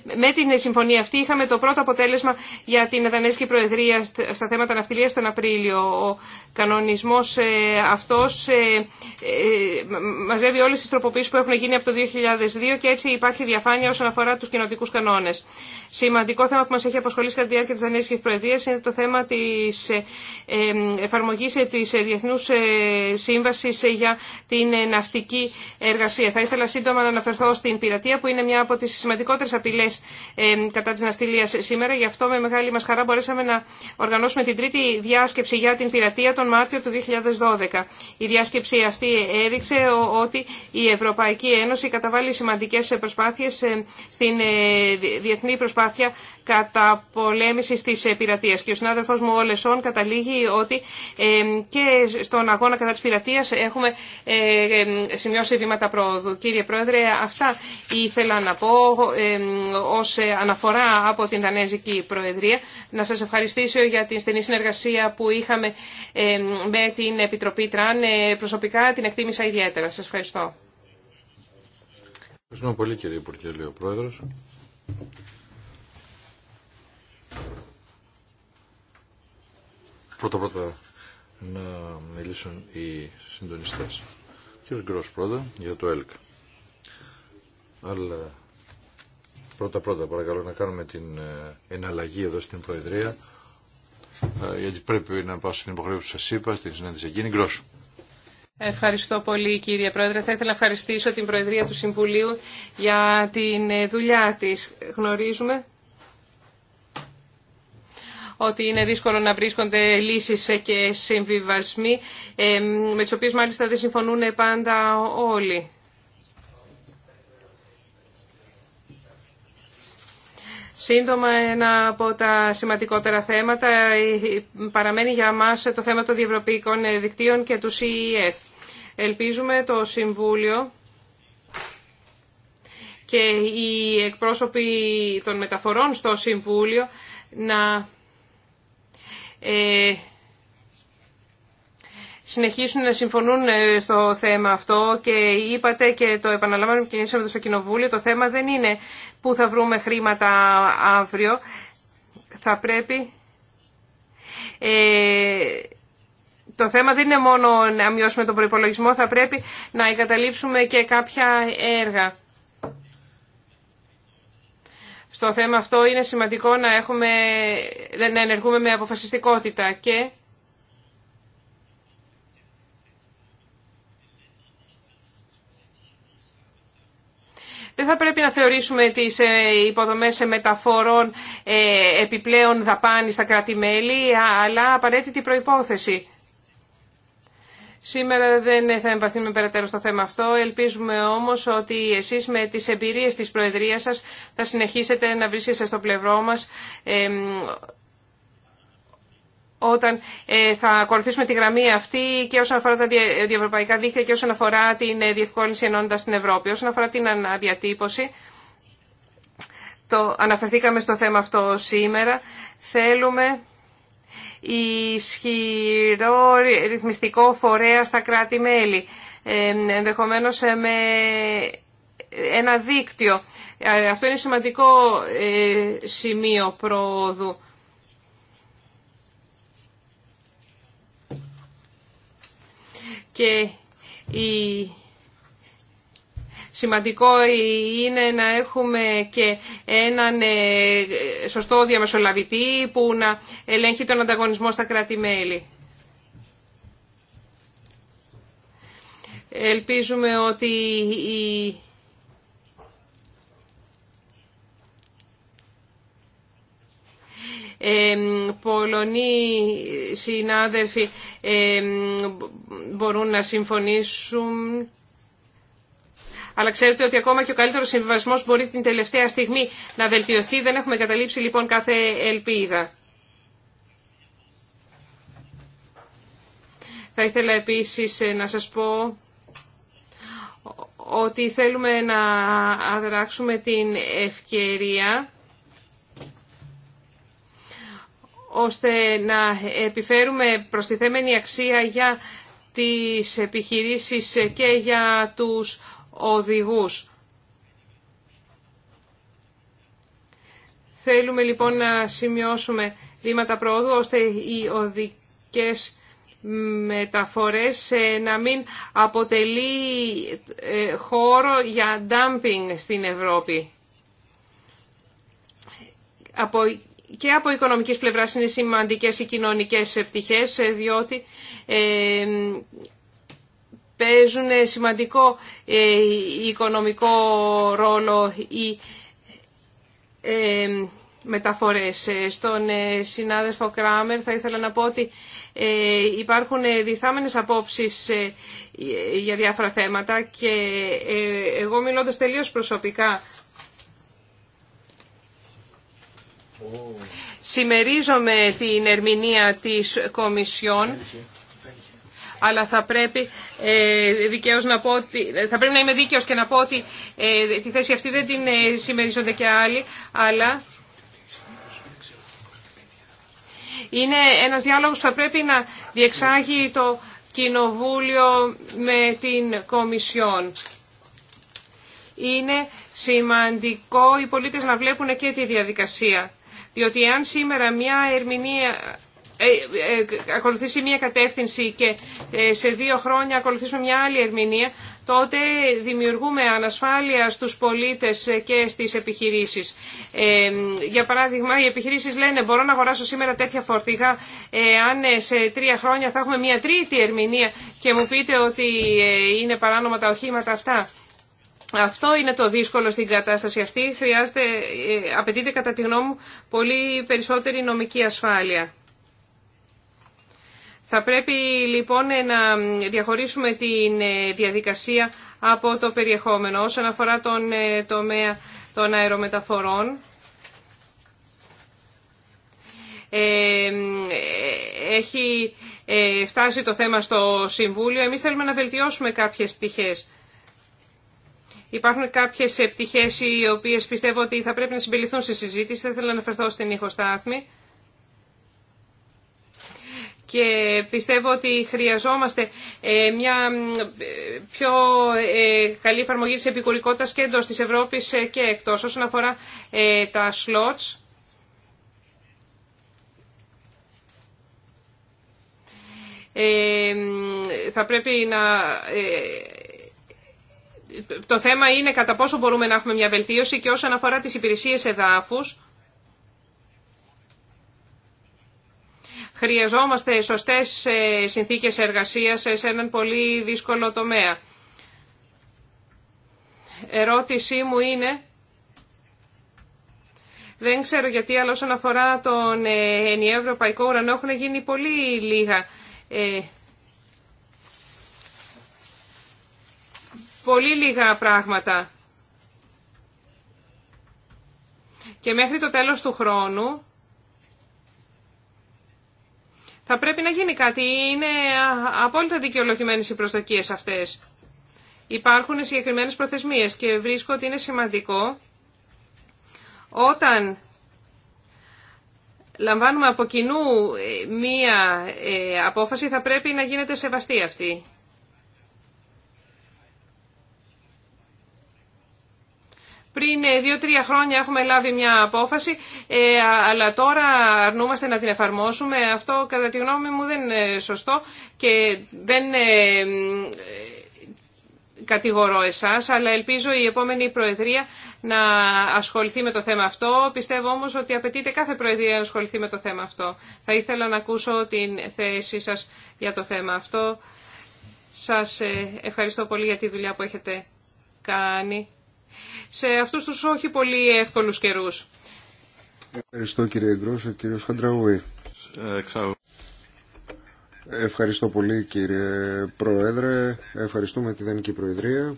με την συμφωνία αυτή είχαμε το πρώτο αποτέλεσμα για την Δανέζικη Προεδρία στα θέματα ναυτιλίας τον Απρίλιο. Ο κανονισμός ε, αυτός ε, ε, μαζεύει όλες τις τροποποίησεις που έχουν γίνει από το 2002 και έτσι υπάρχει διαφάνεια όσον αφορά τους κοινοτικούς κανόνες. Σημαντικό θέμα που μας έχει απασχολήσει κατά τη διάρκεια της Δανέζικης Προεδρίας είναι το θέμα της εφαρμογής της Διεθνούς Σύμβασης για την ναυτική εργασία. Θα ήθελα σύντομα να αναφερθώ στην πειρατεία που είναι μια από τις σημαντικότερες ε, κατά τη ναυτιλία σήμερα. Γι' αυτό με μεγάλη μα χαρά μπορέσαμε να οργανώσουμε την τρίτη διάσκεψη για την πειρατεία τον Μάρτιο του 2012. Η διάσκεψη αυτή έδειξε ότι η Ευρωπαϊκή Ένωση καταβάλει σημαντικέ προσπάθειε ε, στην ε, διεθνή προσπάθεια κατά πολέμηση τη πειρατεία. Και ο συνάδελφό μου, ο Λεσόν, καταλήγει ότι ε, και στον αγώνα κατά τη πειρατεία έχουμε σημειώσει βήματα πρόοδου. Κύριε Πρόεδρε, αυτά ήθελα να πω ως ε, αναφορά από την Δανέζικη Προεδρία. Να σας ευχαριστήσω για την στενή συνεργασία που είχαμε ε, με την Επιτροπή Τραν. Ε, προσωπικά την εκτίμησα ιδιαίτερα. Σας ευχαριστώ. Ευχαριστούμε πολύ κύριε Υπουργέ, λέει ο Πρόεδρος. Πρώτα πρώτα να μιλήσουν οι συντονιστές. Κύριος Γκρός πρώτα για το ΕΛΚ. Αλλά πρώτα-πρώτα παρακαλώ να κάνουμε την ε, εναλλαγή εδώ στην Προεδρία ε, γιατί πρέπει να πάω στην υποχρέωση που σας είπα, στην συνάντηση εκείνη. Ευχαριστώ πολύ κύριε Πρόεδρε. Θα ήθελα να ευχαριστήσω την Προεδρία του Συμβουλίου για την ε, δουλειά της. Γνωρίζουμε ότι είναι δύσκολο να βρίσκονται λύσεις και συμβιβασμοί με τις οποίες μάλιστα δεν συμφωνούν πάντα όλοι. Σύντομα, ένα από τα σημαντικότερα θέματα ε, παραμένει για μας το θέμα των διευρωπαϊκών δικτύων και του CEF. Ελπίζουμε το Συμβούλιο και οι εκπρόσωποι των μεταφορών στο Συμβούλιο να ε, συνεχίσουν να συμφωνούν ε, στο θέμα αυτό και είπατε και το επαναλαμβάνουμε και εμείς στο Κοινοβούλιο, το θέμα δεν είναι πού θα βρούμε χρήματα αύριο. Θα πρέπει... Ε, το θέμα δεν είναι μόνο να μειώσουμε τον προϋπολογισμό, θα πρέπει να εγκαταλείψουμε και κάποια έργα. Στο θέμα αυτό είναι σημαντικό να, έχουμε, να ενεργούμε με αποφασιστικότητα και Δεν θα πρέπει να θεωρήσουμε τις ε, υποδομές μεταφορών ε, επιπλέον δαπάνη στα κράτη-μέλη, αλλά απαραίτητη προϋπόθεση. Σήμερα δεν θα εμβαθύνουμε περαιτέρω στο θέμα αυτό. Ελπίζουμε όμως ότι εσείς με τις εμπειρίες της Προεδρίας σας θα συνεχίσετε να βρίσκεστε στο πλευρό μας ε, όταν ε, θα ακολουθήσουμε τη γραμμή αυτή και όσον αφορά τα διευρωπαϊκά δίκτυα και όσον αφορά την ε, διευκόλυνση ενώνοντα την Ευρώπη. Όσον αφορά την αναδιατύπωση, το, αναφερθήκαμε στο θέμα αυτό σήμερα. Θέλουμε ισχυρό ρυθμιστικό φορέα στα κράτη-μέλη, ε, ενδεχομένως ε, με ένα δίκτυο. Αυτό είναι σημαντικό σημείο πρόοδου. και Σημαντικό είναι να έχουμε και έναν ε, σωστό διαμεσολαβητή που να ελέγχει τον ανταγωνισμό στα κράτη-μέλη. Ελπίζουμε ότι Πολωνοί συνάδελφοι μπορούν να συμφωνήσουν. Αλλά ξέρετε ότι ακόμα και ο καλύτερο συμβιβασμό μπορεί την τελευταία στιγμή να βελτιωθεί. Δεν έχουμε καταλήψει λοιπόν κάθε ελπίδα. Θα ήθελα επίσης ε, να σας πω ότι θέλουμε να αδράξουμε την ευκαιρία ώστε να επιφέρουμε προστιθέμενη αξία για τις επιχειρήσεις και για τους οδηγούς. Θέλουμε λοιπόν να σημειώσουμε βήματα πρόοδου ώστε οι οδικές μεταφορές ε, να μην αποτελεί ε, χώρο για ντάμπινγκ στην Ευρώπη. Από και από οικονομικής πλευράς είναι σημαντικές οι κοινωνικές πτυχές, ε, διότι ε, παίζουν σημαντικό ε, οικονομικό ρόλο οι ε, μεταφορές. Στον συνάδελφο Κράμερ θα ήθελα να πω ότι υπάρχουν διστάμενες απόψεις για διάφορα θέματα και εγώ μιλώντας τελείως προσωπικά Σημερίζομαι την ερμηνεία της Κομισιόν, αλλά θα πρέπει, ε, να πω ότι, θα πρέπει να είμαι δίκαιος και να πω ότι ε, τη θέση αυτή δεν την ε, συμμερίζονται και άλλοι, αλλά είναι ένας διάλογος που θα πρέπει να διεξάγει το Κοινοβούλιο με την Κομισιόν. Είναι σημαντικό οι πολίτες να βλέπουν και τη διαδικασία. Διότι αν σήμερα μια ερμηνεία ε, ε, ε, ακολουθήσει μια κατεύθυνση και σε δύο χρόνια ακολουθήσουμε μια άλλη ερμηνεία, τότε δημιουργούμε ανασφάλεια στους πολίτες και στις επιχειρήσεις. για παράδειγμα, οι επιχειρήσεις λένε μπορώ να αγοράσω σήμερα τέτοια φορτηγά, αν σε τρία χρόνια θα έχουμε μια τρίτη ερμηνεία και μου πείτε ότι είναι παράνομα τα οχήματα αυτά. Αυτό είναι το δύσκολο στην κατάσταση αυτή. Χρειάζεται, ε, απαιτείται κατά τη γνώμη μου πολύ περισσότερη νομική ασφάλεια. Θα πρέπει λοιπόν να διαχωρίσουμε την ε, διαδικασία από το περιεχόμενο. Όσον αφορά τον ε, τομέα των αερομεταφορών, έχει φτάσει το θέμα στο Συμβούλιο. Εμείς θέλουμε να βελτιώσουμε κάποιες πτυχές. Υπάρχουν κάποιες πτυχέ οι οποίες πιστεύω ότι θα πρέπει να συμπεριληφθούν στη συζήτηση. Θα θέλω να αναφερθώ στην ηχοστάθμη. Και πιστεύω ότι χρειαζόμαστε ε, μια ε, πιο ε, καλή εφαρμογή της επικουρικότητας και εντός της Ευρώπης και εκτός. Όσον αφορά τα σλότς, θα πρέπει να το θέμα είναι κατά πόσο μπορούμε να έχουμε μια βελτίωση και όσον αφορά τις υπηρεσίες εδάφους, χρειαζόμαστε σωστές ε, συνθήκες εργασίας σε έναν πολύ δύσκολο τομέα. Ερώτησή μου είναι... Δεν ξέρω γιατί, αλλά όσον αφορά τον ε, ενιαίο ευρωπαϊκό ουρανό έχουν γίνει πολύ λίγα. Ε, πολύ λίγα πράγματα. Και μέχρι το τέλος του χρόνου θα πρέπει να γίνει κάτι. Είναι απόλυτα δικαιολογημένες οι προσδοκίες αυτές. Υπάρχουν συγκεκριμένες προθεσμίες και βρίσκω ότι είναι σημαντικό όταν λαμβάνουμε από κοινού ε, μία ε, απόφαση θα πρέπει να γίνεται σεβαστή αυτή. Πριν ε, δύο-τρία χρόνια έχουμε λάβει μια απόφαση, ε, αλλά τώρα αρνούμαστε να την εφαρμόσουμε. Αυτό κατά τη γνώμη μου δεν είναι σωστό και δεν ε, κατηγορώ εσάς, αλλά ελπίζω η επόμενη Προεδρία να ασχοληθεί με το θέμα αυτό. Πιστεύω όμως ότι απαιτείται κάθε Προεδρία να ασχοληθεί με το θέμα αυτό. Θα ήθελα να ακούσω την θέση σας για το θέμα αυτό. Σας ευχαριστώ πολύ για τη δουλειά που έχετε κάνει σε αυτούς τους όχι πολύ εύκολους καιρούς. Ευχαριστώ κύριε Γκρός, ο κύριος Χαντραούι. Ευχαριστώ πολύ κύριε Πρόεδρε. Ευχαριστούμε τη Δανική Προεδρία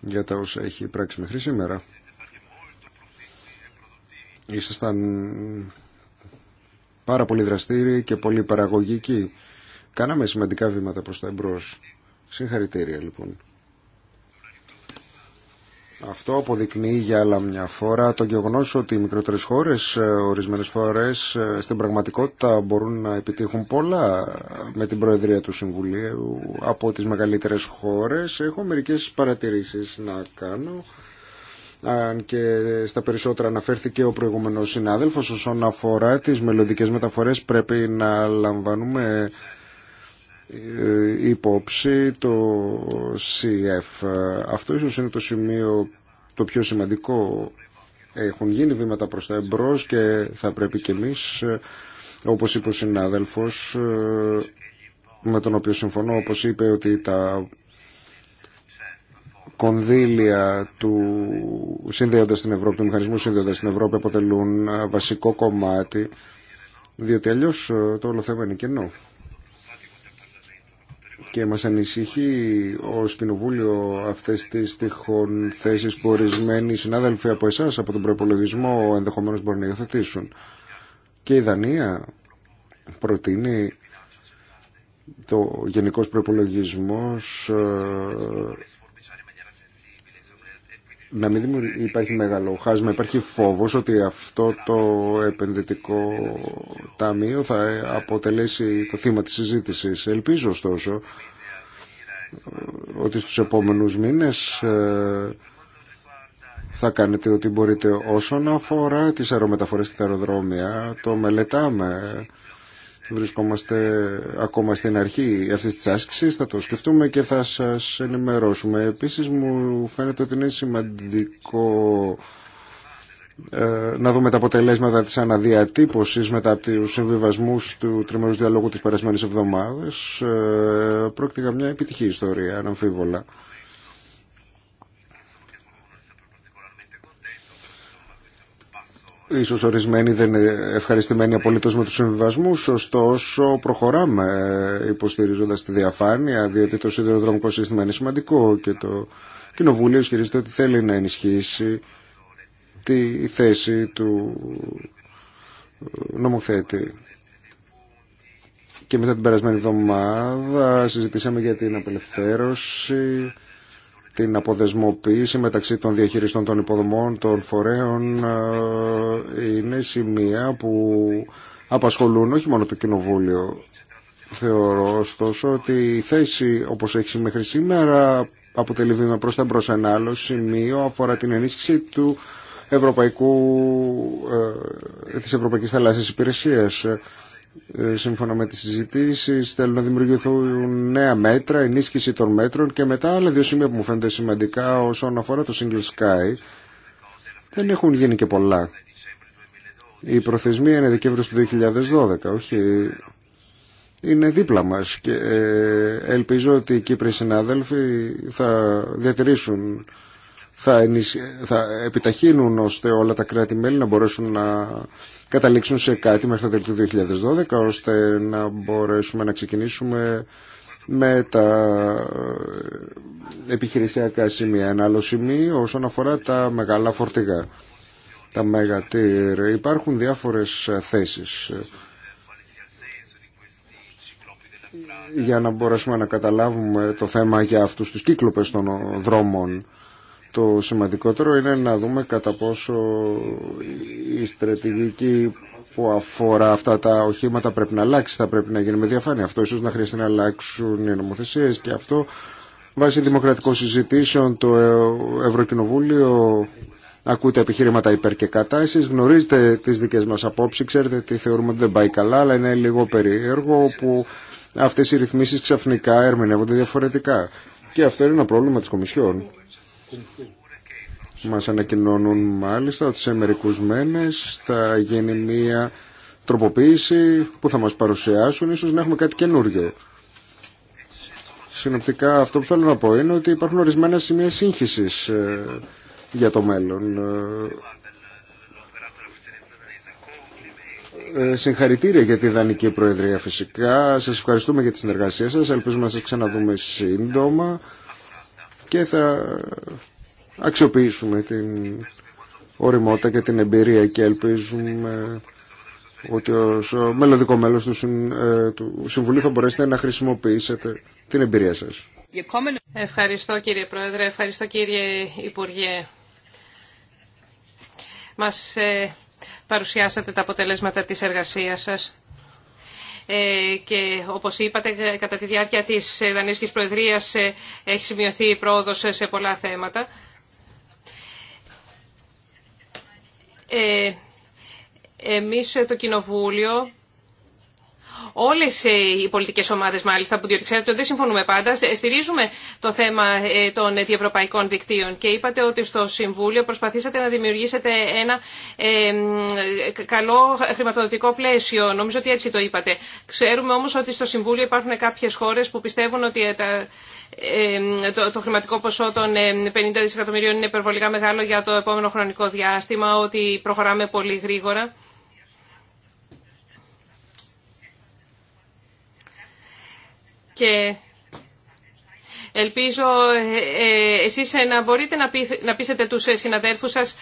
για τα όσα έχει πράξει μέχρι σήμερα. Ήσασταν πάρα πολύ δραστήριοι και πολύ παραγωγικοί. Κάναμε σημαντικά βήματα προς τα εμπρός. Συγχαρητήρια λοιπόν. Αυτό αποδεικνύει για άλλα μια φορά το γεγονό ότι οι μικρότερε χώρε ορισμένε φορέ ε, στην πραγματικότητα μπορούν να επιτύχουν πολλά με την Προεδρία του Συμβουλίου από τι μεγαλύτερε χώρε. Έχω μερικέ παρατηρήσει να κάνω. Αν και στα περισσότερα αναφέρθηκε ο προηγούμενο συνάδελφο, όσον αφορά τι μελλοντικέ μεταφορέ πρέπει να λαμβάνουμε υπόψη το CF. Αυτό ίσως είναι το σημείο το πιο σημαντικό. Έχουν γίνει βήματα προς τα εμπρός και θα πρέπει και εμείς, όπως είπε ο συνάδελφος, με τον οποίο συμφωνώ, όπως είπε ότι τα κονδύλια του συνδέοντας την Ευρώπη, του μηχανισμού συνδέοντας την Ευρώπη αποτελούν βασικό κομμάτι, διότι αλλιώς το όλο θέμα είναι κενό και μας ανησυχεί ω κοινοβούλιο αυτές τις τυχόν θέσεις που ορισμένοι συνάδελφοι από εσάς από τον προπολογισμό ενδεχομένως μπορούν να υιοθετήσουν. Και η Δανία προτείνει το γενικός προπολογισμός ε, να μην υπάρχει μεγάλο χάσμα. Υπάρχει φόβος ότι αυτό το επενδυτικό ταμείο θα αποτελέσει το θύμα της συζήτησης. Ελπίζω ωστόσο ότι στους επόμενους μήνες ε, θα κάνετε ό,τι μπορείτε όσον αφορά τις αερομεταφορές και τα αεροδρόμια. Το μελετάμε Βρισκόμαστε ακόμα στην αρχή αυτής της άσκησης, θα το σκεφτούμε και θα σας ενημερώσουμε. Επίσης μου φαίνεται ότι είναι σημαντικό ε, να δούμε τα αποτελέσματα της αναδιατύπωσης μετά από τους συμβιβασμούς του τριμερούς διαλόγου της περασμένης εβδομάδας. Ε, πρόκειται για μια επιτυχή ιστορία, αναμφίβολα. Ίσως ορισμένοι δεν είναι ευχαριστημένοι απολύτω με του συμβιβασμού, ωστόσο προχωράμε υποστηρίζοντας τη διαφάνεια, διότι το σιδηροδρομικό σύστημα είναι σημαντικό και το Κοινοβούλιο ισχυρίζεται ότι θέλει να ενισχύσει τη θέση του νομοθέτη. Και μετά την περασμένη εβδομάδα συζητήσαμε για την απελευθέρωση την αποδεσμοποίηση μεταξύ των διαχειριστών των υποδομών, των φορέων ε, είναι σημεία που απασχολούν όχι μόνο το Κοινοβούλιο. Θεωρώ ωστόσο ότι η θέση όπως έχει μέχρι σήμερα αποτελεί βήμα προς τα μπρος ένα άλλο σημείο αφορά την ενίσχυση του ευρωπαϊκού, ε, της Ευρωπαϊκής Θαλάσσιας Υπηρεσίας. Ε, σύμφωνα με τις συζητήσεις θέλουν να δημιουργηθούν νέα μέτρα, ενίσχυση των μέτρων και μετά άλλα δύο σημεία που μου φαίνονται σημαντικά όσον αφορά το Single Sky δεν έχουν γίνει και πολλά. Η προθεσμία είναι Δεκέμβριο του 2012, όχι... Είναι δίπλα μας και ε, ελπίζω ότι οι Κύπροι συνάδελφοι θα διατηρήσουν θα, θα επιταχύνουν ώστε όλα τα κράτη-μέλη να μπορέσουν να καταλήξουν σε κάτι μέχρι τα του 2012 ώστε να μπορέσουμε να ξεκινήσουμε με τα ε, επιχειρησιακά σημεία. Ένα άλλο σημείο όσον αφορά τα μεγάλα φορτηγά, τα μεγατήρ. Υπάρχουν διάφορες θέσεις ε, για να μπορέσουμε να καταλάβουμε το θέμα για αυτούς τους κύκλοπες των δρόμων το σημαντικότερο είναι να δούμε κατά πόσο η στρατηγική που αφορά αυτά τα οχήματα πρέπει να αλλάξει, θα πρέπει να γίνει με διαφάνεια. Αυτό ίσως να χρειαστεί να αλλάξουν οι νομοθεσίες και αυτό βάσει δημοκρατικών συζητήσεων το Ευρωκοινοβούλιο ακούτε επιχείρηματα υπέρ και κατά. Εσείς γνωρίζετε τις δικές μας απόψεις, ξέρετε τι θεωρούμε ότι δεν πάει καλά, αλλά είναι λίγο περίεργο που αυτές οι ρυθμίσεις ξαφνικά ερμηνεύονται διαφορετικά. Και αυτό είναι ένα πρόβλημα της Κομισιόν μας ανακοινώνουν μάλιστα ότι σε μερικούς μένες θα γίνει μια τροποποίηση που θα μας παρουσιάσουν, ίσως να έχουμε κάτι καινούριο. Συνοπτικά αυτό που θέλω να πω είναι ότι υπάρχουν ορισμένα σημεία σύγχυσης ε, για το μέλλον. Ε, συγχαρητήρια για τη Δανική Προεδρία φυσικά. Σας ευχαριστούμε για τη συνεργασία σας. Ελπίζουμε να σας ξαναδούμε σύντομα και θα αξιοποιήσουμε την οριμότητα και την εμπειρία και ελπίζουμε ότι ως μελλοντικό μέλος του, ε, του Συμβουλίου θα μπορέσετε να χρησιμοποιήσετε την εμπειρία σας. Ευχαριστώ κύριε Πρόεδρε, ευχαριστώ κύριε Υπουργέ. Μας ε, παρουσιάσατε τα αποτελέσματα της εργασίας σας ε, και όπως είπατε κατά τη διάρκεια της Δανείσκης Προεδρίας ε, έχει σημειωθεί η πρόοδος σε πολλά θέματα. Ε, εμείς το Κοινοβούλιο Όλε ε, οι πολιτικέ ομάδε, μάλιστα, που διότι ξέρετε ότι δεν συμφωνούμε πάντα, στηρίζουμε το θέμα ε, των διευρωπαϊκών δικτύων. Και είπατε ότι στο Συμβούλιο προσπαθήσατε να δημιουργήσετε ένα ε, καλό χρηματοδοτικό πλαίσιο. Νομίζω ότι έτσι το είπατε. Ξέρουμε όμω ότι στο Συμβούλιο υπάρχουν κάποιε χώρε που πιστεύουν ότι τα, το, το χρηματικό ποσό των 50 δισεκατομμυρίων είναι υπερβολικά μεγάλο για το επόμενο χρονικό διάστημα, ότι προχωράμε πολύ γρήγορα. και ελπίζω ε, ε, εσείς ε, να μπορείτε να πείσετε τους συναδέλφους σας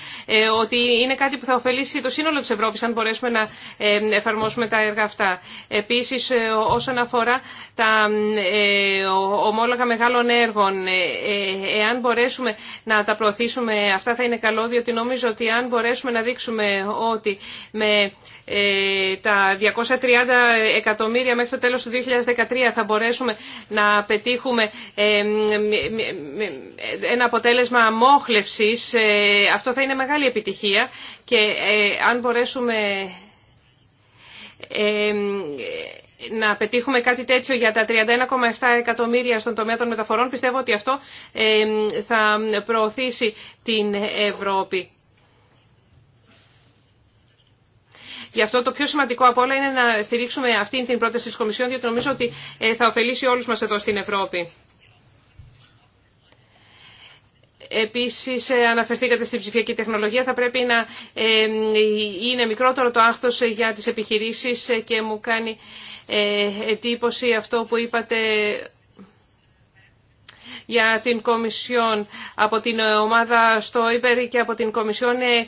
ότι είναι κάτι που θα ωφελήσει το σύνολο της Ευρώπης αν μπορέσουμε να εφαρμόσουμε τα έργα αυτά. Επίσης, όσον αφορά τα ομόλογα μεγάλων έργων, εάν μπορέσουμε να τα προωθήσουμε, αυτά θα είναι καλό, διότι νομίζω ότι αν μπορέσουμε να δείξουμε ότι με ε, τα 230 εκατομμύρια μέχρι το τέλος του 2013 θα μπορέσουμε να πετύχουμε ε, ένα αποτέλεσμα μόχλευσης. Ε, αυτό θα είναι μεγάλη επιτυχία και αν μπορέσουμε να πετύχουμε κάτι τέτοιο για τα 31,7 εκατομμύρια στον τομέα των μεταφορών, πιστεύω ότι αυτό θα προωθήσει την Ευρώπη. Γι' αυτό το πιο σημαντικό από όλα είναι να στηρίξουμε αυτή την πρόταση της Κομισιόν, διότι νομίζω ότι ε, θα ωφελήσει όλους μας εδώ στην Ευρώπη. Επίσης ε, αναφερθήκατε στην ψηφιακή τεχνολογία. Θα πρέπει να ε, είναι μικρότερο το άχθος για τις επιχειρήσεις και μου κάνει εντύπωση αυτό που είπατε για την Κομισιόν. Από την ομάδα στο Ήπερι και από την Κομισιόν ε,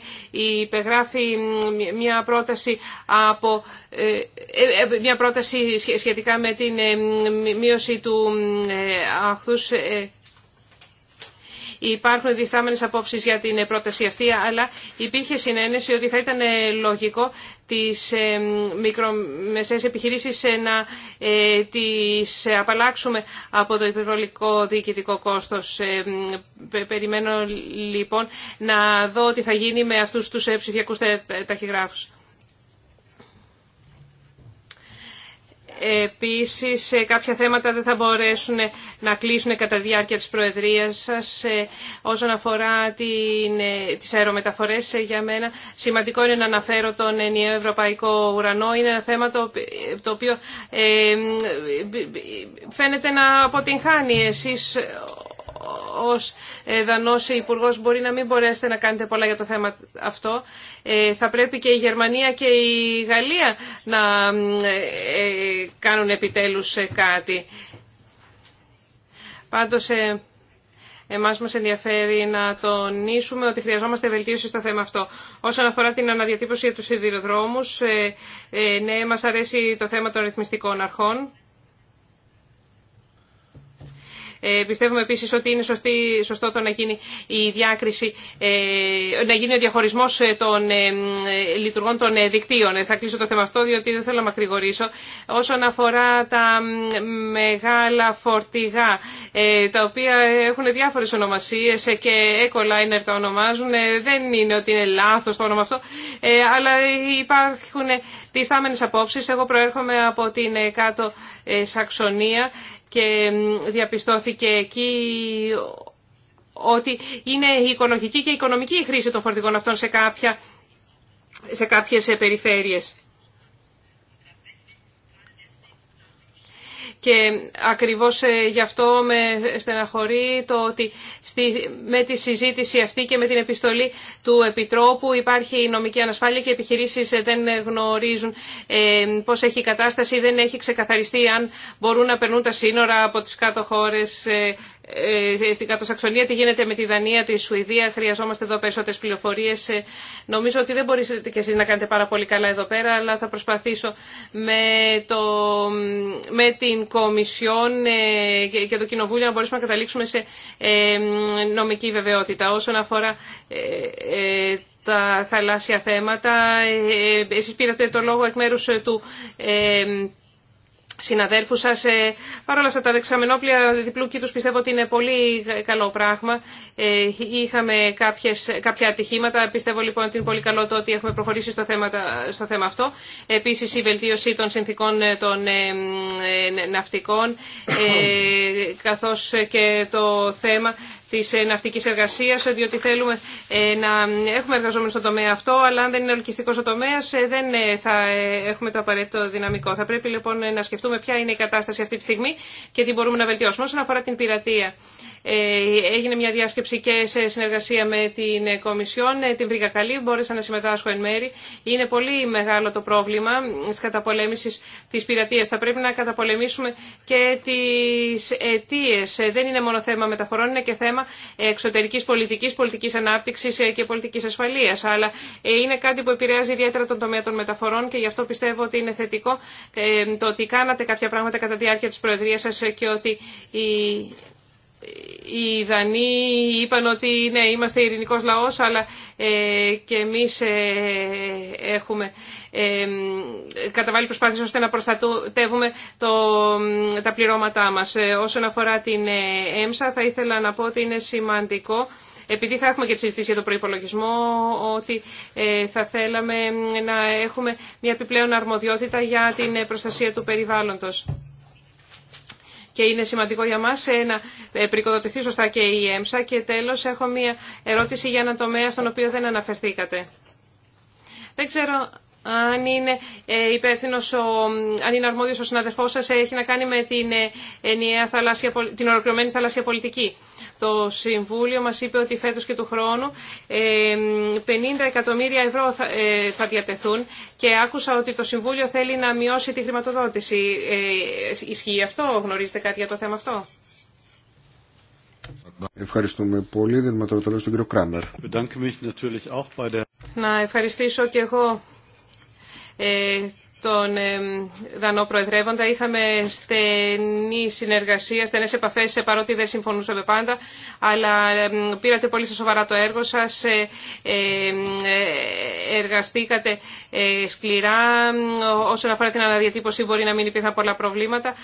υπεγράφει μια πρόταση, από, ε, ε, μια πρόταση σχετικά με την μείωση του αχθούς Υπάρχουν διστάμενες απόψεις για την πρόταση αυτή, αλλά υπήρχε συνένεση ότι θα ήταν ε, λογικό τις ε, μικρομεσαίες επιχειρήσεις ε, να τις απαλλάξουμε από το υπερβολικό διοικητικό κόστος. Περιμένω λοιπόν να δω τι θα γίνει με αυτούς τους ψηφιακούς ταχυγράφους. Επίσης, ε, κάποια θέματα δεν θα μπορέσουν να κλείσουν κατά διάρκεια της Προεδρίας σας. Ε, όσον αφορά την, ε, τις αερομεταφορές, για μένα σημαντικό είναι να αναφέρω τον ενιαίο ευρωπαϊκό ουρανό. Είναι ένα θέμα το, οποίο φαίνεται να αποτυγχάνει. Εσείς ως ε, Δανός υπουργό μπορεί να μην μπορέσετε να κάνετε πολλά για το θέμα αυτό. Ε, θα πρέπει και η Γερμανία και η Γαλλία να ε, κάνουν επιτέλους κάτι. Πάντως, Εμά μα ενδιαφέρει να τονίσουμε ότι χρειαζόμαστε βελτίωση στο θέμα αυτό. Όσον αφορά την αναδιατύπωση για του σιδηροδρόμου, ναι, μα αρέσει το θέμα των ρυθμιστικών αρχών. Ε, πιστεύουμε επίσης ότι είναι σωστή, σωστό το να γίνει η διάκριση, ε, να γίνει ο διαχωρισμός ε, των λειτουργών των δικτύων. Θα κλείσω το θέμα αυτό διότι δεν θέλω να μακρηγορήσω. Όσον αφορά τα μεγάλα φορτηγά, τα οποία έχουν διάφορες ονομασίες και Ecoliner τα ονομάζουν, δεν είναι ότι είναι λάθος το όνομα αυτό, αλλά υπάρχουν στάμενες απόψεις. Εγώ προέρχομαι από την κάτω Σαξονία και διαπιστώθηκε εκεί ότι είναι η οικονομική και η οικονομική η χρήση των φορτηγών αυτών σε, κάποια, σε κάποιες ε, περιφέρειες. Και ακριβώς ε, γι' αυτό με στεναχωρεί το ότι με τη συζήτηση αυτή και με την επιστολή του Επιτρόπου υπάρχει νομική ανασφάλεια και οι επιχειρήσεις ε, δεν γνωρίζουν ε, πώς έχει η κατάσταση, δεν έχει ξεκαθαριστεί αν μπορούν να περνούν τα σύνορα από τις κάτω χώρες ε, στην κατοσαξονία, τι γίνεται με τη Δανία, τη Σουηδία. Χρειαζόμαστε εδώ περισσότερε πληροφορίε. Ε, νομίζω ότι δεν μπορείτε κι εσεί να κάνετε πάρα πολύ καλά εδώ πέρα, αλλά θα προσπαθήσω με, το, με την Κομισιόν ε, και το Κοινοβούλιο να μπορέσουμε να καταλήξουμε σε νομική βεβαιότητα. Όσον αφορά τα θαλάσσια θέματα, εσείς πήρατε το λόγο εκ μέρους του Συναδέρφους σας. Ε, Παρ' όλα αυτά τα δεξαμενόπλια διπλού του πιστεύω ότι είναι πολύ καλό πράγμα. Ε, είχαμε κάποιες, κάποια ατυχήματα. Πιστεύω λοιπόν ότι είναι πολύ καλό το ότι έχουμε προχωρήσει στο θέμα, στο θέμα αυτό. Επίση, η βελτίωση των συνθήκων ε, των ναυτικών καθώ και το θέμα Τη ε, ναυτική εργασία, ε, διότι θέλουμε ε, να έχουμε εργαζόμενου στον τομέα αυτό, αλλά αν δεν είναι ολκυστικό ο τομέας δεν θα έχουμε το απαραίτητο δυναμικό. Θα πρέπει λοιπόν να σκεφτούμε ποια είναι η κατάσταση αυτή τη στιγμή και τι μπορούμε να βελτιώσουμε. Όσον αφορά την πειρατεία, έγινε μια διάσκεψη και σε συνεργασία με την Κομισιόν, την βρήκα καλή, μπόρεσα να συμμετάσχω εν μέρη. Είναι πολύ μεγάλο το πρόβλημα τη καταπολέμηση τη πειρατεία. Θα πρέπει να καταπολεμήσουμε και τις αιτίες. Δεν είναι μόνο θέμα μεταφορών, είναι και θέμα Εξωτερική εξωτερικής πολιτικής, πολιτικής ε, και πολιτική ασφαλείας. Αλλά ε, είναι κάτι που επηρεάζει ιδιαίτερα τον τομέα των μεταφορών και γι' αυτό πιστεύω ότι είναι θετικό ε, το ότι κάνατε κάποια πράγματα κατά τη διάρκεια τη Προεδρίας σα και ότι οι Δανείοι είπαν ότι ναι, είμαστε ειρηνικός λαός, αλλά ε, και εμείς ε, έχουμε ε, καταβάλει προσπάθειες ώστε να προστατεύουμε το, τα πληρώματά μας. Ε, όσον αφορά την ε, ΕΜΣΑ, θα ήθελα να πω ότι είναι σημαντικό επειδή θα έχουμε και τη συζήτηση για το προπολογισμό, ότι θα θέλαμε να έχουμε μια επιπλέον αρμοδιότητα για την προστασία του περιβάλλοντος και είναι σημαντικό για μας ε, να ε, πρικοδοτηθεί σωστά και η ΕΜΣΑ. Και τέλος έχω μία ερώτηση για έναν τομέα στον οποίο δεν αναφερθήκατε. Δεν ξέρω αν είναι ε, υπεύθυνο, αν είναι αρμόδιος ο συναδελφός σας, έχει να κάνει με την, ενιαία θαλάσσια, την ολοκληρωμένη θαλάσσια πολιτική. Το Συμβούλιο μας είπε ότι φέτος και του χρόνου 50 ε, εκατομμύρια ευρώ ε, θα διατεθούν και άκουσα ότι το Συμβούλιο θέλει να μειώσει τη χρηματοδότηση. Ε, ισχύει αυτό, γνωρίζετε κάτι για το θέμα αυτό. Ευχαριστούμε πολύ. Δεν με το στον κύριο Κράμερ. Να ευχαριστήσω και εγώ ε, τον Δανό Προεδρεύοντα. Είχαμε στενή συνεργασία, στενές επαφέ ε, παρότι δεν συμφωνούσαμε πάντα, αλλά πήρατε πολύ σε σοβαρά το έργο σας, ε, ε, εργαστήκατε σκληρά. Όσον αφορά την αναδιατύπωση μπορεί να μην υπήρχαν πολλά προβλήματα.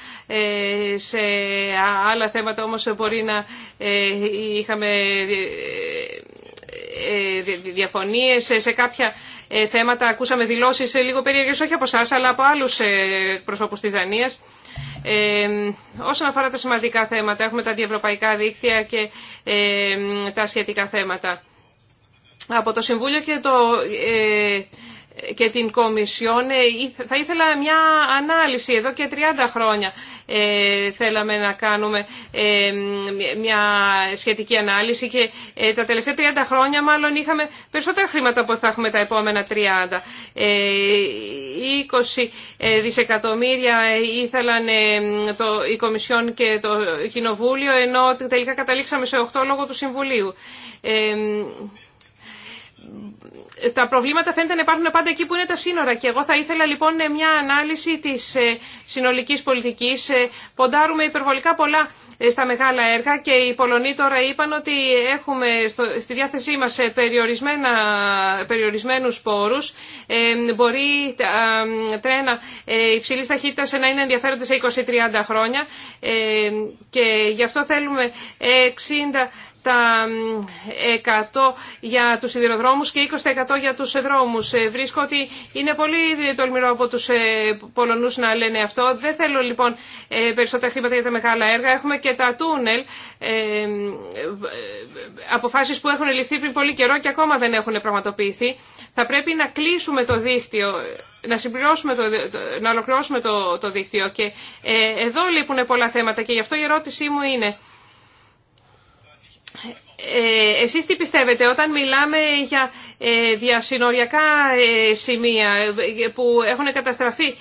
Σε άλλα θέματα όμως μπορεί να είχαμε ε, διαφωνίες ε, σε κάποια ε, θέματα. Ακούσαμε δηλώσεις λίγο περίεργε, όχι από εσά, αλλά από άλλους προσώπου της Δανία. Ε, όσον αφορά τα σημαντικά θέματα, έχουμε τα διευρωπαϊκά δίκτυα και ε, τα σχετικά θέματα. Από το Συμβούλιο και το και την Κομισιόν. Ε, θα ήθελα μια ανάλυση. Εδώ και 30 χρόνια ε, θέλαμε να κάνουμε ε, μια σχετική ανάλυση και ε, τα τελευταία 30 χρόνια μάλλον είχαμε περισσότερα χρήματα από θα έχουμε τα επόμενα 30. 20 δισεκατομμύρια ήθελαν το, η Κομισιόν και το Κοινοβούλιο ενώ τελικά καταλήξαμε σε 8 λόγω του Συμβουλίου τα προβλήματα φαίνεται να υπάρχουν πάντα εκεί που είναι τα σύνορα και εγώ θα ήθελα λοιπόν μια ανάλυση της ε, συνολικής πολιτικής. Ε, ποντάρουμε υπερβολικά πολλά ε, στα μεγάλα έργα και οι Πολωνοί τώρα είπαν ότι έχουμε στη διάθεσή μα περιορισμένου περιορισμένους πόρους. μπορεί τα τρένα υψηλή ταχύτητα να είναι ενδιαφέροντα σε 20-30 χρόνια και γι' αυτό θέλουμε 60 τα 100 για τους σιδηροδρόμους και 20% για τους ε, δρόμους. Ε, βρίσκω ότι είναι πολύ τολμηρό από τους ε, Πολωνούς να λένε αυτό. Δεν θέλω λοιπόν περισσότερα χρήματα για τα μεγάλα έργα. Έχουμε και τα τούνελ, αποφάσεις που έχουν ληφθεί πριν πολύ καιρό και ακόμα δεν έχουν πραγματοποιηθεί. Θα πρέπει να κλείσουμε το δίκτυο, να συμπληρώσουμε το, να ολοκληρώσουμε το, δίκτυο και εδώ λείπουν πολλά θέματα και γι' αυτό η ερώτησή μου είναι ε, εσείς τι πιστεύετε όταν μιλάμε για ε, διασυνοριακά ε, σημεία που έχουν καταστραφεί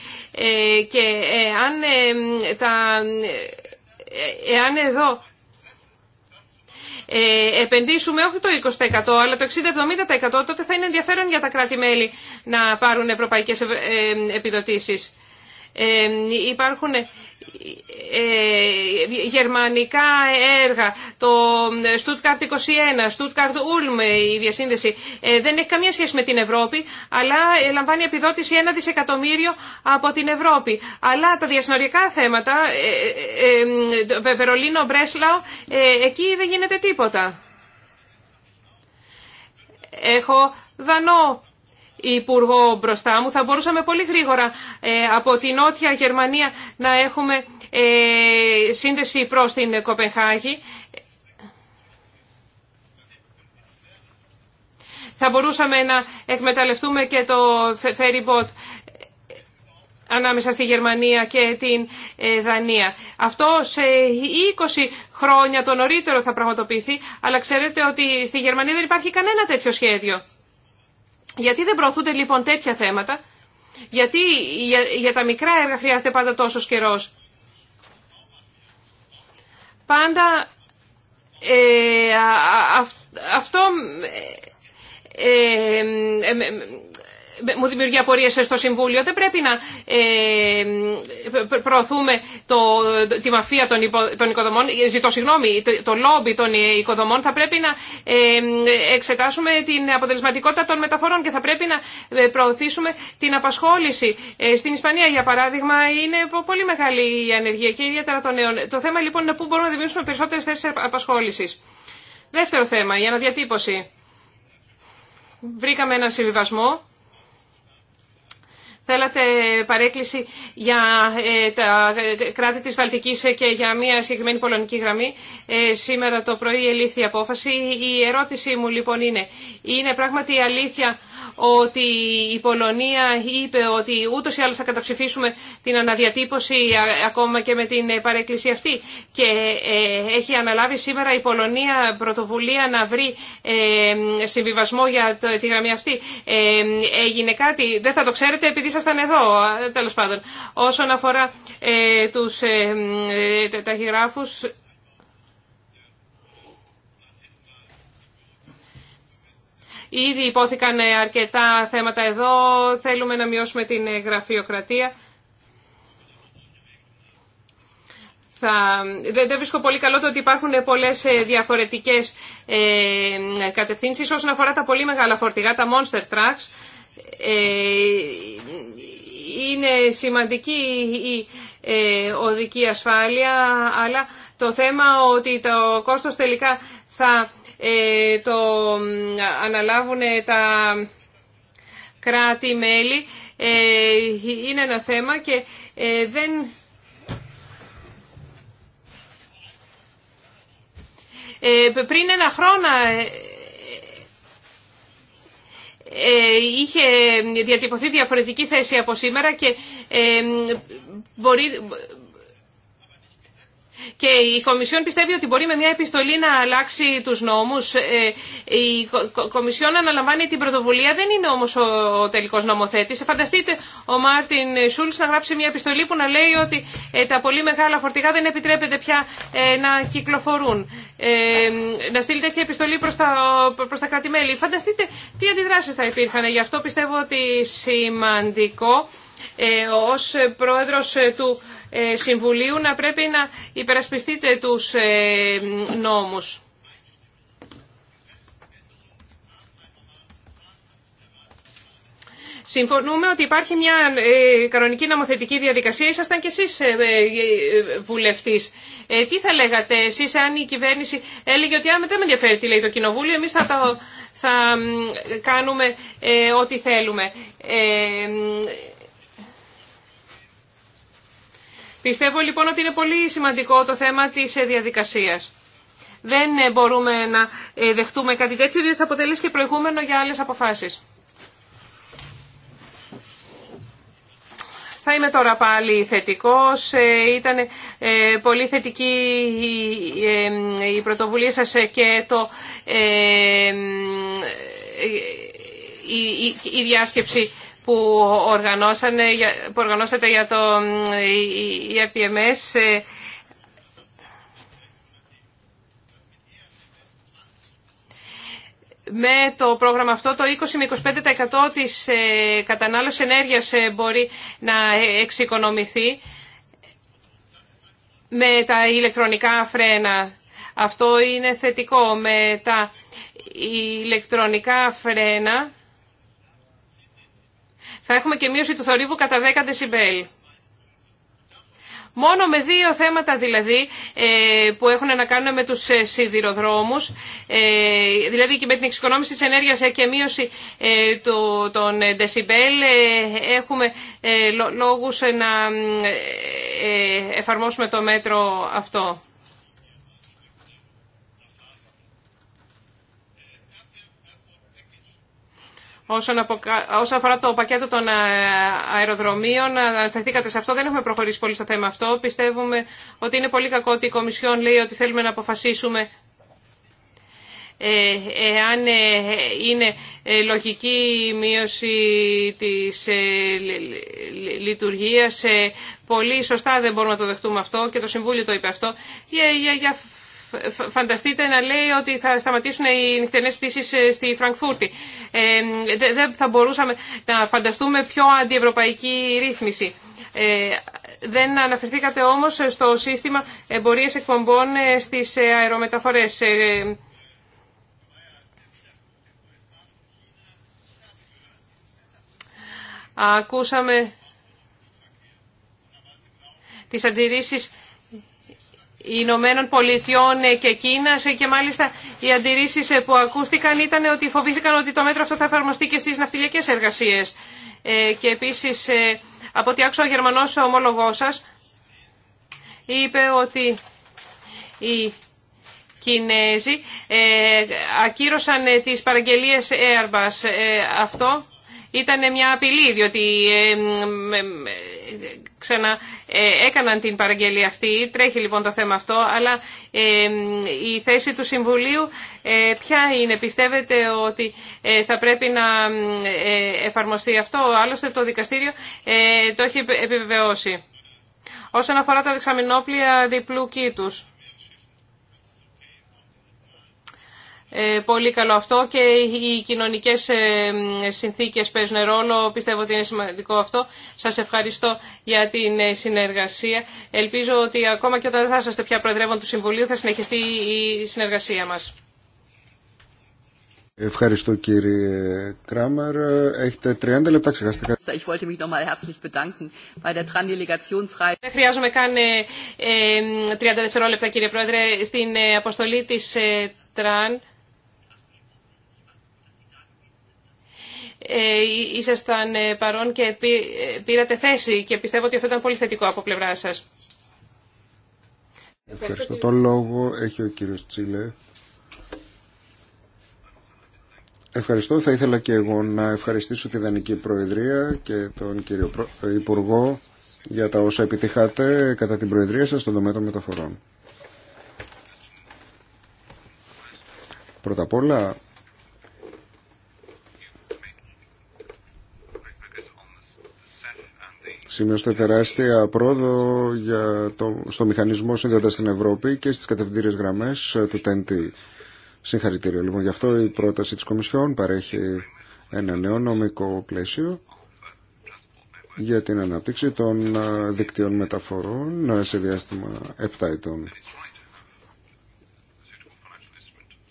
και αν τα... Εάν εδώ επενδύσουμε όχι το 20% αλλά το 60-70% τότε θα είναι ενδιαφέρον για τα κράτη-μέλη να πάρουν ευρωπαϊκές επιδοτήσεις. Υπάρχουν ε, γερμανικά έργα, το Stuttgart 21, Stuttgart Ulm η διασύνδεση, ε, δεν έχει καμία σχέση με την Ευρώπη, αλλά ε, λαμβάνει επιδότηση ένα δισεκατομμύριο από την Ευρώπη. Αλλά τα διασυνοριακά θέματα, Βερολίνο, Μπρέσλαο, εκεί δεν γίνεται τίποτα. Έχω δανό υπουργό μπροστά μου, θα μπορούσαμε πολύ γρήγορα ε, από τη Νότια Γερμανία να έχουμε ε, σύνδεση προς την Κοπενχάγη. Θα μπορούσαμε να εκμεταλλευτούμε και το ferry boat ανάμεσα στη Γερμανία και την ε, Δανία. Αυτό σε 20 χρόνια το νωρίτερο θα πραγματοποιηθεί, αλλά ξέρετε ότι στη Γερμανία δεν υπάρχει κανένα τέτοιο σχέδιο. Γιατί δεν προωθούνται λοιπόν τέτοια θέματα, γιατί για, για τα μικρά έργα χρειάζεται πάντα τόσο καιρό. Πάντα ε, αυτό ε, ε, ε, ε μου δημιουργεί απορίες στο Συμβούλιο. Δεν πρέπει να ε, προωθούμε το, τη μαφία των, υπο, των οικοδομών, ζητώ συγγνώμη, το, λόμπι των οικοδομών. Θα πρέπει να ε, εξετάσουμε την αποτελεσματικότητα των μεταφορών και θα πρέπει να ε, προωθήσουμε την απασχόληση. Στην Ισπανία, για παράδειγμα, είναι πολύ μεγάλη η ανεργία και ιδιαίτερα των νέων. Το θέμα λοιπόν είναι πού μπορούμε να δημιουργήσουμε περισσότερες θέσεις απασχόλησης. Δεύτερο θέμα, η αναδιατύπωση. Βρήκαμε ένα συμβιβασμό Θέλατε παρέκκληση για ε, τα κράτη της Βαλτικής και για μια συγκεκριμένη πολωνική γραμμή. Ε, σήμερα το πρωί ελήφθη η απόφαση. Η ερώτησή μου λοιπόν είναι, είναι πράγματι η αλήθεια ότι η Πολωνία είπε ότι ούτως ή άλλως θα καταψηφίσουμε την αναδιατύπωση ακόμα και με την παρέκκληση αυτή και ε, έχει αναλάβει σήμερα η Πολωνία πρωτοβουλία να βρει ε, συμβιβασμό για τη γραμμή αυτή. Ε, έγινε κάτι, δεν θα το ξέρετε επειδή ήσασταν εδώ, τέλος πάντων. Όσον αφορά τους ταχυγράφους Ήδη υπόθηκαν αρκετά θέματα εδώ. Θέλουμε να μειώσουμε την γραφειοκρατία. Θα... Δεν βρίσκω πολύ καλό το ότι υπάρχουν πολλές ε, διαφορετικές ε, κατευθύνσεις όσον αφορά τα πολύ μεγάλα φορτηγά, τα monster trucks. Ε, είναι σημαντική η οδική ασφάλεια, αλλά το θέμα ότι το κόστος τελικά θα ε, το αναλάβουν τα κράτη-μέλη ε, είναι ένα θέμα και ε, δεν πριν ένα χρόνο είχε διατυπωθεί διαφορετική θέση από σήμερα και μπορεί, και η Κομισιόν πιστεύει ότι μπορεί με μια επιστολή να αλλάξει τους νόμους. Ε, η Κομισιόν αναλαμβάνει την πρωτοβουλία, δεν είναι όμω ο τελικός νομοθέτης. Ε, φανταστείτε ο Μάρτιν Σούλς να γράψει μια επιστολή που να λέει ότι ε, τα πολύ μεγάλα φορτηγά δεν επιτρέπεται πια να κυκλοφορούν. Να στείλει τέτοια επιστολή προ τα, προς τα Φανταστείτε τι αντιδράσει θα υπήρχαν. Γι' αυτό πιστεύω ότι σημαντικό ως πρόεδρο του ε, Συμβουλίου να πρέπει να υπερασπιστείτε τους ε, νόμους. Συμφωνούμε ότι υπάρχει μια ε, κανονική νομοθετική διαδικασία. Ήσασταν και εσείς βουλευτής. Τι θα λέγατε εσείς αν η κυβέρνηση έλεγε ότι με ενδιαφέρει τι λέει το κοινοβούλιο, εμείς θα, το, θα κάνουμε ό,τι θέλουμε. Πιστεύω λοιπόν ότι είναι πολύ σημαντικό το θέμα της ε, διαδικασίας. Δεν ε, μπορούμε να ε, δεχτούμε κάτι τέτοιο, διότι θα αποτελέσει και προηγούμενο για άλλες αποφάσεις. Θα είμαι τώρα πάλι θετικός. Ήταν πολύ θετική η πρωτοβουλία σας και το, η, η, η διάσκεψη που, οργανώσανε, οργανώσατε για το EFTMS. Ε, με το πρόγραμμα αυτό το 20 25% της ε, κατανάλωσης ενέργειας ε, μπορεί να εξοικονομηθεί με τα ηλεκτρονικά φρένα. Αυτό είναι θετικό. Με τα ηλεκτρονικά φρένα θα έχουμε και μείωση του θορύβου κατά 10 δεσιμπέλ. Μόνο με δύο θέματα δηλαδή ε, που έχουν να κάνουν με τους ε, σιδηροδρόμους, ε, δηλαδή και με την εξοικονόμηση της ενέργειας και μείωση των δεσιμπέλ, έχουμε λόγους να εφαρμόσουμε το μέτρο αυτό. Όσον, αφορά το πακέτο των ε, αεροδρομίων, αναφερθήκατε σε αυτό, δεν έχουμε προχωρήσει πολύ στο θέμα αυτό. Πιστεύουμε ότι είναι πολύ κακό ότι η Κομισιόν λέει ότι θέλουμε να αποφασίσουμε ε, εάν ε, είναι λογική η μείωση της λειτουργίας. Πολύ σωστά δεν μπορούμε να το δεχτούμε αυτό και το Συμβούλιο το είπε αυτό. Για, για, φανταστείτε να λέει ότι θα σταματήσουν οι νυχτερινές πτήσεις ε, στη Φραγκφούρτη. Ε, δεν θα μπορούσαμε να φανταστούμε πιο αντιευρωπαϊκή ρύθμιση. Ε, δεν αναφερθήκατε όμως στο σύστημα εμπορίες εκπομπών στις αερομεταφορές. Ακούσαμε τις αντιρρήσεις Ηνωμένων Πολιτειών ε, και Κίνας ε, και μάλιστα οι αντιρρήσει ε, που ακούστηκαν ήταν ότι φοβήθηκαν ότι το μέτρο αυτό θα εφαρμοστεί και στις ναυτιλιακές εργασίες. Και επίσης, από ό,τι άκουσα ο Γερμανό ομολογός σας, είπε ότι οι Κινέζοι ακύρωσαν τις παραγγελίες Airbus. Αυτό ήταν μια απειλή, διότι Ξένα ε, έκαναν την παραγγελία αυτή. Τρέχει λοιπόν το θέμα αυτό, αλλά ε, η θέση του Συμβουλίου ε, ποια είναι. Πιστεύετε ότι θα πρέπει να εφαρμοστεί αυτό. Άλλωστε το δικαστήριο το έχει επιβεβαιώσει. Όσον αφορά τα δεξαμενόπλια διπλού κήτους. Ε, πολύ καλό αυτό και οι κοινωνικές ε, συνθήκες παίζουν ρόλο. Πιστεύω ότι είναι σημαντικό αυτό. Σας ευχαριστώ για την ε, συνεργασία. Ελπίζω ότι ακόμα και όταν δεν θα είστε πια προεδρεύον του Συμβουλίου θα συνεχιστεί η συνεργασία μας. Ευχαριστώ κύριε Κράμερ. Έχετε 30 λεπτά ξεχαστικά. Δεν χρειάζομαι καν 30 δευτερόλεπτα κύριε Πρόεδρε. Στην αποστολή της Τραν Ε, ήσασταν ε, παρόν και ε, πήρατε θέση και πιστεύω ότι αυτό ήταν πολύ θετικό από πλευρά σας. Ευχαριστώ. Το λόγο έχει ο κύριος Τσίλε. Ευχαριστώ. Θα ήθελα και εγώ να ευχαριστήσω τη Δανική Προεδρία και τον κύριο Υπουργό για τα όσα επιτυχάτε κατά την Προεδρία σας στον τομέα των μεταφορών. Πρώτα απ' όλα σημειώστε τεράστια πρόοδο για το, στο μηχανισμό συνδέοντας στην Ευρώπη και στις κατευθυντήριες γραμμές ε, του ΤΕΝΤΗ. Συγχαρητήριο. Λοιπόν, γι' αυτό η πρόταση της Κομισιόν παρέχει ένα νέο νομικό πλαίσιο για την ανάπτυξη των ε, δικτύων μεταφορών ε, σε διάστημα 7 ετών.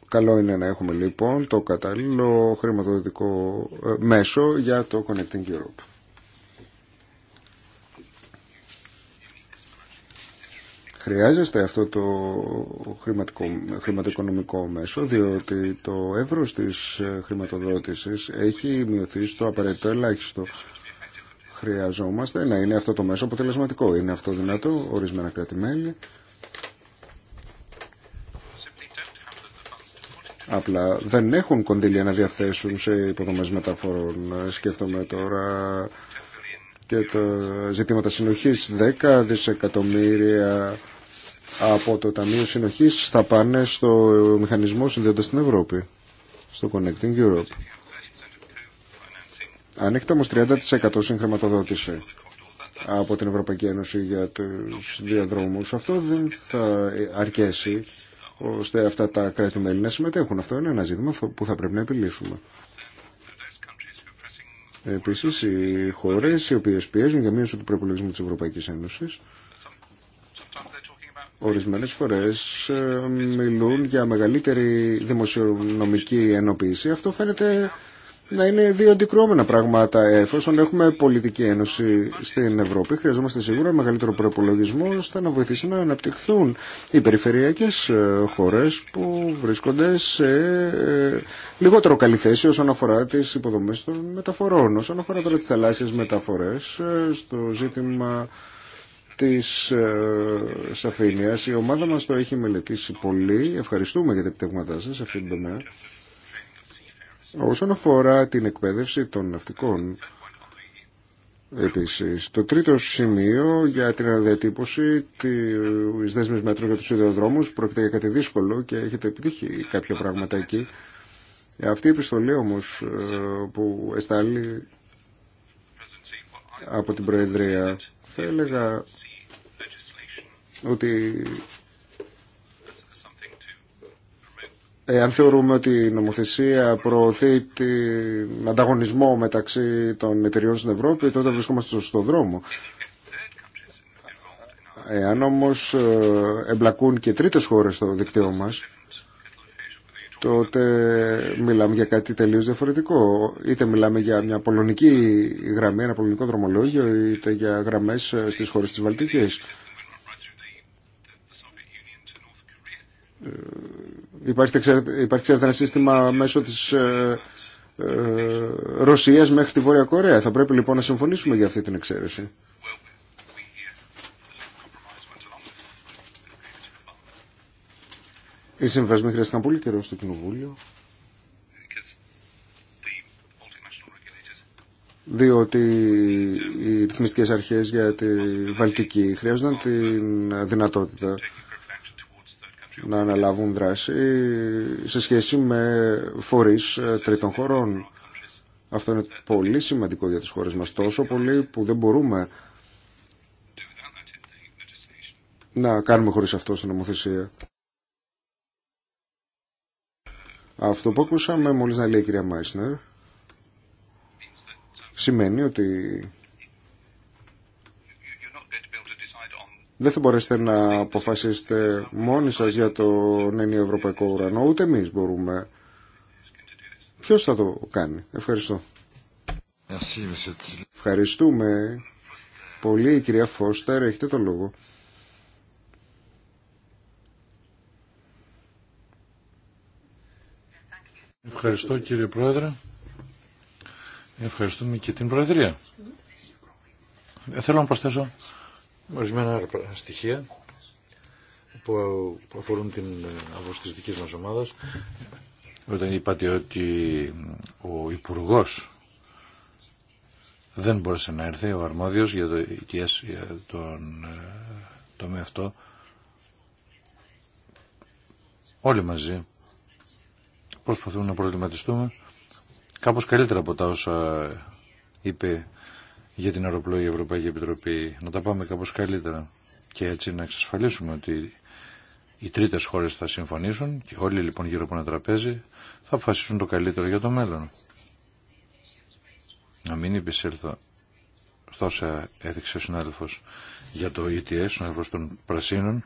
Καλό είναι να έχουμε λοιπόν το κατάλληλο χρηματοδοτικό μέσο για το Connecting Europe. Χρειάζεστε αυτό το χρηματοοικονομικό μέσο, διότι το εύρος της ε, χρηματοδότησης έχει μειωθεί στο απαραίτητο ελάχιστο. Χρειαζόμαστε να είναι αυτό το μέσο αποτελεσματικό. Είναι αυτό δυνατό, ορισμένα κρατημένοι. Απλά δεν έχουν κονδύλια να διαθέσουν σε υποδομές μεταφορών. Σκέφτομαι τώρα και τα ζητήματα συνοχής 10 δισεκατομμύρια από το Ταμείο Συνοχής θα πάνε στο μηχανισμό συνδέοντα την Ευρώπη, στο Connecting Europe. έχετε όμω 30% συγχρηματοδότηση από την Ευρωπαϊκή Ένωση για τους διαδρόμους. Αυτό δεν θα αρκέσει ώστε αυτά τα κράτη-μέλη να συμμετέχουν. Αυτό είναι ένα ζήτημα που θα πρέπει να επιλύσουμε. Επίσης, οι χώρες οι οποίες πιέζουν για μείωση του προπολογισμού της Ευρωπαϊκής Ένωσης Ορισμένες φορές ε, μιλούν για μεγαλύτερη δημοσιονομική ενοποίηση. Αυτό φαίνεται να είναι δύο αντικρουόμενα πράγματα. Εφόσον έχουμε πολιτική ένωση στην Ευρώπη, χρειαζόμαστε σίγουρα μεγαλύτερο προπολογισμό ώστε να βοηθήσει να αναπτυχθούν οι περιφερειακές ε, χώρες που βρίσκονται σε ε, λιγότερο καλή θέση όσον αφορά τις υποδομές των μεταφορών. Όσον αφορά τώρα τις θαλάσσιες μεταφορές, στο ζήτημα της ε, σαφήνειας. Η ομάδα μας το έχει μελετήσει πολύ. Ευχαριστούμε για τα επιτεύγματά σας σε αυτήν την τομέα. Όσον αφορά την εκπαίδευση των ναυτικών, επίσης, το τρίτο σημείο για την αναδιατύπωση της δέσμης μέτρων για τους ιδεοδρόμους πρόκειται για κάτι δύσκολο και έχετε επιτύχει κάποια πράγματα εκεί. Αυτή η επιστολή όμως ε, που εστάλει από την Προεδρία θα έλεγα ότι εάν θεωρούμε ότι η νομοθεσία προωθεί την ανταγωνισμό μεταξύ των εταιριών στην Ευρώπη, τότε βρισκόμαστε στο σωστό δρόμο. Εάν όμως ε, εμπλακούν και τρίτες χώρες στο δικτύο μας, τότε μιλάμε για κάτι τελείως διαφορετικό. Είτε μιλάμε για μια πολωνική γραμμή, ένα πολωνικό δρομολόγιο, είτε για γραμμές ε, στις χώρες της Βαλτικής. Ε, υπάρχει, υπάρχει ξέρετε ένα σύστημα μέσω της ε, ε, Ρωσίας μέχρι τη Βόρεια Κορέα. Θα πρέπει λοιπόν να συμφωνήσουμε για αυτή την εξαίρεση. Οι συμβασμοί χρειάστηκαν πολύ καιρό στο Κοινοβούλιο. διότι οι ρυθμιστικές αρχές για τη Βαλτική χρειάζονταν την δυνατότητα να αναλάβουν δράση σε σχέση με φορείς ε, τρίτων χωρών. Αυτό είναι πολύ σημαντικό για τις χώρες μας, τόσο πολύ που δεν μπορούμε να κάνουμε χωρίς αυτό στην νομοθεσία. Αυτό που ακούσαμε μόλις να λέει η κυρία Μάισνερ σημαίνει ότι δεν θα μπορέσετε να αποφασίσετε μόνοι σας για το ενίο ευρωπαϊκό ουρανό, ούτε εμείς μπορούμε. Ποιος θα το κάνει. Ευχαριστώ. Ευχαριστούμε πολύ η κυρία Φώστερ, έχετε το λόγο. Ευχαριστώ κύριε Πρόεδρε. Ευχαριστούμε και την Προεδρία. Ε, θέλω να προσθέσω ορισμένα στοιχεία που αφορούν την άποψη της μας ομάδας. Όταν είπατε ότι ο υπουργό δεν μπόρεσε να έρθει, ο αρμόδιος για, το, για τον ε, τομέα αυτό, όλοι μαζί προσπαθούμε να προβληματιστούμε κάπως καλύτερα από τα όσα είπε για την αεροπλοή Ευρωπαϊκή Επιτροπή. Να τα πάμε κάπως καλύτερα και έτσι να εξασφαλίσουμε ότι οι τρίτες χώρες θα συμφωνήσουν και όλοι λοιπόν γύρω από ένα τραπέζι θα αποφασίσουν το καλύτερο για το μέλλον. Να μην επισέλθω όσα έδειξε ο συνάδελφος για το ETS, ο συνάδελφος των Πρασίνων.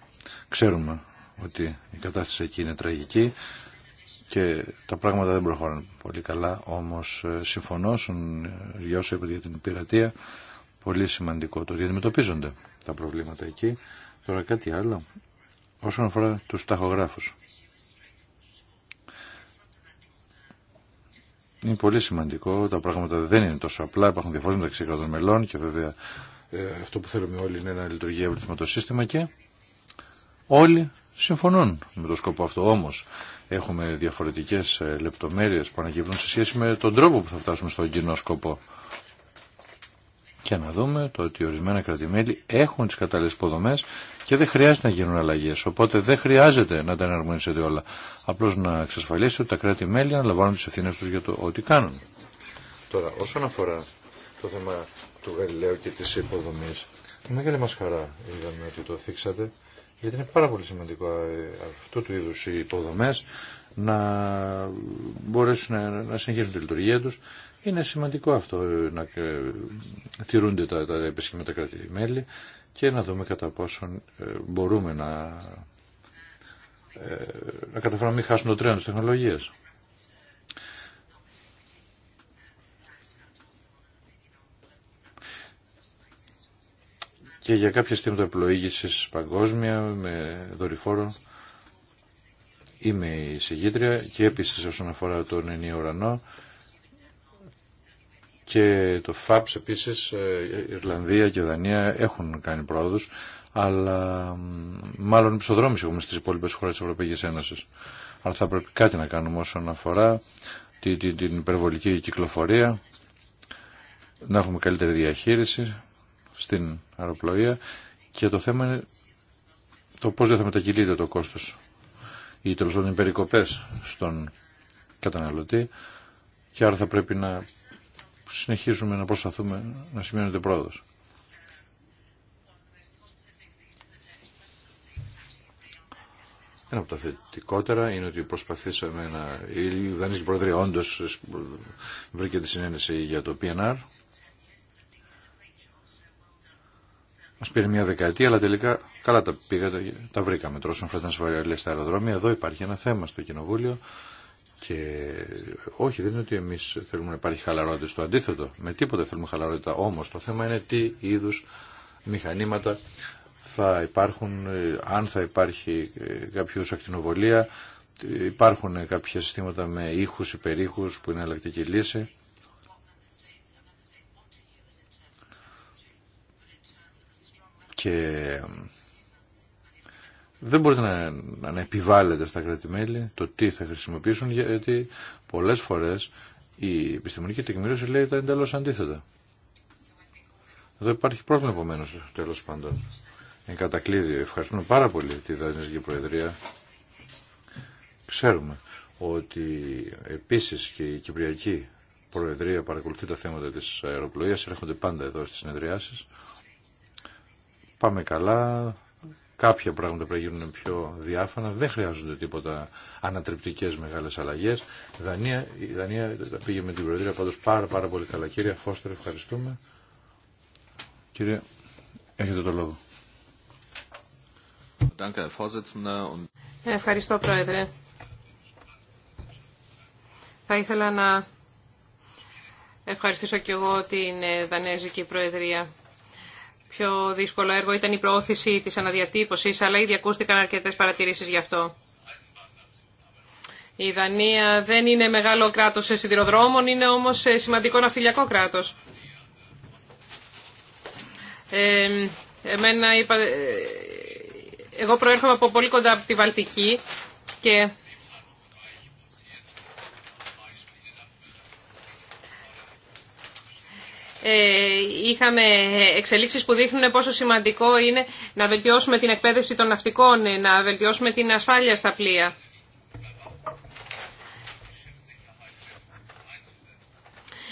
Ξέρουμε ότι η κατάσταση εκεί είναι τραγική και τα πράγματα δεν προχωρούν πολύ καλά, όμως ε, συμφωνώ ε, για όσο για την πειρατεία, πολύ σημαντικό το ότι αντιμετωπίζονται τα προβλήματα εκεί. Τώρα κάτι άλλο, όσον αφορά τους ταχογράφους. Είναι πολύ σημαντικό, τα πράγματα δεν είναι τόσο απλά, υπάρχουν διαφορές μεταξύ κρατών μελών και βέβαια ε, αυτό που θέλουμε όλοι είναι να λειτουργεί ευρυθμό το σύστημα και όλοι συμφωνούν με το σκοπό αυτό. Όμως έχουμε διαφορετικές ε, λεπτομέρειες που ανακυβλούν σε σχέση με τον τρόπο που θα φτάσουμε στον κοινό σκοπό. Και να δούμε το ότι ορισμένα κρατημέλη έχουν τις κατάλληλες υποδομές και δεν χρειάζεται να γίνουν αλλαγές. Οπότε δεν χρειάζεται να τα εναρμονίσετε όλα. Απλώς να εξασφαλίσετε ότι τα κράτη-μέλη αναλαμβάνουν τις ευθύνες τους για το ότι κάνουν. Τώρα, όσον αφορά το θέμα του Γαλιλαίου και της υποδομής, μεγάλη μας χαρά είδαμε ότι το θίξατε γιατί είναι πάρα πολύ σημαντικό ε, αυτού του είδους οι υποδομές να μπορέσουν να συνεχίσουν τη λειτουργία τους. Είναι σημαντικό αυτό ε, να ε, τηρούνται τα, τα επισχήματα κράτη-μέλη και να δούμε κατά πόσον μπορούμε να, να καταφέρουμε να μην χάσουν το τρένο της τεχνολογίας. και για κάποια στιγμή πλοήγησης παγκόσμια με δορυφόρο. Είμαι η συγγήτρια και επίσης όσον αφορά τον ενίο ουρανό και το ΦΑΠΣ επίσης, ε, Ιρλανδία και Δανία έχουν κάνει πρόοδους, αλλά μάλλον ψωδρόμηση έχουμε στις υπόλοιπες χώρες της Ευρωπαϊκής Ένωσης. Αλλά θα πρέπει κάτι να κάνουμε όσον αφορά την, την υπερβολική κυκλοφορία, να έχουμε καλύτερη διαχείριση στην αεροπλοεία και το θέμα είναι το πώς δεν θα μετακυλείται το κόστος ή τέλος πάντων οι περικοπές στον καταναλωτή και άρα θα πρέπει να συνεχίσουμε να προσπαθούμε να σημαίνεται πρόοδος. Ένα από τα θετικότερα είναι ότι προσπαθήσαμε να... Η Δανέζικη Προεδρία όντως βρήκε τη συνένεση για το PNR Μα πήρε μια δεκαετία, αλλά τελικά καλά τα πήγατε, τα βρήκαμε. Τρώσαν φρέτα σφαγιαλέ στα αεροδρόμια. Εδώ υπάρχει ένα θέμα στο Κοινοβούλιο και όχι, δεν είναι ότι εμείς θέλουμε να υπάρχει χαλαρότητα. Στο αντίθετο, με τίποτα θέλουμε χαλαρότητα. Όμως το θέμα είναι τι είδου μηχανήματα θα υπάρχουν, ε, αν θα υπάρχει ε, κάποιο ακτινοβολία, ε, υπάρχουν κάποια συστήματα με ήχους, υπερήχους που είναι αλλακτική λύση. και δεν μπορείτε να, να επιβάλλετε στα μελη το τι θα χρησιμοποιήσουν γιατί πολλές φορές η επιστημονική τεκμηρίωση λέει τα εντελώ αντίθετα. Εδώ υπάρχει πρόβλημα επομένω τέλο πάντων. Εν κατακλείδιο, ευχαριστούμε πάρα πολύ τη Δανεισική Προεδρία. Ξέρουμε ότι επίσης και η Κυπριακή Προεδρία παρακολουθεί τα θέματα της αεροπλοείας, έρχονται πάντα εδώ στις συνεδριάσεις πάμε καλά, κάποια πράγματα πρέπει να γίνουν πιο διάφανα, δεν χρειάζονται τίποτα ανατρεπτικές μεγάλες αλλαγές. Η Δανία, η πήγε με την Προεδρία πάντως πάρα πάρα πολύ καλά. Κύριε Φώστερ, ευχαριστούμε. Κύριε, έχετε το λόγο. Ευχαριστώ, Πρόεδρε. Θα ήθελα να ευχαριστήσω και εγώ την Δανέζικη Προεδρία πιο δύσκολο έργο ήταν η προώθηση της αναδιατύπωσης, αλλά ήδη ακούστηκαν αρκετές παρατηρήσεις γι' αυτό. Η Δανία δεν είναι μεγάλο κράτος σε σιδηροδρόμων, είναι όμως σημαντικό ναυτιλιακό κράτος. Ε, εμένα είπα, ε, εγώ προέρχομαι από πολύ κοντά από τη Βαλτική και Ε, είχαμε εξελίξεις που δείχνουν πόσο σημαντικό είναι να βελτιώσουμε την εκπαίδευση των ναυτικών, ε, να βελτιώσουμε την ασφάλεια στα πλοία.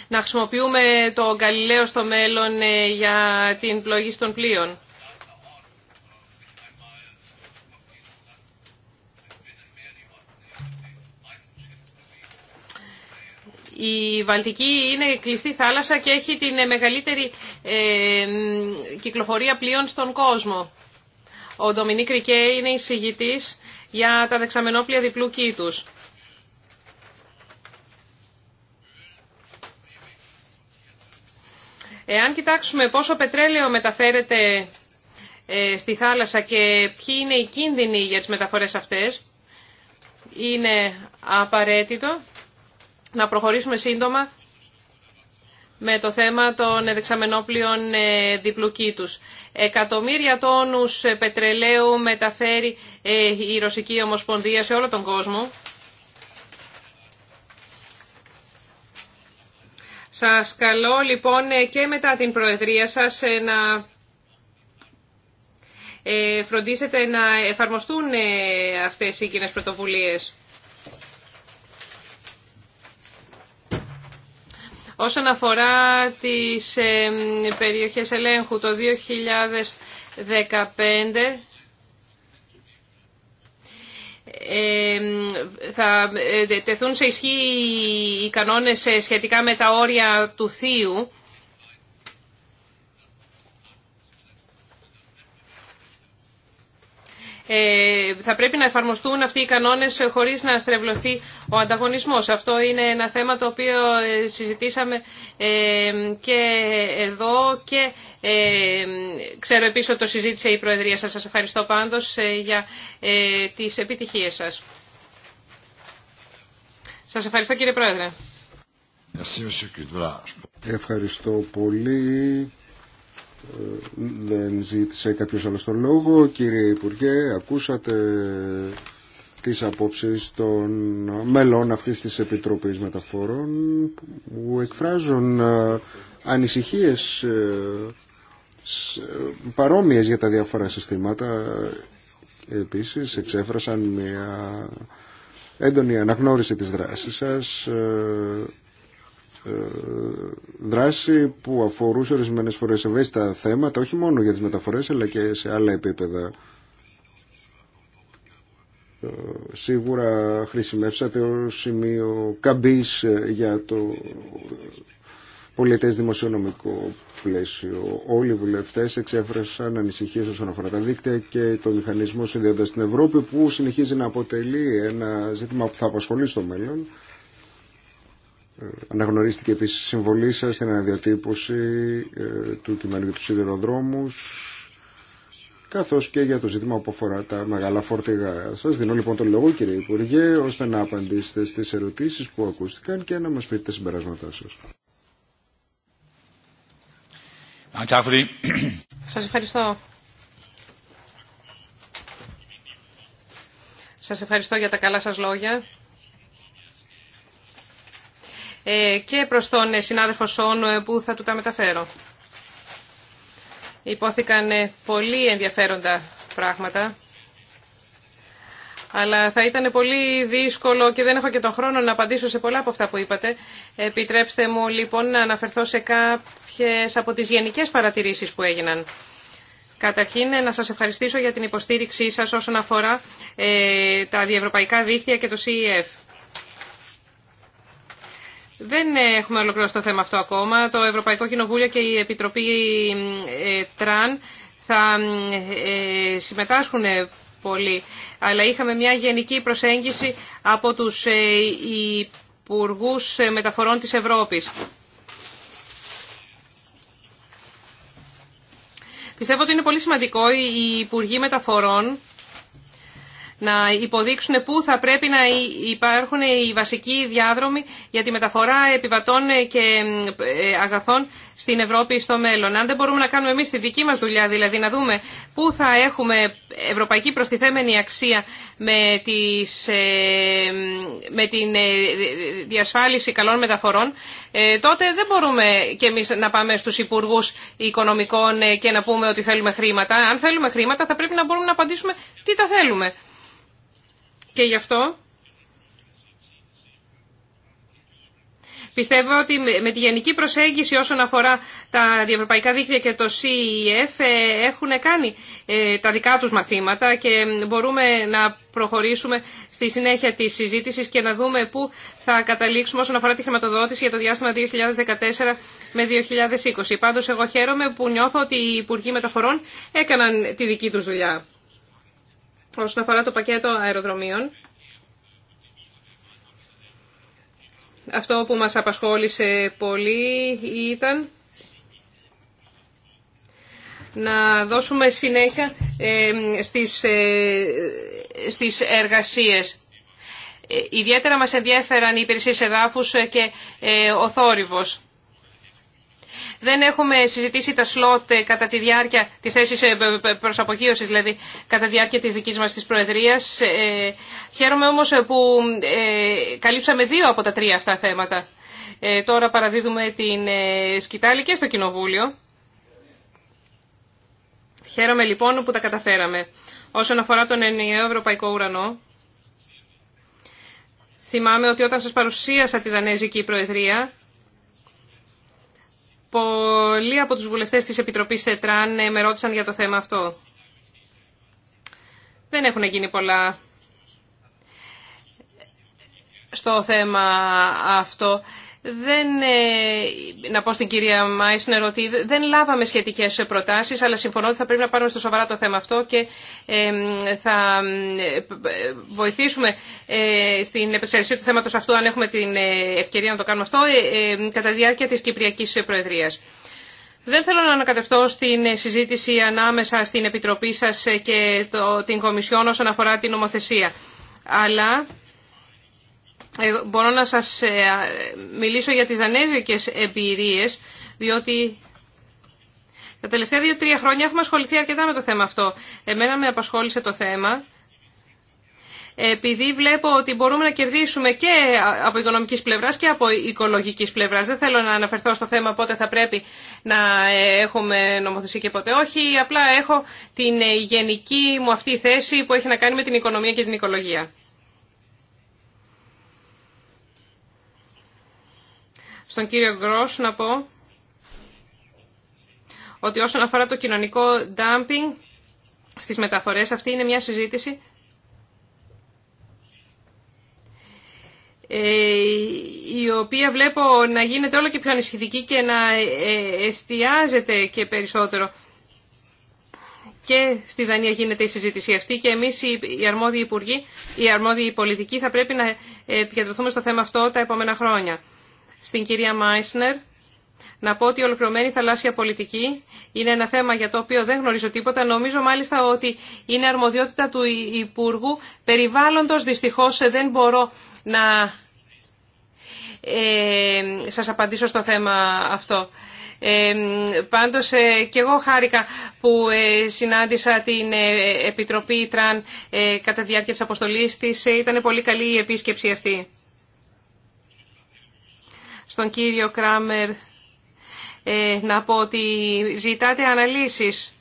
Να χρησιμοποιούμε το καλλιλέο στο μέλλον ε, για την πλοήγηση των πλοίων. Η Βαλτική είναι κλειστή θάλασσα και έχει την μεγαλύτερη ε, κυκλοφορία πλοίων στον κόσμο. Ο Ντομινίκ Ρικέ είναι εισηγητής για τα δεξαμενόπλια διπλού κήτους. Εάν κοιτάξουμε πόσο πετρέλαιο μεταφέρεται ε, στη θάλασσα και ποιοι είναι οι κίνδυνοι για τις μεταφορές αυτές, είναι απαραίτητο να προχωρήσουμε σύντομα με το θέμα των δεξαμενόπλειων ε, διπλού Εκατομμύρια τόνους ε, πετρελαίου μεταφέρει ε, η Ρωσική Ομοσπονδία σε όλο τον κόσμο. Σας καλώ λοιπόν και μετά την Προεδρία σας να φροντίσετε να εφαρμοστούν αυτές οι κοινέ πρωτοβουλίες. Όσον αφορά τις περιοχές ελέγχου το 2015 θα ε, τεθούν σε ισχύ οι κανόνες ε, σχετικά με τα όρια του θείου Ε, θα πρέπει να εφαρμοστούν αυτοί οι κανόνες χωρίς να στρεβλωθεί ο ανταγωνισμός. Αυτό είναι ένα θέμα το οποίο ε, συζητήσαμε ε, και εδώ και ξέρω επίσης ότι το συζήτησε η Προεδρία σας. σα ευχαριστώ πάντως για τις επιτυχίες σας. Σας ευχαριστώ κύριε Πρόεδρε. Ευχαριστώ πολύ δεν ζήτησε κάποιος άλλος τον λόγο. Κύριε Υπουργέ, ακούσατε τις απόψεις των μελών αυτής της Επιτροπής Μεταφορών που εκφράζουν ε, ανησυχίες ε, ε, παρόμοιες για τα διάφορα συστήματα. Επίσης εξέφρασαν μια έντονη αναγνώριση της δράσης σας ε, δράση που αφορούσε ορισμένε φορέ ευαίσθητα θέματα, όχι μόνο για τις μεταφορές αλλά και σε άλλα επίπεδα. Ε, σίγουρα χρησιμεύσατε ως σημείο καμπής ε, για το πολιτές δημοσιονομικό πλαίσιο. Όλοι οι βουλευτέ εξέφρασαν ανησυχίε όσον αφορά τα δίκτυα και το μηχανισμό συνδέοντα την Ευρώπη, που συνεχίζει να αποτελεί ένα ζήτημα που θα απασχολεί στο μέλλον. Αναγνωρίστηκε επίσης η συμβολή σα στην αναδιατύπωση ε, του κειμένου για του σιδηροδρόμου καθώς και για το ζήτημα που αφορά τα μεγάλα φορτηγά. Σα δίνω λοιπόν τον λόγο κύριε Υπουργέ ώστε να απαντήσετε στις ερωτήσεις που ακούστηκαν και να μας πείτε τα συμπεράσματά Σα Σας ευχαριστώ. Σας ευχαριστώ για τα καλά σας λόγια. Ε, και προς τον ε, συνάδελφο Σόν ε, που θα του τα μεταφέρω. Υπόθηκαν πολύ ενδιαφέροντα πράγματα, αλλά θα ήταν πολύ δύσκολο και δεν έχω και τον χρόνο να απαντήσω σε πολλά από αυτά που είπατε. Επιτρέψτε μου λοιπόν να αναφερθώ σε κάποιες από τις γενικές παρατηρήσεις που έγιναν. Καταρχήν, να σας ευχαριστήσω για την υποστήριξή σας όσον αφορά ε, τα διευρωπαϊκά δίκτυα και το CEF. Δεν έχουμε ολοκληρώσει το θέμα αυτό ακόμα. Το Ευρωπαϊκό Κοινοβούλιο και η Επιτροπή ε, Τραν θα ε, συμμετάσχουν πολύ. Αλλά είχαμε μια γενική προσέγγιση από τους ε, υπουργού μεταφορών της Ευρώπης. Πιστεύω ότι είναι πολύ σημαντικό οι υπουργοί μεταφορών να υποδείξουν πού θα πρέπει να υπάρχουν οι βασικοί διάδρομοι για τη μεταφορά επιβατών και ε, αγαθών στην Ευρώπη στο μέλλον. Αν δεν μπορούμε να κάνουμε εμείς τη δική μας δουλειά, δηλαδή να δούμε πού θα έχουμε ευρωπαϊκή προστιθέμενη αξία με, τις, ε, με την ε, διασφάλιση καλών μεταφορών, τότε δεν μπορούμε και εμείς να πάμε στους υπουργούς οικονομικών και να πούμε ότι θέλουμε χρήματα. Αν θέλουμε χρήματα θα πρέπει να μπορούμε να απαντήσουμε τι τα θέλουμε. Και γι' αυτό Πιστεύω ότι με τη γενική προσέγγιση όσον αφορά τα διευρωπαϊκά δίκτυα και το CEF ε, έχουν κάνει ε, τα δικά τους μαθήματα και μπορούμε να προχωρήσουμε στη συνέχεια της συζήτησης και να δούμε πού θα καταλήξουμε όσον αφορά τη χρηματοδότηση για το διάστημα 2014 με 2020. Πάντως εγώ χαίρομαι που νιώθω ότι οι Υπουργοί Μεταφορών έκαναν τη δική τους δουλειά όσον αφορά το πακέτο αεροδρομίων. Αυτό που μας απασχόλησε πολύ ήταν να δώσουμε συνέχεια ε, στις, ε, στις εργασίες. Ε, ιδιαίτερα μας ενδιέφεραν οι υπηρεσίες εδάφους και ο θόρυβος. Δεν έχουμε συζητήσει τα σλότ ε, κατά τη διάρκεια της θέση ε, προ δηλαδή κατά τη διάρκεια της δικής μας της Προεδρίας. Ε, χαίρομαι όμως που καλύψαμε δύο από τα τρία αυτά θέματα. Τώρα παραδίδουμε την σκητάλη και στο Κοινοβούλιο. Χαίρομαι λοιπόν που τα καταφέραμε. Όσον αφορά τον ενιαίο ευρωπαϊκό ουρανό, θυμάμαι ότι όταν σας παρουσίασα τη Δανέζικη Προεδρία, Πολλοί από τους βουλευτές της Επιτροπής ΕΤΡΑΝ ε, με ρώτησαν για το θέμα αυτό. Δεν έχουν γίνει πολλά στο θέμα αυτό δεν, ε, να πω στην κυρία Μάισνερ ότι δεν λάβαμε σχετικές προτάσεις, αλλά συμφωνώ ότι θα πρέπει να πάρουμε στο σοβαρά το θέμα αυτό και ε, θα ε, βοηθήσουμε στην επεξεργασία του θέματος αυτού, αν έχουμε την ευκαιρία να το κάνουμε αυτό, κατά διάρκεια της Κυπριακής Προεδρίας. Δεν θέλω να ανακατευτώ στην συζήτηση ανάμεσα στην Επιτροπή σας και την Κομισιόν όσον αφορά την νομοθεσία. Αλλά μπορώ να σας ε, μιλήσω για τις δανέζικες εμπειρίες, διότι τα τελευταία δύο-τρία χρόνια έχουμε ασχοληθεί αρκετά με το θέμα αυτό. Εμένα με απασχόλησε το θέμα, επειδή βλέπω ότι μπορούμε να κερδίσουμε και από οικονομικής πλευράς και από οικολογικής πλευράς. Δεν θέλω να αναφερθώ στο θέμα πότε θα πρέπει να ε, έχουμε νομοθεσία και πότε όχι, απλά έχω την ε, γενική μου αυτή θέση που έχει να κάνει με την οικονομία και την οικολογία. Στον κύριο Γκρός να πω ότι όσον αφορά το κοινωνικό dumping στις μεταφορές, αυτή είναι μια συζήτηση ε, η οποία βλέπω να γίνεται όλο και πιο ανησυχητική και να ε, εστιάζεται και περισσότερο. Και στη Δανία γίνεται η συζήτηση αυτή και εμείς οι αρμόδιοι υπουργοί, οι αρμόδιοι πολιτικοί θα πρέπει να επικεντρωθούμε στο θέμα αυτό τα επόμενα χρόνια στην κυρία Μάισνερ να πω ότι η ολοκληρωμένη θαλάσσια πολιτική είναι ένα θέμα για το οποίο δεν γνωρίζω τίποτα. Νομίζω μάλιστα ότι είναι αρμοδιότητα του Υπουργού Περιβάλλοντος. Δυστυχώς δεν μπορώ να ε, σας απαντήσω στο θέμα αυτό. Ε, πάντως ε, εγώ χάρηκα που ε, συνάντησα την ε, Επιτροπή Τραν ε, κατά τη διάρκεια της αποστολής της. Ήταν πολύ καλή η επίσκεψη αυτή στον κύριο Κράμερ ε, να πω ότι ζητάτε αναλύσεις.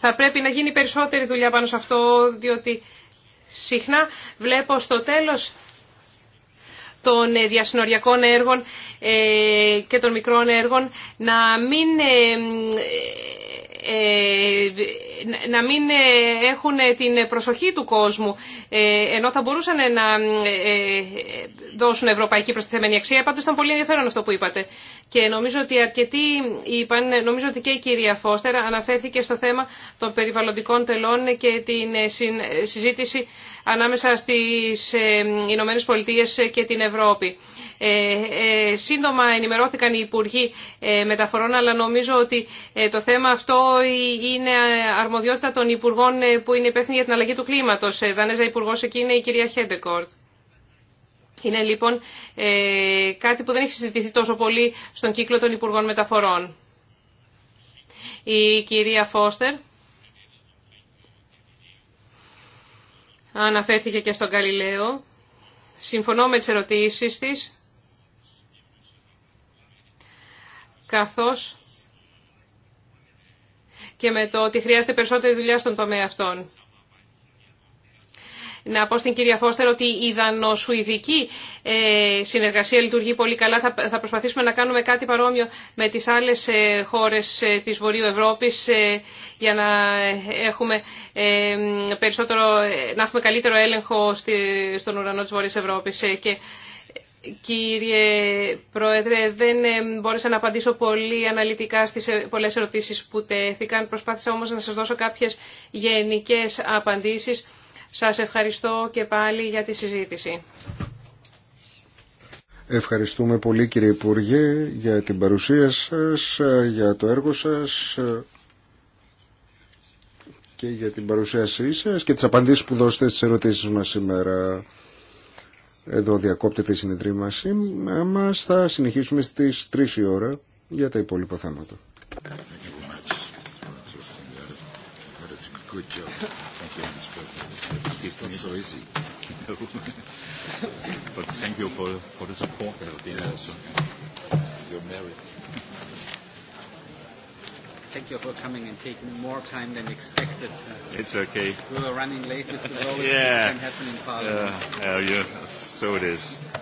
Θα πρέπει να γίνει περισσότερη δουλειά πάνω σε αυτό, διότι συχνά βλέπω στο τέλος των ε, διασυνοριακών έργων ε, και των μικρών έργων να μην ε, να μην ε, έχουν την προσοχή του κόσμου, ε, ενώ θα μπορούσαν να δώσουν ευρωπαϊκή προστιθεμένη αξία. Πάντως ήταν πολύ ενδιαφέρον αυτό που είπατε. Και νομίζω ότι αρκετοί είπαν, νομίζω ότι και η κυρία Φώστερα αναφέρθηκε στο θέμα των περιβαλλοντικών τελών και την συζήτηση ανάμεσα στις Ηνωμένες Πολιτείες και την Ευρώπη. Ε, ε, σύντομα ενημερώθηκαν οι Υπουργοί ε, Μεταφορών, αλλά νομίζω ότι το θέμα αυτό είναι αρμοδιότητα των Υπουργών που είναι υπεύθυνοι για την αλλαγή του κλίματος. Δανέζα Υπουργό εκεί είναι η κυρία Χέντεκορτ. Είναι λοιπόν κάτι που δεν έχει συζητηθεί τόσο πολύ στον κύκλο των Υπουργών Μεταφορών. Η κυρία Φώστερ αναφέρθηκε και στον Καλλιλέο. Συμφωνώ με τις ερωτήσεις της. καθώς και με το ότι χρειάζεται περισσότερη δουλειά στον τομέα αυτών. Να πω στην κυρία Φώστερ ότι η δανοσουηδική ε, συνεργασία λειτουργεί πολύ καλά. Θα προσπαθήσουμε να κάνουμε κάτι παρόμοιο με τις άλλες ε, χώρες ε, της Βορείου Ευρώπης για να έχουμε, περισσότερο, να έχουμε καλύτερο έλεγχο στον ουρανό της Βορείου Ευρώπης. Και Κύριε Πρόεδρε, δεν ε, μπόρεσα να απαντήσω πολύ αναλυτικά στις ε, πολλές ερωτήσεις που τέθηκαν. Προσπάθησα όμως να σας δώσω κάποιες γενικές απαντήσεις. Σας ευχαριστώ και πάλι για τη συζήτηση. Ευχαριστούμε πολύ κύριε Υπουργέ για την παρουσία σας, για το έργο σας και για την παρουσίασή σας και τις απαντήσεις που δώσετε στις ερωτήσεις μας σήμερα. Εδώ διακόπτεται η συνεδρίμαση μας. Θα συνεχίσουμε στις 3 η ώρα για τα υπόλοιπα θέματα. thank you for coming and taking more time than expected. It's okay. We were running late with the rollers. yeah. this can happen in Parliament. Yeah, Yeah, yeah. So it is.